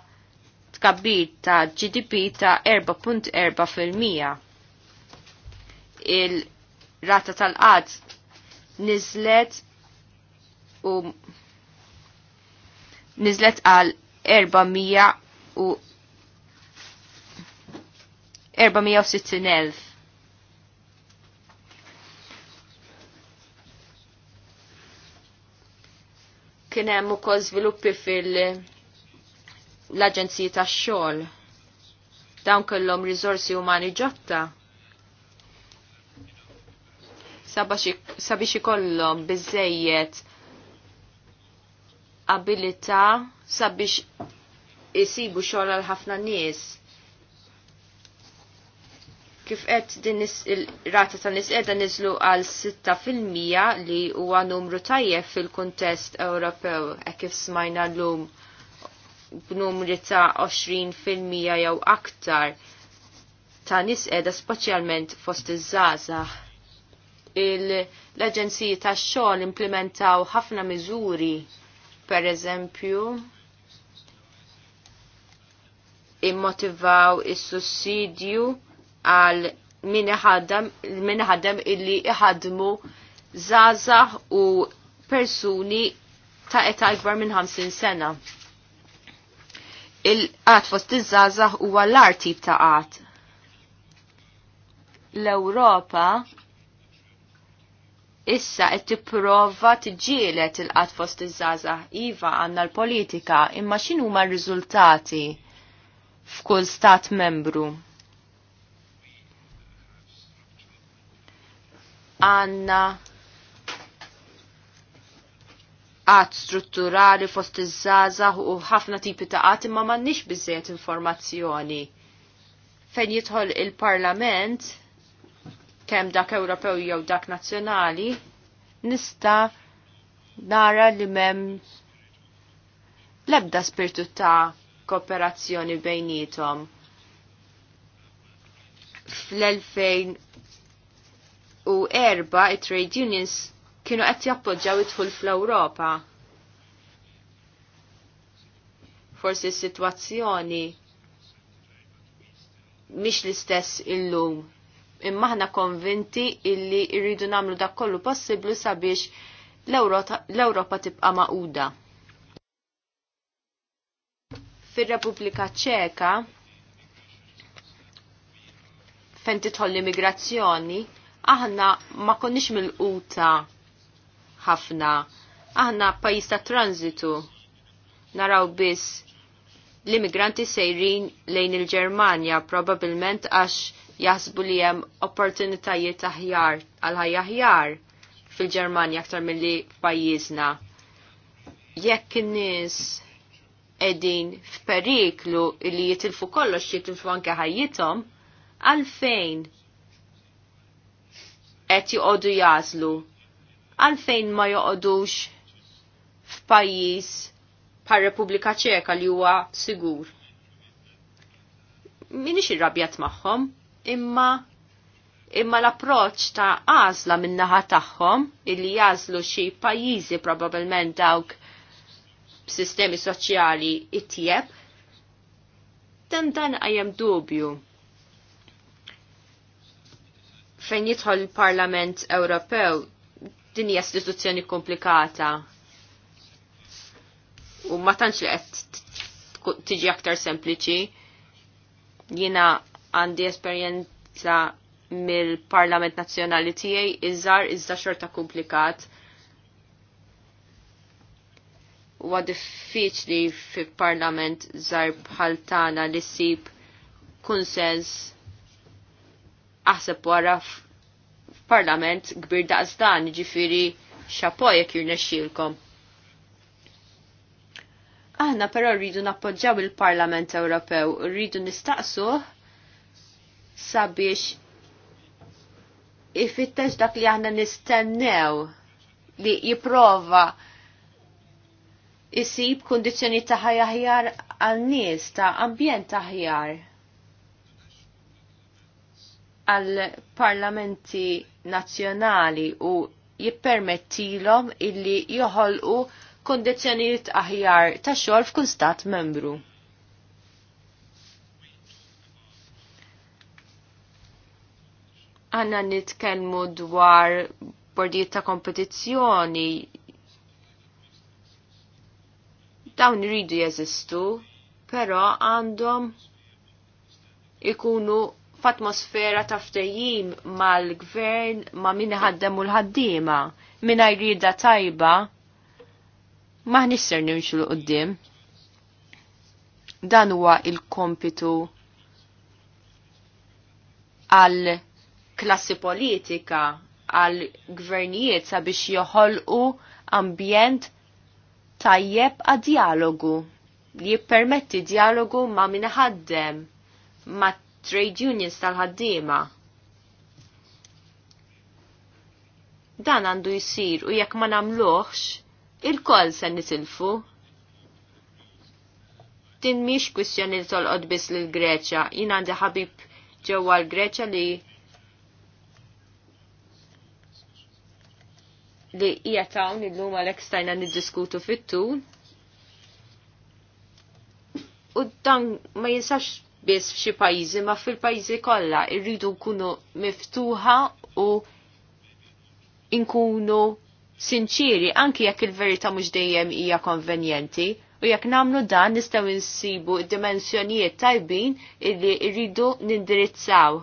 tkabbir ta' GDP ta' 4.4 fil Il-rata tal-qad nizlet u nizlet għal 400 u 460.000 Kien hemm ukoll żviluppi fil-Aġenziji tax-xogħol. Dawn kellhom riżorsi umani ġotta sabiex ikollhom biżejjed abilità sabiex isibu xogħol għal ħafna nies kif qed din il-rata ta' nies qiegħda niżlu għal 6% li huwa numru tajjeb fil-kuntest Ewropew hekk kif smajna llum b'numri ta' 20% jew aktar ta' nies qiegħda speċjalment fost iż-żgħażagħ. L-Aġenziji tax-xogħol implementaw ħafna miżuri pereżempju immotivaw is-sussidju għal min ħaddem illi iħadmu zazah u persuni ta' età ikbar minn 50 sena. il għat fost iż-żazah huwa l-ar tip ta' qat. L-Ewropa issa qed tipprova tiġielet il-qatt fost iż-żgħażagħ iva għandna l-politika imma x'inhuma r-riżultati f'kull stat membru. għanna għat strutturali fost iż-żaza u ħafna tipi ta' għat imma m'għandniex biżejjed informazzjoni. Fejn jidħol il-Parlament kemm dak Ewropew jew dak nazzjonali nista' nara li mem lebda spirtu ta' kooperazzjoni bejnietom. Fl-2000 u erba it-trade unions kienu qed jappoġġaw idħul fl-Ewropa. Forsi s-sitwazzjoni mhix l-istess illum. Imma aħna konvinti illi rridu nagħmlu dak kollu possibbli sabiex l-Ewropa tibqa' maquda. Fir-Repubblika Ċeka fejn tidħol l-immigrazzjoni, aħna ma konniex mill-quta ħafna. Aħna pajis ta' tranzitu naraw biss l-immigranti sejrin lejn il-Ġermanja probabilment għax jaħsbu li hemm opportunitajiet aħjar għal ħajja aħjar fil-Ġermanja aktar milli pajjiżna. Jekk in-nies qegħdin f'periklu li jitilfu kollox jitilfu anke ħajjithom, għalfejn qed joqogħdu jażlu. Għalfejn ma joqogħdux f'pajjiż bħal Repubblika Ċeka li huwa sigur. Minix irrabjat magħhom, imma imma l approċċ ta' għażla min-naħa tagħhom illi jażlu xi pajjiżi probabbilment dawk b'sistemi soċjali ittieb, dan dan għajem dubju fejn jidħol il-Parlament Ewropew din hija istituzzjoni komplikata u ma tantx li qed tiġi aktar sempliċi. Jiena għandi esperjenza mill-Parlament Nazzjonali tiegħi iżżar iżda xorta komplikat. Huwa diffiċli fi parlament żar bħal tagħna li ssib konsens aħseb wara f'Parlament kbir daqs dan, ġifiri xapoj jekk jirnexxielkom. Aħna però rridu nappoġġaw il-Parlament Ewropew, rridu nistaqsuh sabiex ifittex dak li aħna nistennew li jiprova jisib kondizjoni ta' ħajja ħjar għal nies ta' ambjent ta' għal parlamenti nazzjonali u jippermettilhom illi joħolqu kondizjoniet aħjar ta' xogħol f'kull stat membru. Għanna nitkellmu dwar bordijiet ta' kompetizzjoni dawn iridu jeżistu, però għandhom ikunu f'atmosfera ta' ftejjim mal-gvern ma' min ħaddem u l-ħaddiema minna jrida tajba ma' nisser nimxu l-qoddim. Dan huwa il-kompitu għal klassi politika għal gvernijiet sabiex joħolqu ambjent tajjeb għad dialogu li jippermetti dialogu ma' minħaddem ma' trade unions tal-ħaddiema. Dan għandu jisir u jekk ma namluħx, il-koll se nitilfu. Din miex kwistjoni li tolqod biss lil Greċja, jien għandi ħabib ġewwa l-Greċja li li hija tawn illum għalhekk stajna niddiskutu fit-tul. U dan ma jinsax biss f'xi pajjiżi ma fil-pajjiżi kollha irridu nkunu miftuħa u nkunu sinċiri anki jekk il-verità mhux dejjem hija konvenjenti u jekk nagħmlu dan nistgħu insibu dimensjonijiet tajbin illi rridu nindirizzaw,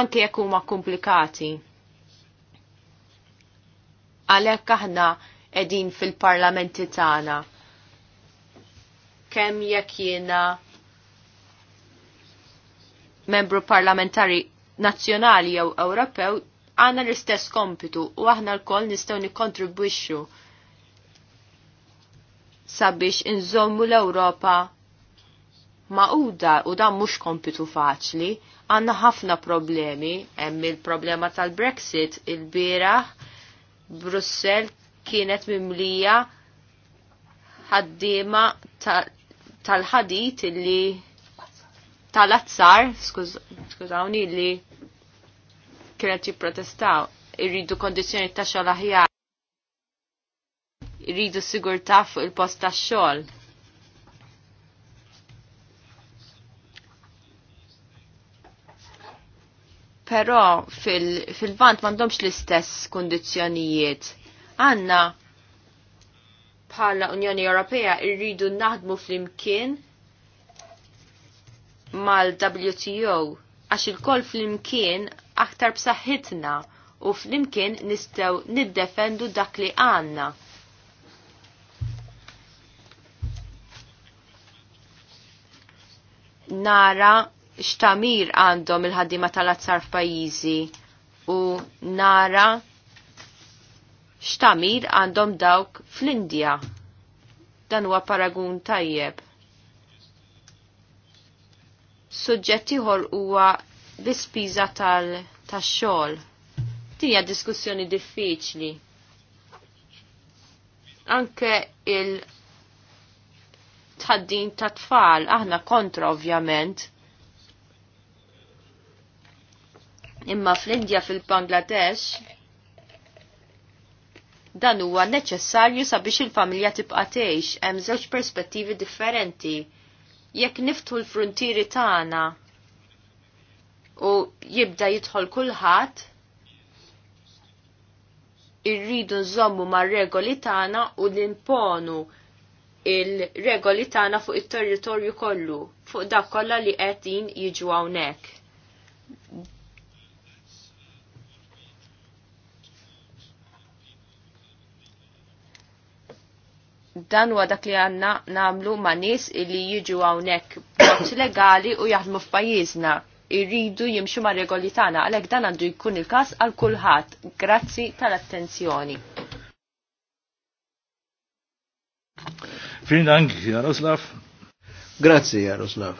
anke jekk huma komplikati. Għalhekk aħna qegħdin fil-parlamenti tagħna. Kemm jekk jiena membru parlamentari nazzjonali jew Ewropew għanna l-istess kompitu u aħna l-koll nistaw nikontribwixxu sabiex inżommu l-Ewropa maquda u dan mhux kompitu faċli, għandna ħafna problemi, hemm il-problema tal-Brexit il-bieraħ Brussel kienet mimlija ħaddiema tal-ħadit ta illi tal-azzar, skużawni, li kienet jipprotestaw, irridu kondizjoni ta' xogħol aħjar, irridu sigurtà fuq il-post ta' xogħol. Però fil-vant fil m'għandhomx l-istess kundizzjonijiet. Għanna bħala Unjoni Ewropea irridu naħdmu fl-imkien mal-WTO għax il-koll fl-imkien aktar b'saħħitna u fl-imkien nistaw niddefendu dak li għanna. Nara xtamir għandhom il-ħaddima tal-azzar f'pajjiżi u nara xtamir għandhom dawk fl-Indja. Dan huwa paragun tajjeb. Suġġetti ieħor huwa bispiża ispiża tax xogħol Tinja diskussjoni diffiċli. Anke il tħaddin ta' tfal, aħna kontra ovvjament. Imma fl-Indja fil-Bangladesh dan huwa neċessarju sabiex il-familja tibqa' tgħix hemm żewġ perspettivi differenti Jekk niftu l-frontieri tagħna u jibda jidħol kulħadd, irridu nżommu mar-regoli tagħna u nimponu il-regoli tagħna fuq it-territorju kollu, fuq dak kollha li qed jiġu hawnhekk. dan huwa dak li għanna namlu ma' nies li jiġu hawnhekk b'mod legali u jaħdmu f'pajjiżna irridu jimxu ma' regoli tagħna għalhekk dan għandu jkun il-każ għal kulħadd. Grazzi tal-attenzjoni. Vielen Dank, Jaroslav. Grazie, Jaroslav.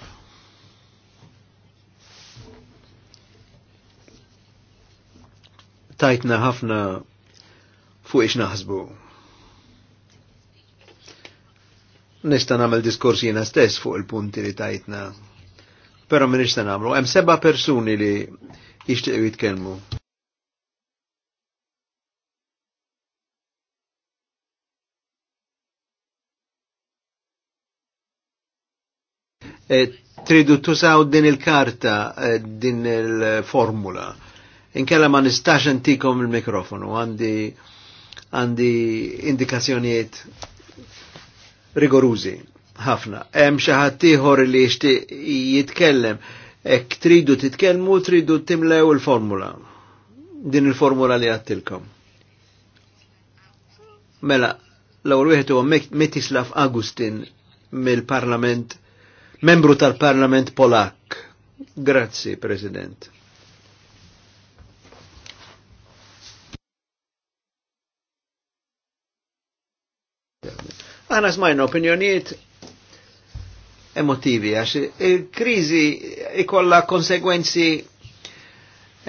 Tajtna ħafna fuq ix naħsbu. Nista' nagħmel diskors jiena stess fuq il-punti li tajtna. Però min nista' nagħmlu. Hemm seba' persuni li jixtiequ jitkellmu. E, tridu tusaw din il-karta, e, din il-formula. Inkella ma nistax antikom il-mikrofonu, għandi għandi indikazzjonijiet rigorużi ħafna. Hemm xi ħadd ieħor li jixtieq jitkellem. Ek tridu titkellmu, tridu timlew il-formula. Din il-formula li għattilkom. Mela, l-ewwel wieħed huwa Metislav Agustin mill-Parlament, membru tal-Parlament Polak. Grazzi, President. Aħna smajna opinjonijiet emotivi, għax il-krizi ikolla konsegwenzi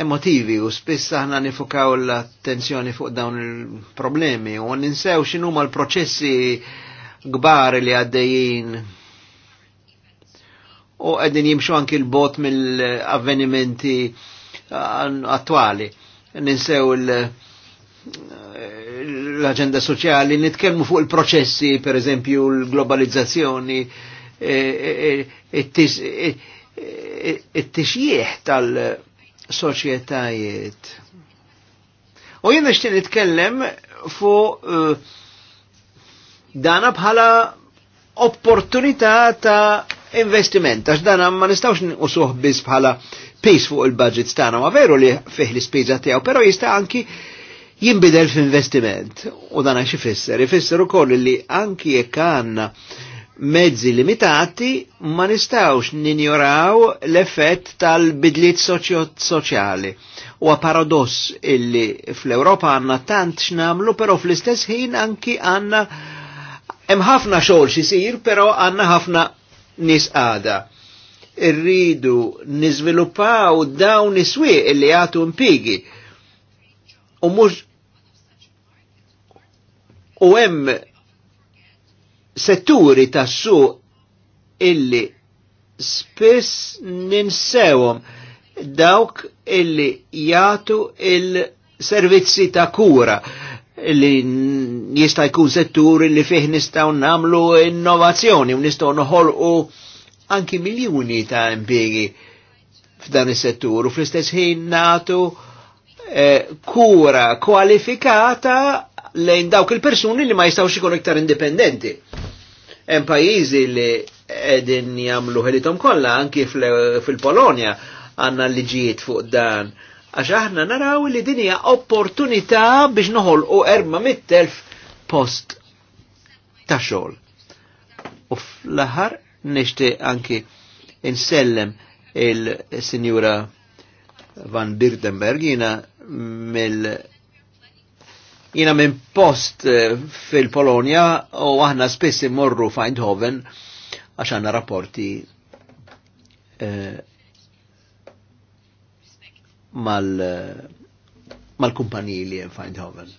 emotivi u spiss aħna nifukaw l-attenzjoni fuq dawn il-problemi u ninsew x'inhuma l-proċessi gbar li għaddejjin u għedin jimxu anki l-bot mill-avvenimenti uh, attuali. Ninsew il- l-agenda soċjali, nitkellmu fuq il-proċessi, per eżempju l-globalizzazzjoni, e, e, e, it-tixjieħ tal-soċjetajiet. U jiena xti nitkellem fuq dana bħala opportunità ta' investiment, għax dana ma nistawx nqosuh biss bħala pis fuq il-budget tagħna, ma veru li fih l-ispiża tiegħu, però jista' anki jimbidel f'investiment. U dan għax ifisser, ifisser ukoll li anki jekk għandna mezzi limitati ma nistawx ninjoraw l-effett tal-bidliet soċjali. U paradoss illi fl-Europa għanna tant x'namlu, però fl-istess ħin anki għanna hemm ħafna xogħol xisir, però għanna ħafna nisqada. għada. Irridu nizviluppaw dawn is-swieq illi għatu impigi. U mhux u hemm setturi tas-suq illi spiss ninsewhom dawk illi jagħtu il-servizzi ta' kura li jista' jkun settur li fih nistgħu nagħmlu innovazzjoni u nistgħu noħolqu anki miljuni ta' impjegi f'dan is-settur u fl-istess ħin nagħtu eh, kura kwalifikata lejn dawk il-persuni li ma jistawx ikonu iktar indipendenti. Hemm pajjiżi li qegħdin jagħmlu ħelithom kollha anki fil-Polonja għandna liġijiet fuq dan. Għax aħna naraw li din hija opportunità biex noħolqu 400,000 post ta' xogħol. U fl-aħħar nixti anki insellem il-Sinjura Van Birdenberg jina mill Jina minn post eh, fil-Polonia u aħna spessi morru Feindhoven għax għanna rapporti eh, eh, mal-kumpaniji mal li jen Feindhoven.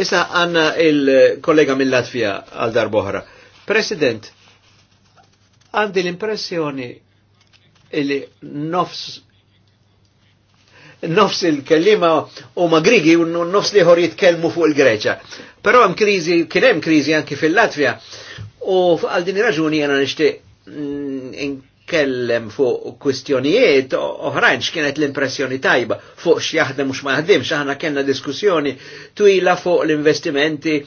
Issa għanna il-kollega mill-Latvija għal darboħra. President, għandi l-impressjoni il nofs nofs il-kellima u ma grigi u nofs liħor jitkellmu fuq il-Greċa. Pero għam krizi, kienem krizi anki fil latvija u għal din raġuni għana nixtieq mm, kellem fuq kwistjonijiet oħrajn x'kienet l-impressjoni tajba fuq x'jaħdem u jaħdimx aħna kellna diskussjoni twila fuq l-investimenti eh,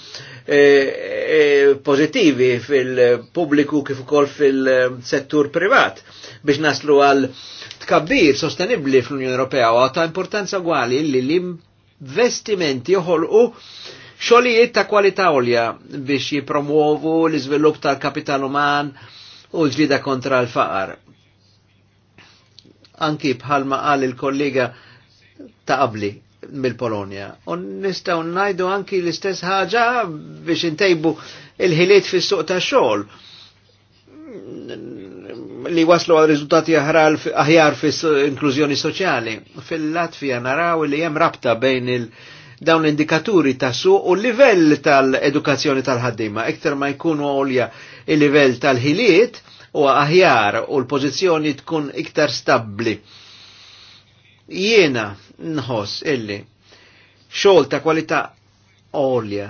eh, pożittivi fil-pubbliku kif ukoll fil-settur privat biex naslu għal tkabbir sostenibbli fl-Unjoni Ewropea u ta' importanza gwali li l-investimenti joħolqu xogħlijiet ta' kwalità għolja biex jipromuovu l-iżvilupp tal-kapital uman u l-ġlida kontra l-faqar. Anki bħalma qal il-kollega ta' qabli mill polonia U nistaw najdu anki l-istess ħaġa biex intejbu il-ħiliet fis suq ta' xogħol li waslu għal riżultati aħjar fis inklużjoni soċjali. Fil-Latvija naraw li hemm rabta bejn il- dawn l-indikaturi ta' su u l-livell tal-edukazzjoni tal-ħaddima. Iktar ma jkunu għolja il-livell tal-ħiliet u aħjar u l-pozizjoni tkun iktar stabli. Jiena nħoss illi xogħol ta' kwalità għolja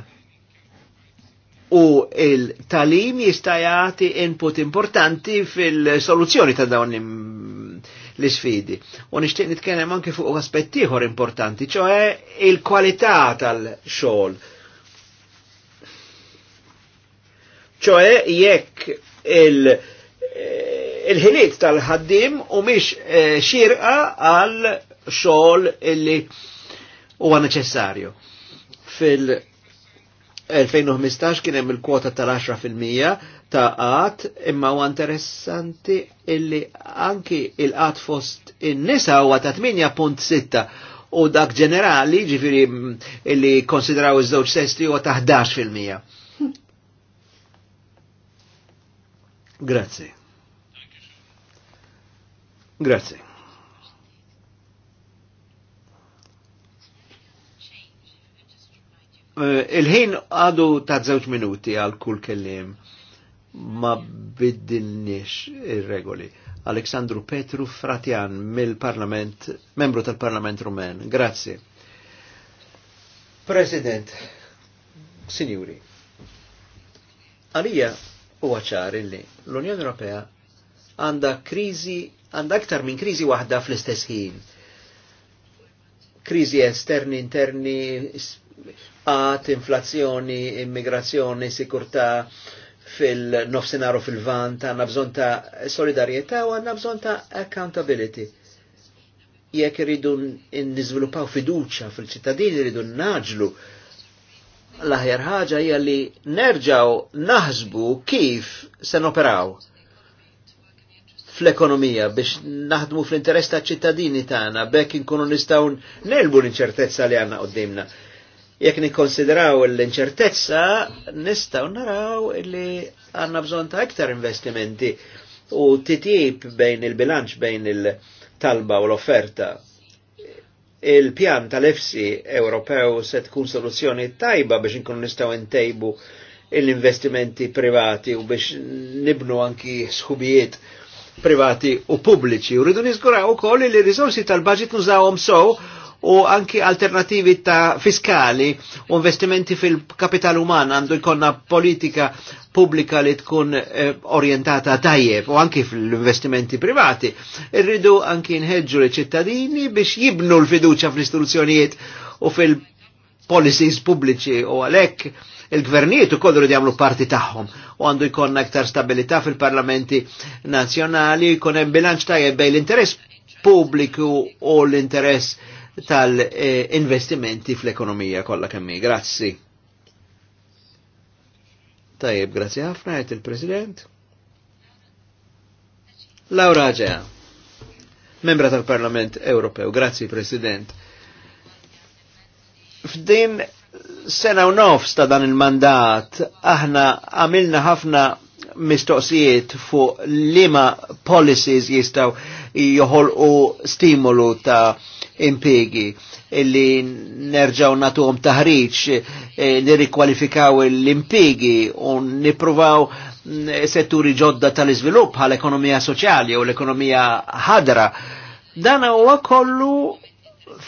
u il-talim jista' jagħti input importanti fil-soluzzjoni ta' dawn l-sfidi. U nixtieq nitkellem anke fuq aspett ieħor importanti, ċoe il-kwalità tal-xogħol. ċoe jekk il- il-ħiliet tal-ħaddim u miex eh, xirqa għal xogħol illi huwa neċessarju. Fil- eh, 2015 kien hemm il-kwota tal-10% ta' għat, imma u interessanti illi anki il-għat fost in-nisa huwa ta' 8.6 u dak ġenerali ġifiri mm, illi konsideraw iż-żewġ sesti huwa ta' 11%. Grazie. Grazie. Uh, Il-ħin għadu ta' żewġ minuti għal kull kellim ma biddilniex ir-regoli. Aleksandru Petru Fratjan mill-Parlament, membru tal-Parlament Rumen. Grazzi. President, Signori, għalija u għacħar illi l-Unjoni Ewropea għanda krizi, għanda aktar minn krizi waħda fl-istess ħin. Krizi esterni, interni, għat, inflazzjoni, immigrazzjoni, sikurta' fil-nofsinaru fil-vant, għanna bżon ta' solidarieta u għanna bżon ta' accountability. Jekk irridu nizvilupaw fiduċa fil-ċittadini, irridu naġlu l-aħjar ħaġa hija li nerġaw naħsbu kif se noperaw fl-ekonomija biex naħdmu fl-interess ta' ċittadini tagħna bekk inkunu nistgħu nelbu l-inċertezza li għandna qudiemna. Jekk nikkonsideraw l-inċertezza, nistgħu naraw li għandna bżonn ta' iktar investimenti u titjib bejn il-bilanċ bejn il-talba u l-offerta. Il-pjan tal-EFSI Ewropew se tkun soluzzjoni tajba biex nkunu nistgħu ntejbu l-investimenti privati u biex nibnu anki sħubijiet privati u pubbliċi. U rridu niżguraw ukoll li risorsi tal-budget nużawom so u anki alternativi ta' fiskali u investimenti fil-kapital uman għandu jkonna politika pubblika li tkun eh, orientata tajjeb u anki fil-investimenti privati. Irridu anki nħedġu li ċittadini biex jibnu l-fiduċa fl-istituzzjonijiet u fil-policies pubbliċi u għalek il-gvernijiet u kollu li parti tagħhom u għandu jkonna aktar stabilità fil-parlamenti nazjonali, jkun hemm bilanċ tajjeb bej l-interess pubbliku u l-interess tal-investimenti fl-ekonomija kollha kemmi. Grazzi. Tajjeb, grazzi ħafna, għet il-President. Laura Ġea, membra tal-Parlament Ewropew, grazzi President. F'din sena u nofs ta' dan il-mandat, aħna għamilna ħafna mistoqsijiet fuq lima policies jistaw joħolqu stimolu ta' impiegi illi nerġaw natuhom taħriġ, eh, nirrikwalifikaw l impiegi u nipruvaw mm, setturi ġodda tal-iżvilupp għal ekonomija soċjali u l-ekonomija ħadra. Dan huwa kollu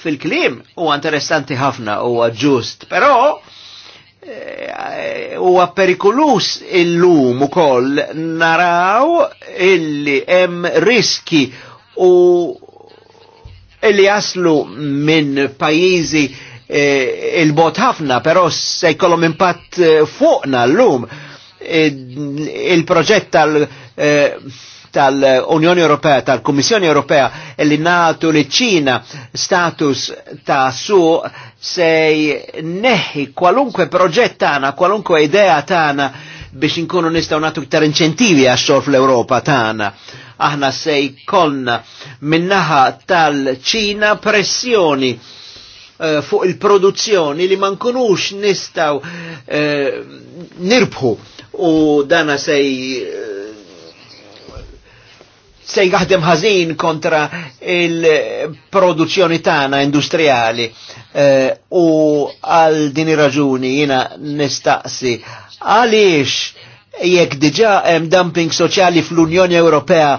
fil-klim u interessanti ħafna u ġust, però eh, huwa perikolus u ukoll naraw illi hemm riski u li jaslu minn pajizi E, il-bot ħafna, pero se jkollhom impatt eh, fuqna llum e, il-proġett tal- e, tal-Unjoni Ewropea, tal-Kummissjoni Ewropea li natu li ċina status ta' su se neħi kwalunkwe proġett tana, kwalunkwe idea tana. tagħna biex inkunu nistaw natu iktar inċentivi għax fl europa tagħna. Aħna se jkollna minnaħa tal-Ċina pressjoni uh, fuq il-produzzjoni li ma nkunux nistaw uh, nirbħu u dana se uh, se jgħahdem ħażin kontra il-produzzjoni tagħna industrijali eh, u għal din ir-raġuni jiena nistaqsi għaliex jekk diġa hemm dumping soċjali fl-Unjoni Ewropea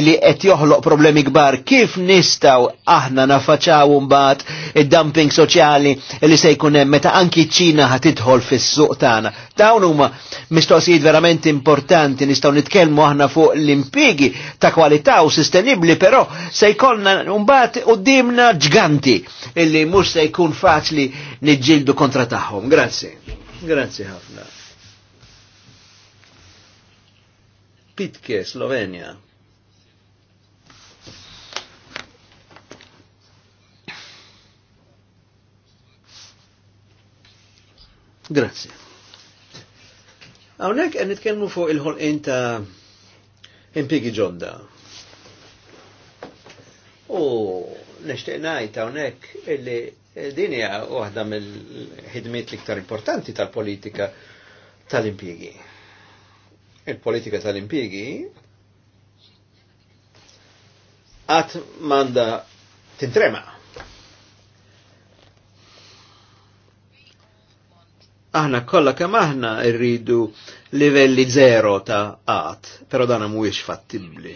li qed joħloq problemi kbar, kif nistgħu aħna nafaċaw mbagħad id-dumping soċjali li se jkun hemm meta anki ċ-Ċina ħad tidħol fis-suq tagħna. Dawn huma mistoqsijiet verament importanti nistgħu nitkellmu aħna fuq l-impigi ta' kwalità u sostenibbli, però se jkollna mbagħad qudiemna ġganti illi mhux se jkun faċli niġġieldu kontra tagħhom. Grazzi. Grazzi ħafna. Pitke, Slovenja. Grazie. Għawnek għan nitkelmu fuq il-ħolqin ta' impiegi ġodda. U nishtiq najt għawnek illi dinja waħda mill-ħidmiet l-iktar importanti tal-politika tal-impiegi il-politika tal-impjegi għat manda tintrema. Aħna kolla kemm aħna rridu livelli zero ta' għat, però dan mhuwiex fattibbli.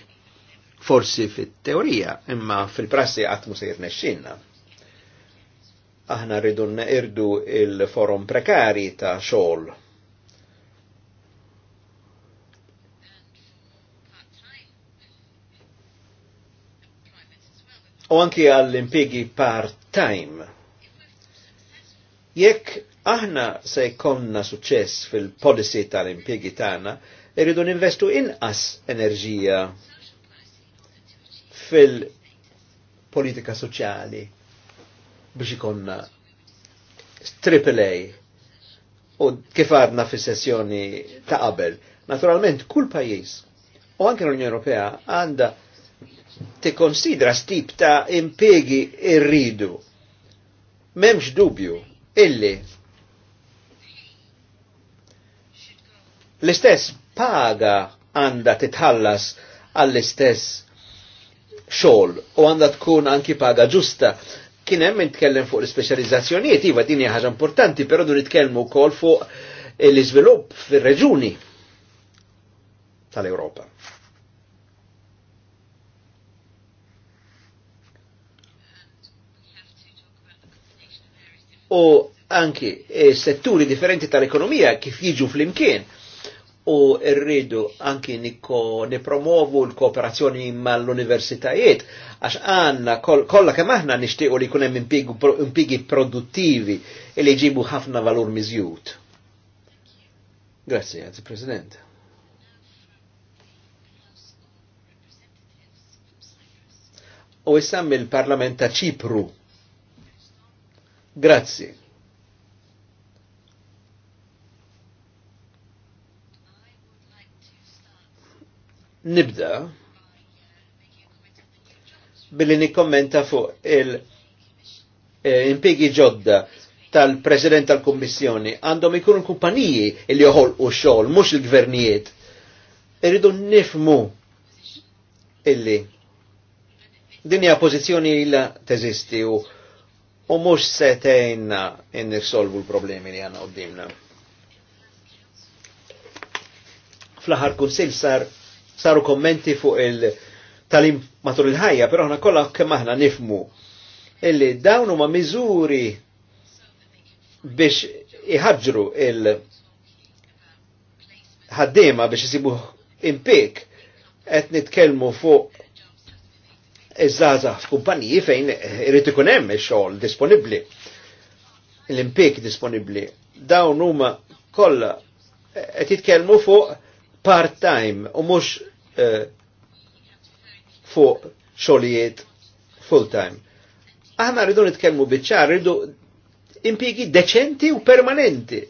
Forsi fit-teorija, imma fil-prassi għat mu se jirnexxinna. Aħna rridu neqirdu il-forum prekari ta' xogħol u anki għall-impigi part-time. Jekk aħna se jkonna suċċess fil-policy tal-impigi tagħna, irridu ninvestu inqas enerġija fil-politika soċjali biex ikonna A. u kif għadna fi sessjoni ta' qabel. Naturalment, kull pajjiż u anke l-Unjoni Ewropea għanda tikkonsidra stip ta' impiegi irridu. Memx dubju illi l-istess paga għanda titħallas għall-istess xogħol u għanda tkun anki paga ġusta. Kien hemm tkellem fuq l specializzazzjoniet iva din hija ħaġa importanti, però du nitkellmu wkoll fuq l-iżvilupp fir-reġuni tal-Ewropa. u anki e setturi differenti tal-ekonomija kif jiġu fl-imkien u rridu anki nipromovu l-kooperazzjoni mal-universitajiet, għax għanna kolla kemm aħna nixtiequ li kunem impigi produttivi li jġibu ħafna valur miżjut. Grazie, President. U jissam il-Parlament ta' Ċipru Grazzi. Nibda billi nikkommenta fuq il-impiegi eh, ġodda tal-President tal-Kommissjoni għandhom ikunu kumpaniji li joħolqu xogħol, mhux il-gvernijiet. Irridu nifmu illi Dinja pożizzjoni illa teżisti u u mux setejna in-nirsolvu l-problemi li għanna għoddimna. Fl-ħar kunsil sar saru kommenti fuq il-talim matul il-ħajja, pero ħna kolla kemm aħna nifmu illi dawn huma miżuri biex iħaġġru il-ħaddiema biex jisibu impik qed nitkellmu fuq iż-żaza f'kumpaniji fejn irid ikun hemm ix-xogħol disponibbli. L-impik disponibbli. Dawn huma kollha qed jitkellmu fuq part-time u mhux eh, fuq xogħlijiet full-time. Aħna rridu nitkellmu biċċar, rridu impjiegi deċenti u permanenti.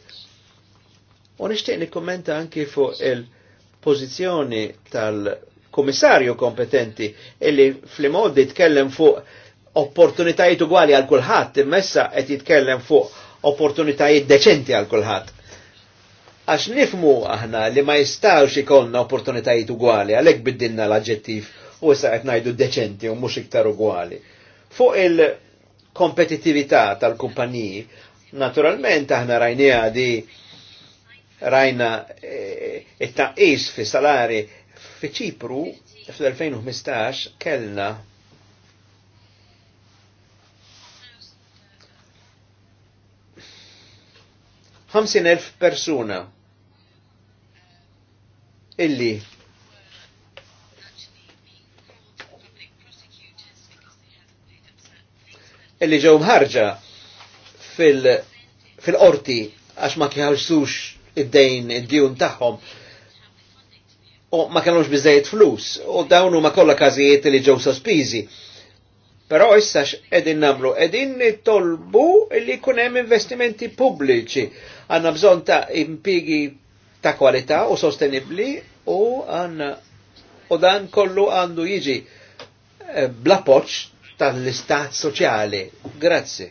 U nixtieq nikkommenta anki fuq il-pożizzjoni tal- kummissarju kompetenti illi fl-imoddi tkellem fuq opportunitajiet ugwali għal kulħadd, immessa qed jitkellem fuq opportunitajiet deċenti għal kulħadd. Għax nifmu aħna li ma jistawx ikollna opportunitajiet ugwali, għalhekk biddilna l-aġġettiv u issa qed ngħidu deċenti u mhux iktar ugwali. Fuq il-kompetitività tal-kumpaniji, naturalment aħna rajnija di rajna eh, it-taqqis fi salari Fi ċipru, fl-2015, kellna elf persuna illi illi ġew mħarġa fil-qorti fil għax ma kħalsux id-dejn id-djun tagħhom u ma kellhomx biżejjed flus u dawn huma kollha każijiet li ġew sospiżi. Però issa x'qegħdin nagħmlu? Qegħdin nitolbu li jkun hemm investimenti pubbliċi. Għandna bżonn ta' impigi ta' kwalità u sostenibbli u għandna u dan kollu għandu jiġi eh, bla poċ tal-istat soċjali. Grazzi.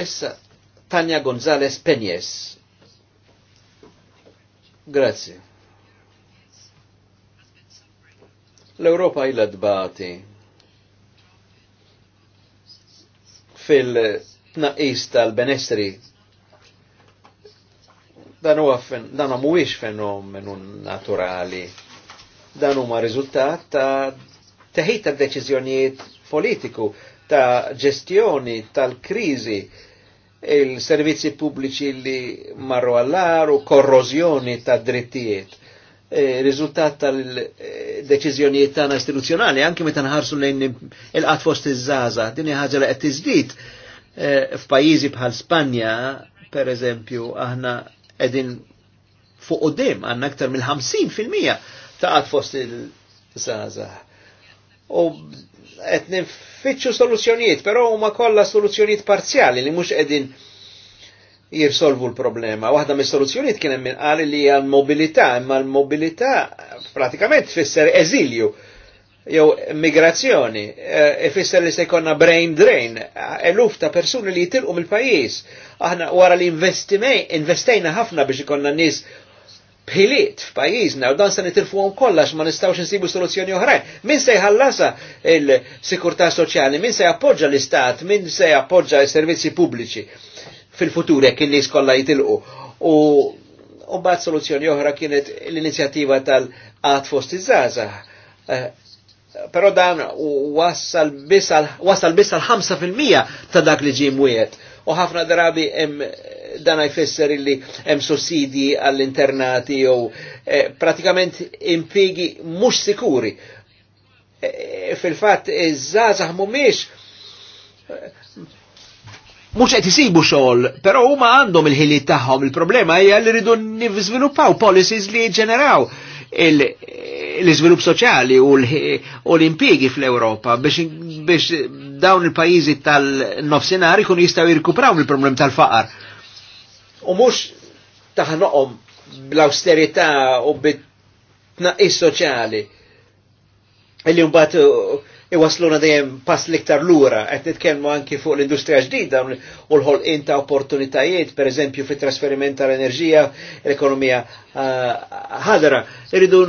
Issa Tanja Gonzalez Penjes Grazie. L-Europa illa dbati fil-tnaqis tal-benestri dan huwa dan mhuwiex fenomenu naturali. Dan huma riżultat ta' teħid ta' deċiżjonijiet politiku, ta' ġestjoni tal-kriżi il-servizzi pubbliċi li marru għallar u korrozjoni ta' drittijiet. E, Riżultat tal-deċizjonijiet tagħna istituzzjonali anki meta nħarsu lejn il qatfost fost iż-żaza, din ħaġa li qed tiżdid e, f'pajjiżi bħal Spanja, per eżempju, aħna qegħdin fuq dem, għandna aktar mill-50% ta' qatfost fost il-żaza. U qed tfittxu soluzzjonijiet, però huma kollha soluzzjonijiet parzjali li mhux qegħdin jirsolvu l-problema. Waħda mis soluzzjonijiet kien hemm għali li għal mobilità imma l-mobilità pratikament tfisser eżilju jew migrazzjoni, eh, ifisser fisser li se jkollna brain drain, eluf ta' persuni li jitilqu mill-pajjiż. Aħna wara li investejna ħafna biex ikonna nies Pilit f'pajjiżna u dan se nitilfuhom kollha ma nistgħux insibu soluzzjoni oħrajn. Min se jħallasa il-sikurtà soċjali, min se jappoġġa l-istat, min se jappoġġa s-servizzi pubbliċi fil-futur jekk in-nies kollha jitilqu. U u bad soluzzjoni oħra kienet l-inizjattiva tal qat fost iż-żaza. Eh, però dan wassal biss 5% ta' dak li ġie mwiet. U ħafna drabi hemm dan jfisser illi hemm sussidi għall-internati jew eh, pratikament impigi mhux sikuri. Eh, eh, fil-fatt iż-żgħażagħ eh, mhumiex mhux qed isibu xogħol, però huma għandhom il-ħiliet tagħhom. Il-problema hija li rridu niżviluppaw policies li ġeneraw l-izvilup soċjali u l-impiegi fl-Europa biex dawn il-pajizi tal-nofsenar ikun jistaw jirkupraw il-problem tal-faqar u mux taħnoqom bl austerita u bit-tnaqqis soċjali illi mbagħad uh, iwasluna dejjem pass l-iktar lura qed nitkellmu anki fuq l-industrija ġdida u l-ħolqien ta' opportunitajiet, pereżempju fit-trasferiment tal-enerġija, l-ekonomija uh, ħadra. Irridu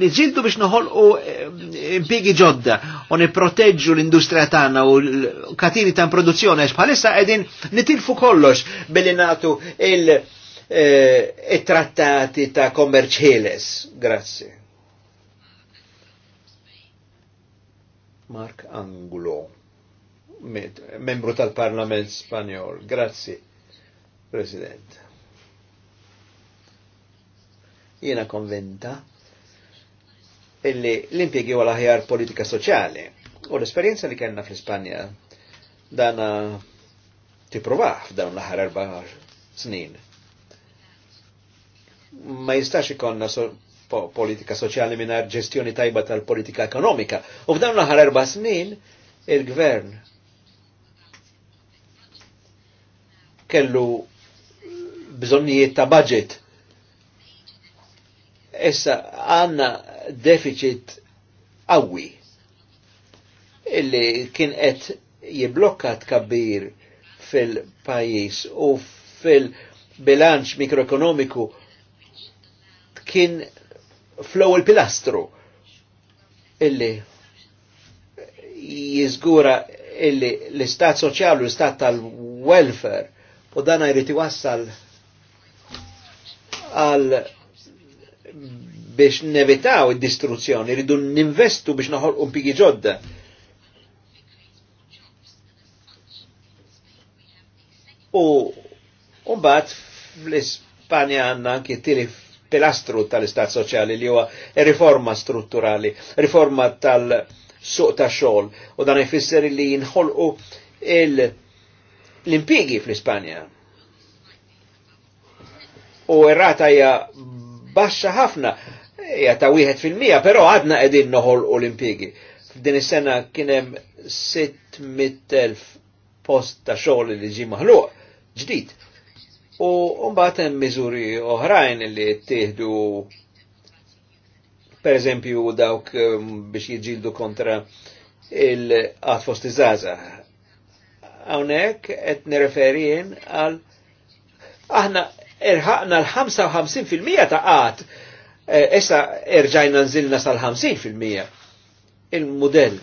niġildu biex noħolqu eh, impiegi ġodda u niproteġġu l-industrija tagħna u l katini ta' produzzjoni għax bħalissa qegħdin nitilfu kollox billi nagħtu il-trattati eh, ta' kommerċ ħieles. Grazzi. Mark Anglo, membru tal-Parlament Spanjol. Grazzi, President. Jena konventa illi l-impiegi huwa l-aħjar politika soċjali. U l esperienza li kellna fl-Ispanja dan tipruvaħ f'dawn l-aħħar erba' snin. Ma jistax ikonna so po politika soċjali minna ġestjoni tajba tal-politika ekonomika. U f'dawn l-aħħar erba' snin il-gvern kellu bżonnijiet ta' budget. Issa għanna deficit qawwi illi kien qed jiblokka tkabbir fil-pajis u fil-bilanċ mikroekonomiku kien flow il-pilastru illi jizgura illi l-istat soċjali u l-istat tal-welfare u dan jrid iwassal għal biex nevitaw il distruzzjoni rridu ninvestu biex noħol impigi ġodda. U un-bat fl-Ispanja għandna anke tiri pilastru tal-istat soċjali li huwa riforma strutturali, riforma tal-suq ta' xol u dan jfisser li jinħolqu l-impigi fl-Ispanja. U errata hija baxxa ħafna hija ta' wieħed fil-mija, però għadna qegħdin noħol l-impjiegi. F'din is-sena kien hemm 600,000 post ta' xogħol li ġie maħluq ġdid. U mbagħad hemm miżuri oħrajn li ttieħdu per eżempju dawk um, biex jiġildu kontra il-qat fost iż-żaza. Hawnhekk qed nireferi għal aħna irħaqna l-55% ta' qat Eh, issa erġajna nżilna sal-50%. Il-modell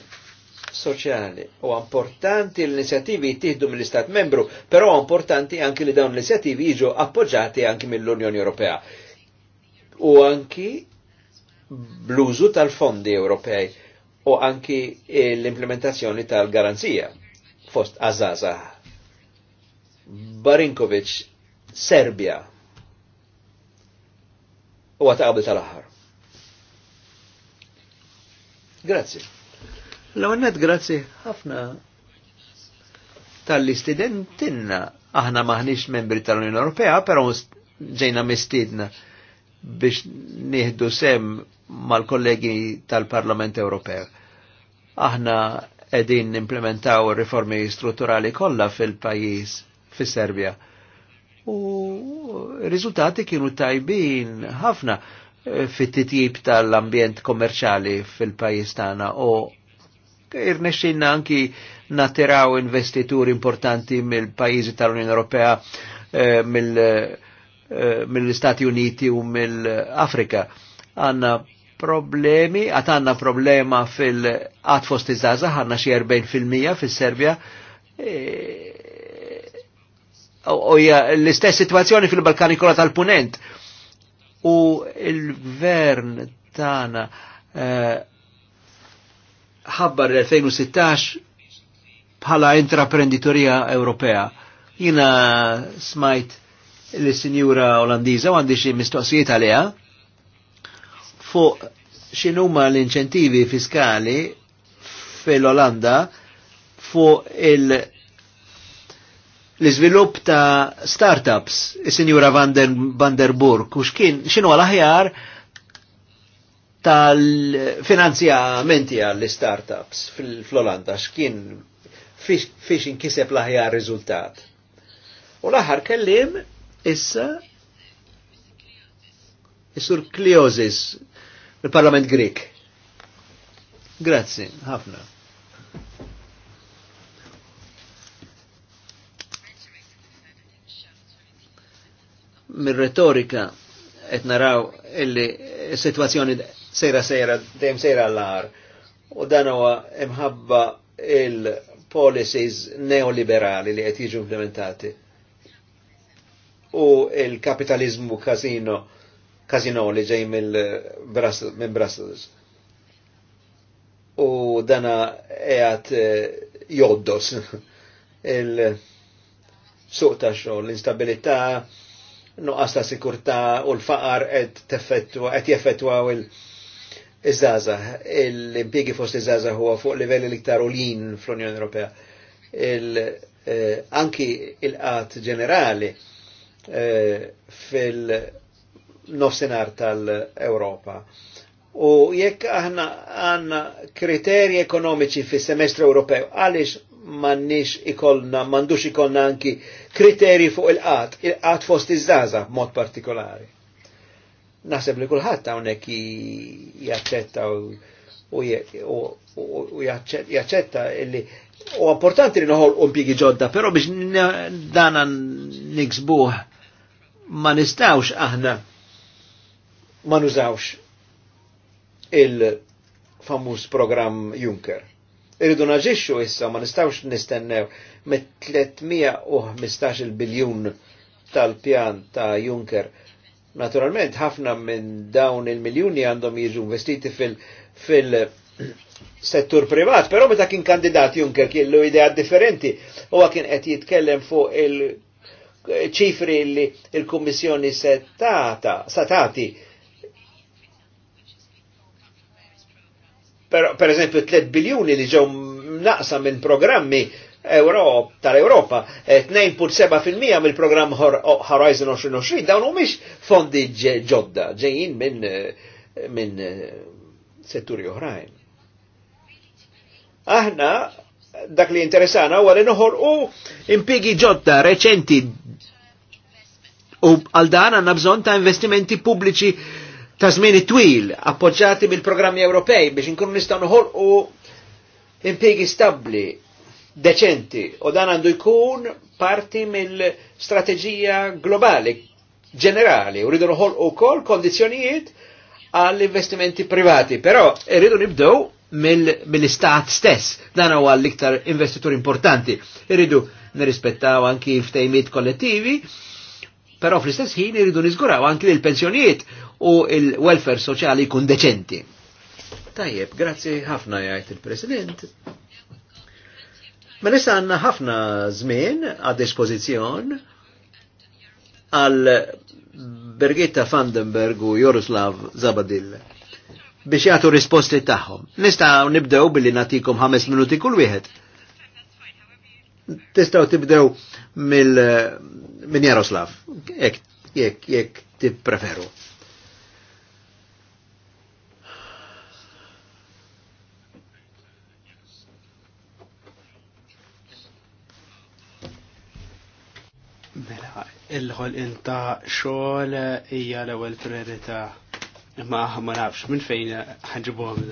soċjali u importanti l-inizjattivi jittihdu mill-Istat membru, però importanti anki li dawn l-inizjattivi jiġu appoġġati anki mill-Unjoni Ewropea. U anki bluzu tal-fondi Ewropej u anki eh, l-implementazzjoni tal-garanzija fost Azaza. Barinkovic, Serbia, u għata tal-aħħar. Grazzi. L-għonet grazzi ħafna tal-istidentinna aħna maħniex membri tal-Unjoni Ewropea, però ġejna mistidna biex nieħdu sem mal-kollegi tal-Parlament Ewropew. Aħna edin implementaw riformi strutturali kollha fil-pajjiż fis-Serbja. fil pajjiż fis serbja u rizultati kienu tajbin ħafna eh, fit-titjib tal-ambjent kommerċali fil-pajis tagħna u irnexxinna anki natiraw investituri importanti mill-pajjiżi tal-Unjoni Ewropea eh, eh, mill-Istati Uniti u mill-Afrika. Għanna problemi, għat għanna problema fil-għat fost iż-żaza, għanna xie 40% fil-Serbja, u l-istess situazzjoni fil-Balkani kolla tal-Punent. U il vern tana eh, ħabbar l-2016 bħala intraprenditorija Ewropea. Jina smajt l-sinjura Olandiza u għandi xie mistoqsijiet għalija fuq xinuma l-inċentivi fiskali fil-Olanda fuq il- l-izvilup ta' startups, il-Sinjura Van der, Van der Burg, u xkien, xinu għal-ħjar tal-finanzjamenti għall-startups fl-Olanda, xkien fiex inkiseb l-ħjar rizultat. U l-ħar kellim issa Isur Kliozis, il-Parlament Grek. Grazzi, ħafna. mir-retorika et naraw illi situazzjoni sejra sejra dejjem sejra l-ar u dan huwa imħabba il-policies neoliberali li qed jiġu implementati u il-kapitalizmu kazino kazino li ġej minn Brussels. U dana qiegħed eh, joddos il-suq ta' l-instabilità, nuqqas ta' sikurta u l-faqar qed teffettwa qed jeffettwaw il- Iż-żaza, l-impiegi fost iż-żaza huwa fuq livelli l-iktar ulin fl-Unjoni Ewropea. Eh, anki il-qat ġenerali eh, fil-nofsinar tal ewropa U jekk aħna għanna kriterji ekonomiċi fis semestru Ewropew, għaliex mannix ikolna, mandux ikolna anki kriteri fuq il-qat, il-qat fost iż-żaza mod partikolari. Naseb li kulħadd hawnhekk jaċċetta u jaċċetta illi u importanti li noħol u mpigi ġodda, però biex dana niksbuħ ma nistawx aħna ma nużawx il-famuż program Juncker irridu naġixxu issa ma nistawx nistennew me 315 biljun tal-pjan ta' Juncker. Naturalment ħafna minn dawn il miljoni għandhom jiġu investiti fil- fil settur privat, pero meta kien kandidat Juncker kellu idea differenti, u kien qed jitkellem fuq il ċifri li il-Kummissjoni setata, satati per, per eżempju 3 biljuni li ġew naqsa minn programmi tal-Europa, 2.7% eh, mill-programm Horizon 2020, dawn u miex fondi ġodda, ġejjin minn eh, min eh, setturi oħrajn. Aħna dak li interesana, huwa li noħor u impigi ġodda reċenti u għal dan għanna bżon ta' investimenti pubbliċi ta' żmien twil appoġġati mill-programmi Ewropej biex inkunu nistgħu noħolqu impjegi stabbli deċenti u dan għandu jkun parti mill-strateġija globali ġenerali u rridu noħolqu wkoll kondizzjonijiet għall investimenti privati, però rridu nibdew mill-istat mil stess, dan huwa l-iktar investitur importanti. Irridu nirrispettaw anki ftejmiet kollettivi, però fl-istess ħin irridu niżguraw anki l-pensjonijiet u il-welfare soċjali jkun deċenti. Tajjeb, grazzi ħafna jgħid il-President. Ma mela nista għanna ħafna żmien għad dispożizzjon għal Birgitta Vandenberg u Jaroslav Zabadil biex jagħtu risposti tagħhom. Nista' nibdew billi natikom ħames minuti kull wieħed. Tistgħu tibdew mill min Jaroslav, jekk jekk jekk tippreferu. il-ħol inta xogħol hija l-ewwel priorità. Imma ma nafx minn fejn ħanġibuhom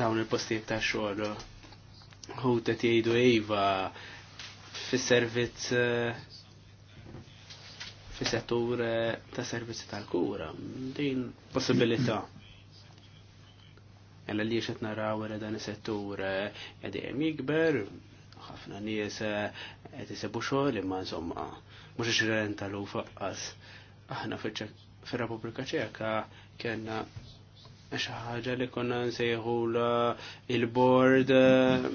dawn il-postijiet ta' xogħol. Hu qed jgħidu iva fis-servizz fis-settur ta' servizzi tal-kura. Din possibilità. Għalla li xet naraw dan is-settur qegħdin jikber, ħafna nies eh, qed isebu xogħol imma insomma mhux ixren tal-u faqqas. Aħna fir-Repubblika Ċeka kellna xi ħaġa li konna nsejħu il bord eh,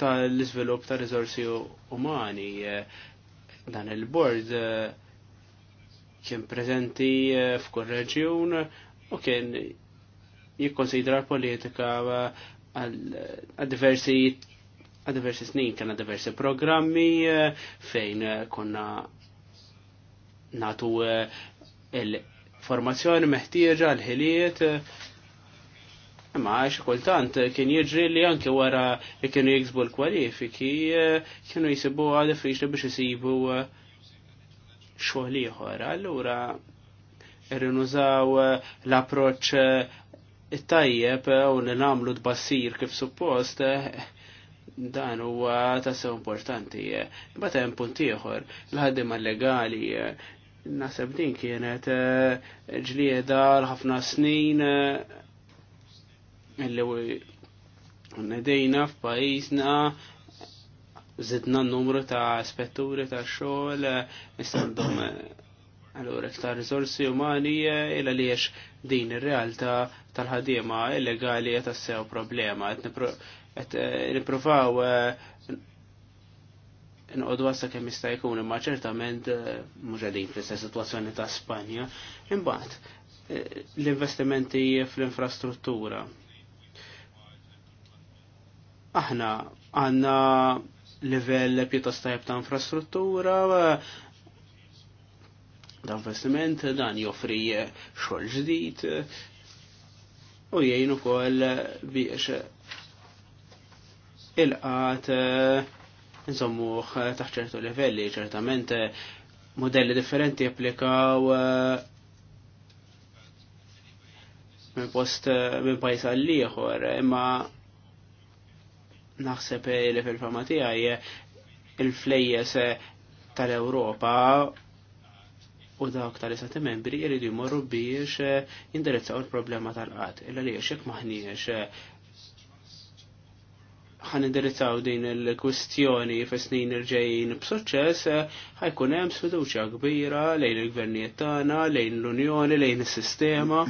tal-iżvilupp ta' riżorsi umani. Eh, dan il bord kien preżenti f'kull reġjun u kien jikkonsidra l-politika għal diversi għad diversi snin kena diversi programmi eh, fejn eh, konna natu eh, il-formazzjoni meħtieġa l-ħiliet imma għax kultant kien jiġri li anke wara li kienu jiksbu l-kwalifiki kienu jisibu għad diffiċli biex jisibu xogħol ieħor. Allura rinużaw l-approċċ it-tajjeb u li namlu d-bassir kif suppost dan huwa tassew importanti. Imbagħad hemm punt ieħor l-ħaddiema legali naħseb din kienet eh, ġlieda l-ħafna snin eh, illi nedejna f'pajjiżna zidna n-numru ta' spetturi ta' xogħol nistandhom eh, allura iktar riżorsi umani illa li din ir-realtà tal-ħadiema illegali qed tassew problema qed eh, nippruvaw inqodu eh, għassa kemm jista' jkun imma ċertament eh, mhux qegħdin fl-istess sitwazzjoni ta' Spanja. Imbagħad l-investimenti fl-infrastruttura. Aħna għandna livell pjuttost tajb ta' infrastruttura, dan investiment, dan joffri xogħol ġdid u jgħinu ukoll biex il-qat eh, nżommuħ eh, taħt ċertu livelli, ċertament eh, modelli differenti applikaw minn post minn pajis għall-liħor, imma naħseb li fil-fama tiegħi il-flejjes tal-Ewropa u dawk tal-istati membri jridu jmorru biex jindirizzaw il-problema tal-qat. Illa li jxek maħniex ħan indirizzaw din il-kwistjoni fis-snin irġejjin b'suċċess ħajkun hemm sfiduċja kbira lejn il-gvernijiet tagħna, lejn l-Unjoni, lejn is-sistema.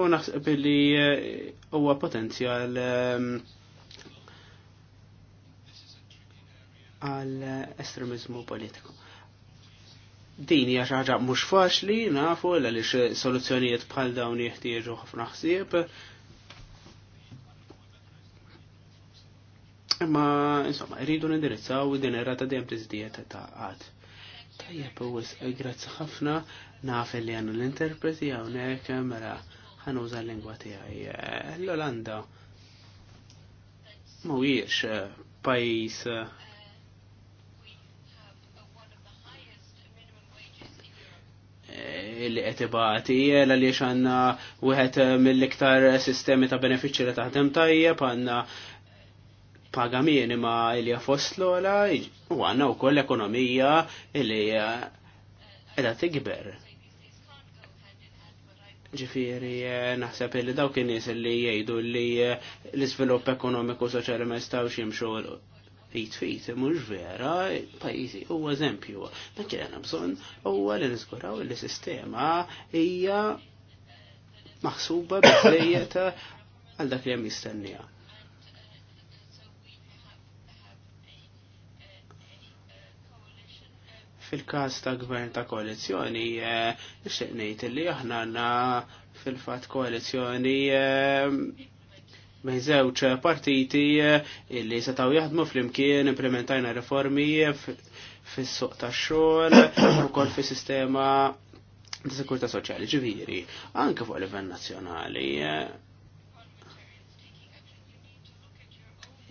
U naħseb li eh, huwa potenzjal ehm, għal estremizmu politiku din hija xi ħaġa mhux faċli nafu għaliex soluzzjonijiet bħal dawn jeħtieġu ħafna ħsieb. Imma insomma rridu nindirizzaw din ir-rata dejjem tiżdiet ta' qatt. Tajjeb wis grazzi ħafna naf li għandu l-interpreti hawnhekk mela ħanuża l-lingwa tiegħi. L-Olanda mhuwiex eh, pajjiż eh, illi qed ibati għaliex għandna wieħed mill-iktar sistemi ta' benefiċċji li taħdem tajjeb għandna pagamieni ma' illi fost l-ola u għandna wkoll ekonomija illi qiegħda tikber. Ġifieri naħseb li dawk in-nies li jgħidu li l-iżvilupp ekonomiku soċjali ma jistgħux jimxu li fit mhux vera pajjiżi u eżempju. Dak kien hemm bżonn huwa li niżguraw li sistema hija maħsuba biżejjed għal dak li hemm jistennija. fil-kas ta' gvern ta' koalizjoni, eh, nixtieq ngħid li aħna għandna fil-fatt koalizjoni eh, minn żewġ partiti eh, illi setaw jaħdmu flimkien implementajna reformi fis-suq tax-xogħol ukoll fis-sistema ta' sekurità soċjali ġifieri anke fuq livell nazzjonali. Eh,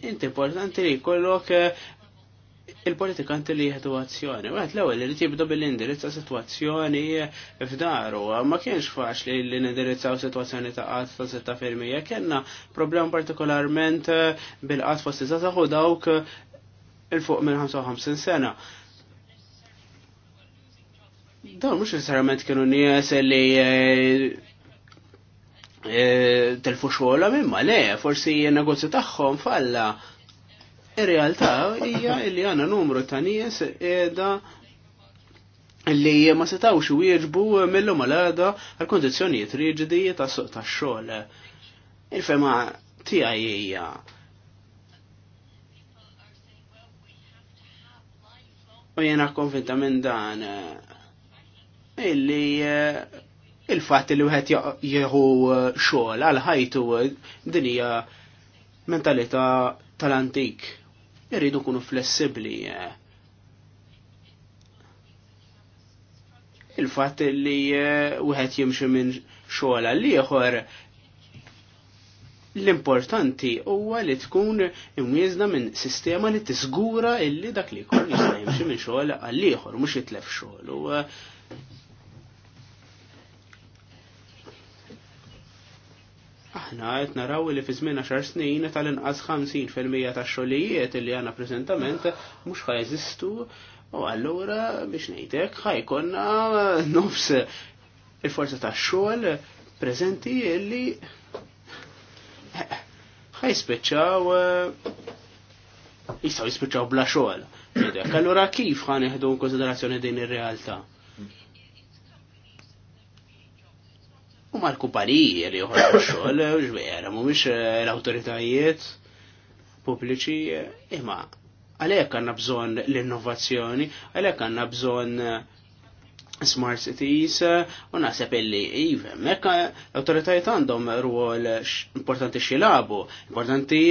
Inti importanti li jkollok eh, il-politikanti li jieħdu azzjoni. Għet l-ewel li tibdu bil-indirizza situazzjoni f'daru. Ma kienx faċli li nindirizzaw situazzjoni ta' għatfa setta firmija. Kenna problem partikolarment eh, bil-għatfa setta u dawk eh, il-fuq minn 55 sena. Dawn mux necessarament kienu nies li eh, telfu xogħla minn ma le, forsi negozju tagħhom falla. Ir-realtà hija li għandna numru ta' nies qiegħda li ma setawx wieġbu mill mal għal-għada għal-kondizjonijiet riġidi ta' suq ta' xogħol. Il-fema tiegħi hija U jena konvinta minn dan illi eh, il-fatt li wieħed jieħu eh, xogħol għal ħajtu eh, din hija mentalità tal-antik irridu kunu flessibli. Eh. Il-fatt li eh, wieħed jimxi minn xogħol għal l-importanti huwa li tkun imwiezna minn sistema li tiżgura illi dak li jkun jista' jimxi minn xogħol għal ieħor mhux jitlef xogħol. Eh, Aħna qed naraw li fi żmien 10 snin tal-inqas 50% tax-xogħlijiet li għandna preżentament mhux ħajżistu u allura biex ngħidek ħajkonna nofs il-forza tax-xogħol preżenti li ħajspiċċaw jistgħu jispiċċaw bla xogħol. Allura kif ħanieħdu konsiderazzjoni din ir-realtà? U mal kumpaniji li uħorġu xogħol, ġvera, mhumiex eh, l-awtoritajiet pubbliċi, eh, imma għalhekk għandna bżonn l-innovazzjoni, għalhekk għandna bżonn eh, smart cities u naħseb illi iva, mekka l-autoritajiet għandhom ruol importanti xilabu, importanti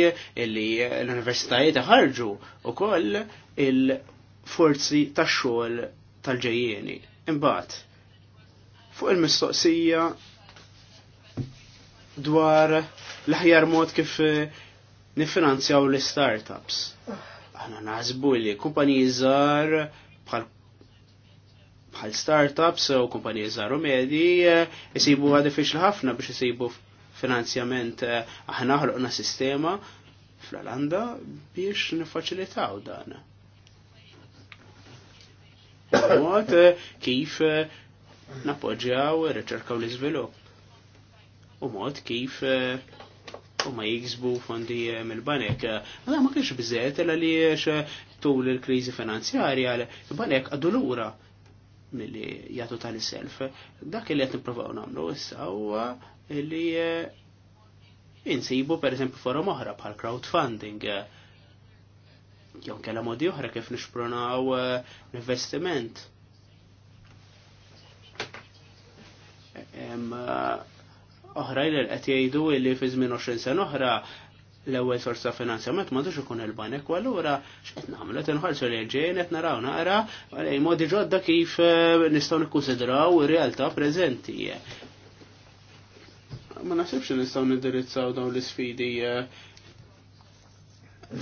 illi l-universitajiet ħarġu u koll il-forzi tax xogħol tal-ġejjeni. Imbagħad fuq il-mistoqsija dwar l-ħjar mod kif eh, nifinanzjaw l-startups. Aħna naħsbu li kumpaniji żgħar bħal bħal startups u kumpaniji żgħar u medji jisibu eh, għad diffiċli ħafna biex isibu finanzjament eh, aħna ħloqna sistema fl-Alanda biex nifaċilitaw dan. Mod kif napoġġjaw ir-riċerka u l-iżvilupp u mod kif eh, u ma jiksbu fondi eh, mill-banek. Eh, Għada ma kienx bizzet l li tul il-krizi finanzjarja il banek għaddu l-ura mill-li jgħatu tal-self. Dak li għet niprofaw namlu issa u li insibu per esempio forum oħra bħal crowdfunding jew kella modi oħra kif nixpronaw l-investiment oħrajn li qed jgħidu li fi żmien 20 sena oħra l-ewwel sorsa ta' finanzjament m'għandux ikun il-banek u allura x'qed nagħmlu qed inħarsu lejn ġejn qed naraw naqra għalej modi ġodda kif eh, nistgħu nikkunsidraw ir-realtà preżenti. Ma naħsibx nistgħu nindirizzaw dawn l-isfidi eh,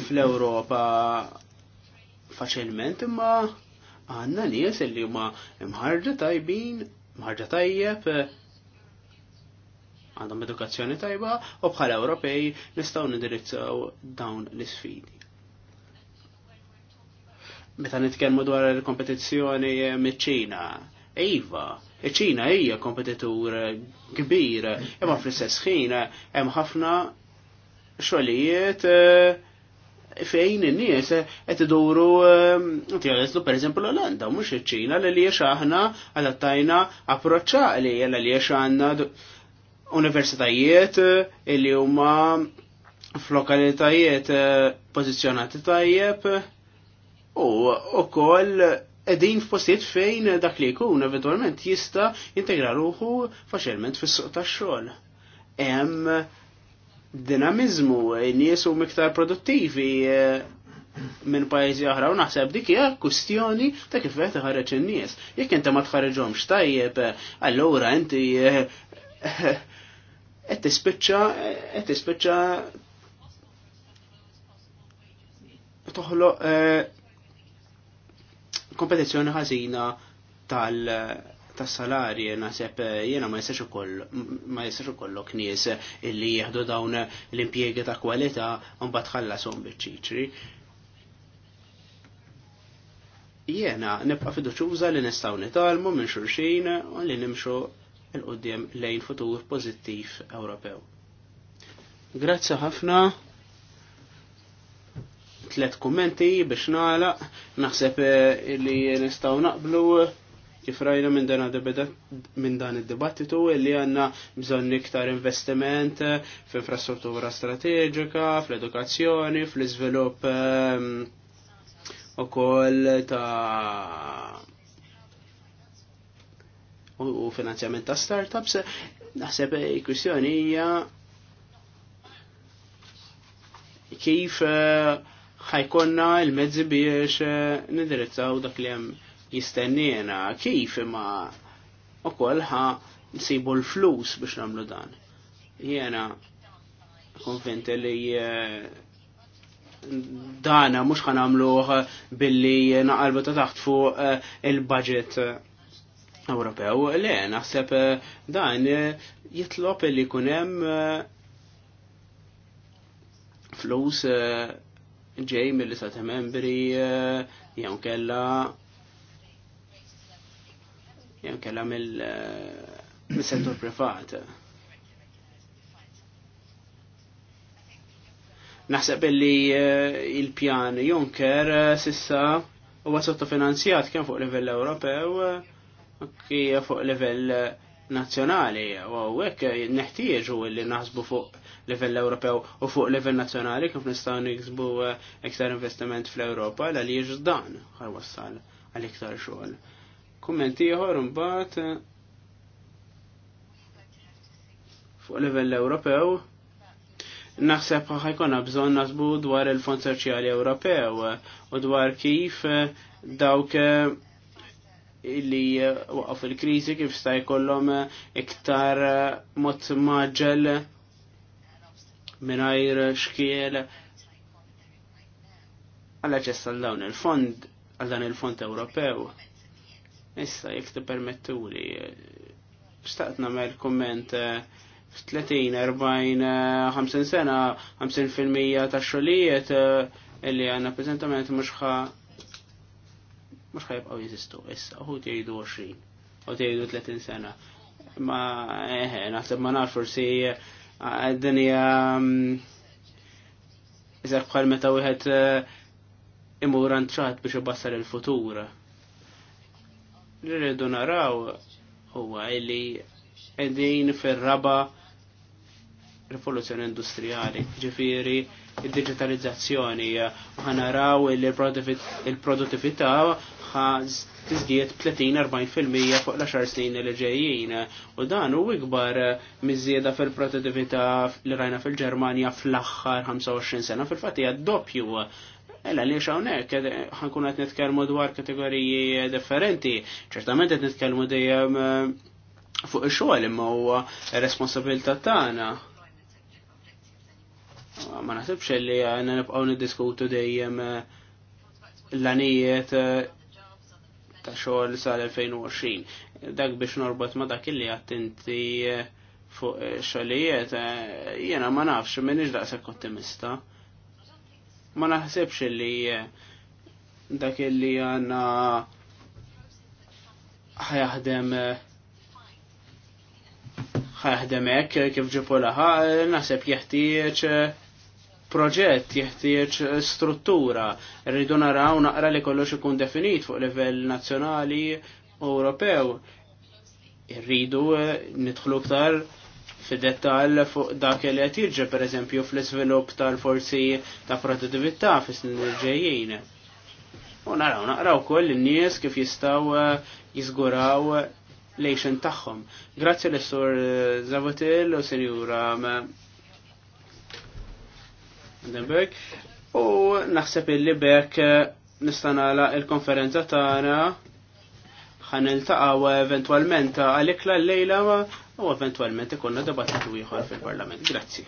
fl-Ewropa faċilment imma għandna nies li huma imħarġa tajbin, imħarġa tajjeb, għandhom edukazzjoni tajba u bħala Ewropej nistgħu nindirizzaw dawn l-isfidi. Meta nitkellmu dwar il-kompetizzjoni miċ-Ċina, iva, iċ-Ċina hija kompetitur kbir, imma fl-istess ħin hemm ħafna xogħlijiet eh, fejn in-nies qed iduru eh, jeżlu pereżempju l-Olanda mhux iċ-Ċina li li aħna adattajna approċċali li għaliex għandna universitajiet eh, illi huma f'lokalitajiet eh, pożizzjonati tajjeb u wkoll edin f'postijiet fejn dak li jkun eventualment jista' jintegra ruħu faċilment fis-suq tax-xogħol. Hemm dinamizmu, nies u miktar produttivi eh, minn pajjiżi oħra u naħseb dik hija kwistjoni ta' kif qed iħareġ in-nies. Jekk inti ma tħareġhomx tajjeb, allura inti qed tispiċċa qed tispiċċa toħloq eh, kompetizzjoni ħażina tal tas-salarji naħseb eh, jiena ma jistax ukoll ma jistax ukollok nies illi jieħdu dawn l-impjiegi ta' kwalità mbagħad tħallashom biċċiċri. Jiena nibqa' fiduċuża li nistgħu nitalmu minn xulxin u li nimxu il-qoddim lejn futur pozittiv Ewropew. Grazzi ħafna tlet kummenti biex nagħlaq, naħseb eh, li nistgħu naqblu kif rajna minn dan minn dan id-dibattitu li għandna bżonn iktar investiment eh, f'infrastruttura strateġika, fl-edukazzjoni, fl-iżvilupp eh, ukoll ta' u finanzjament ta' startups, naħseb kwistjoni hija kif eh, ħajkonna il-mezzi biex eh, nidirizzaw dak li hemm jistennina, kif imma ukoll ħa nsibu l-flus biex nagħmlu dan. Jiena konvinti li eh, dana mhux ħanamluħ billi naqalbu ta' taħt fuq il-budget Ewropew. Le, naħseb eh, dan eh, jitlob li kunem eh, flus ġej mill-istat membri jew kella jew kella mill-settur privat. Naħseb li il-pjan Juncker sissa huwa sottofinanzjat kemm fuq livell Ewropew hija fuq livell nazzjonali u hekk neħtieġu li naħsbu fuq livell Ewropew u fuq livell nazzjonali kif nistgħu niksbu eh, iktar investiment fl-Ewropa l għaliex dan ħar wassal għal iktar xogħol. Kumment ieħor imbagħad eh, fuq livell Ewropew naħseb ħajkonna bżonn nasbu dwar il-Fond Soċjali Ewropew eh, u dwar kif dawk illi eh, waqgħu il kriżi kif sta jkollhom eh, iktar eh, mod maġel mingħajr xkiel għall-aċċess għal dawn il-fond għal dan il-fond Ewropew. Issa jekk tippermettuli xtaqt nagħmel komment 30, 40, 50 sena, 50% ta' xogħlijiet illi għandna prezentament mhux mux ħajbqaw jizistu issa, u jgħidu 20, u jgħidu 30 sena. Ma, eħe, naħseb ma nafx forsi għad-dinja iżak mm, bħal meta wieħed eh, imur antrat biex ibassar il-futur. Rridu naraw huwa illi qegħdin fir-raba rivoluzzjoni industrijali, ġifieri il-digitalizzazzjoni u ħanaraw il-produttività ħa tizdiet 30-40% fuq l-10 snin li ġejjin. U dan u ikbar mizzieda fil-produttività li rajna fil-Ġermanja fl-aħħar 25 sena fil fatija doppju. Ella li xawnek, ħankun għet nitkelmu dwar kategoriji differenti, ċertament għet nitkelmu dejjem fuq il-xogħol imma huwa responsabilità tagħna ma naħsibx li għanna nibqaw nid-diskutu dejjem eh, l-anijiet eh, ta' xogħol sal-2020. Dak biex norbot ma dak illi għattinti eh, fuq xogħlijiet, jena ma nafx minn minix sekk ottimista. Ma naħsibx li dak illi għanna ħajaħdem ħajaħdem hekk kif ġipu laħa, naħseb jeħtieġ proġett jeħtieġ struttura, rridu naraw naqra li kollox ikun definit fuq livell nazzjonali u Ewropew. Irridu eh, nidħlu ktar fid-dettal fuq dak li qed jiġi pereżempju fl-iżvilupp tal-forzi ta' produttività fis-snin il-ġejjin. U naraw naqraw koll in-nies kif jistgħu eh, jiżguraw lejxin tagħhom. Grazzi l-Sur Zavotil u Sinjura Hindenburg. U naħseb illi bekk eh, nistanala il-konferenza tagħna ħan eventwalment għalikla l-lejla u eventwalment ikunna debattitu ieħor fil-Parlament. Grazzi.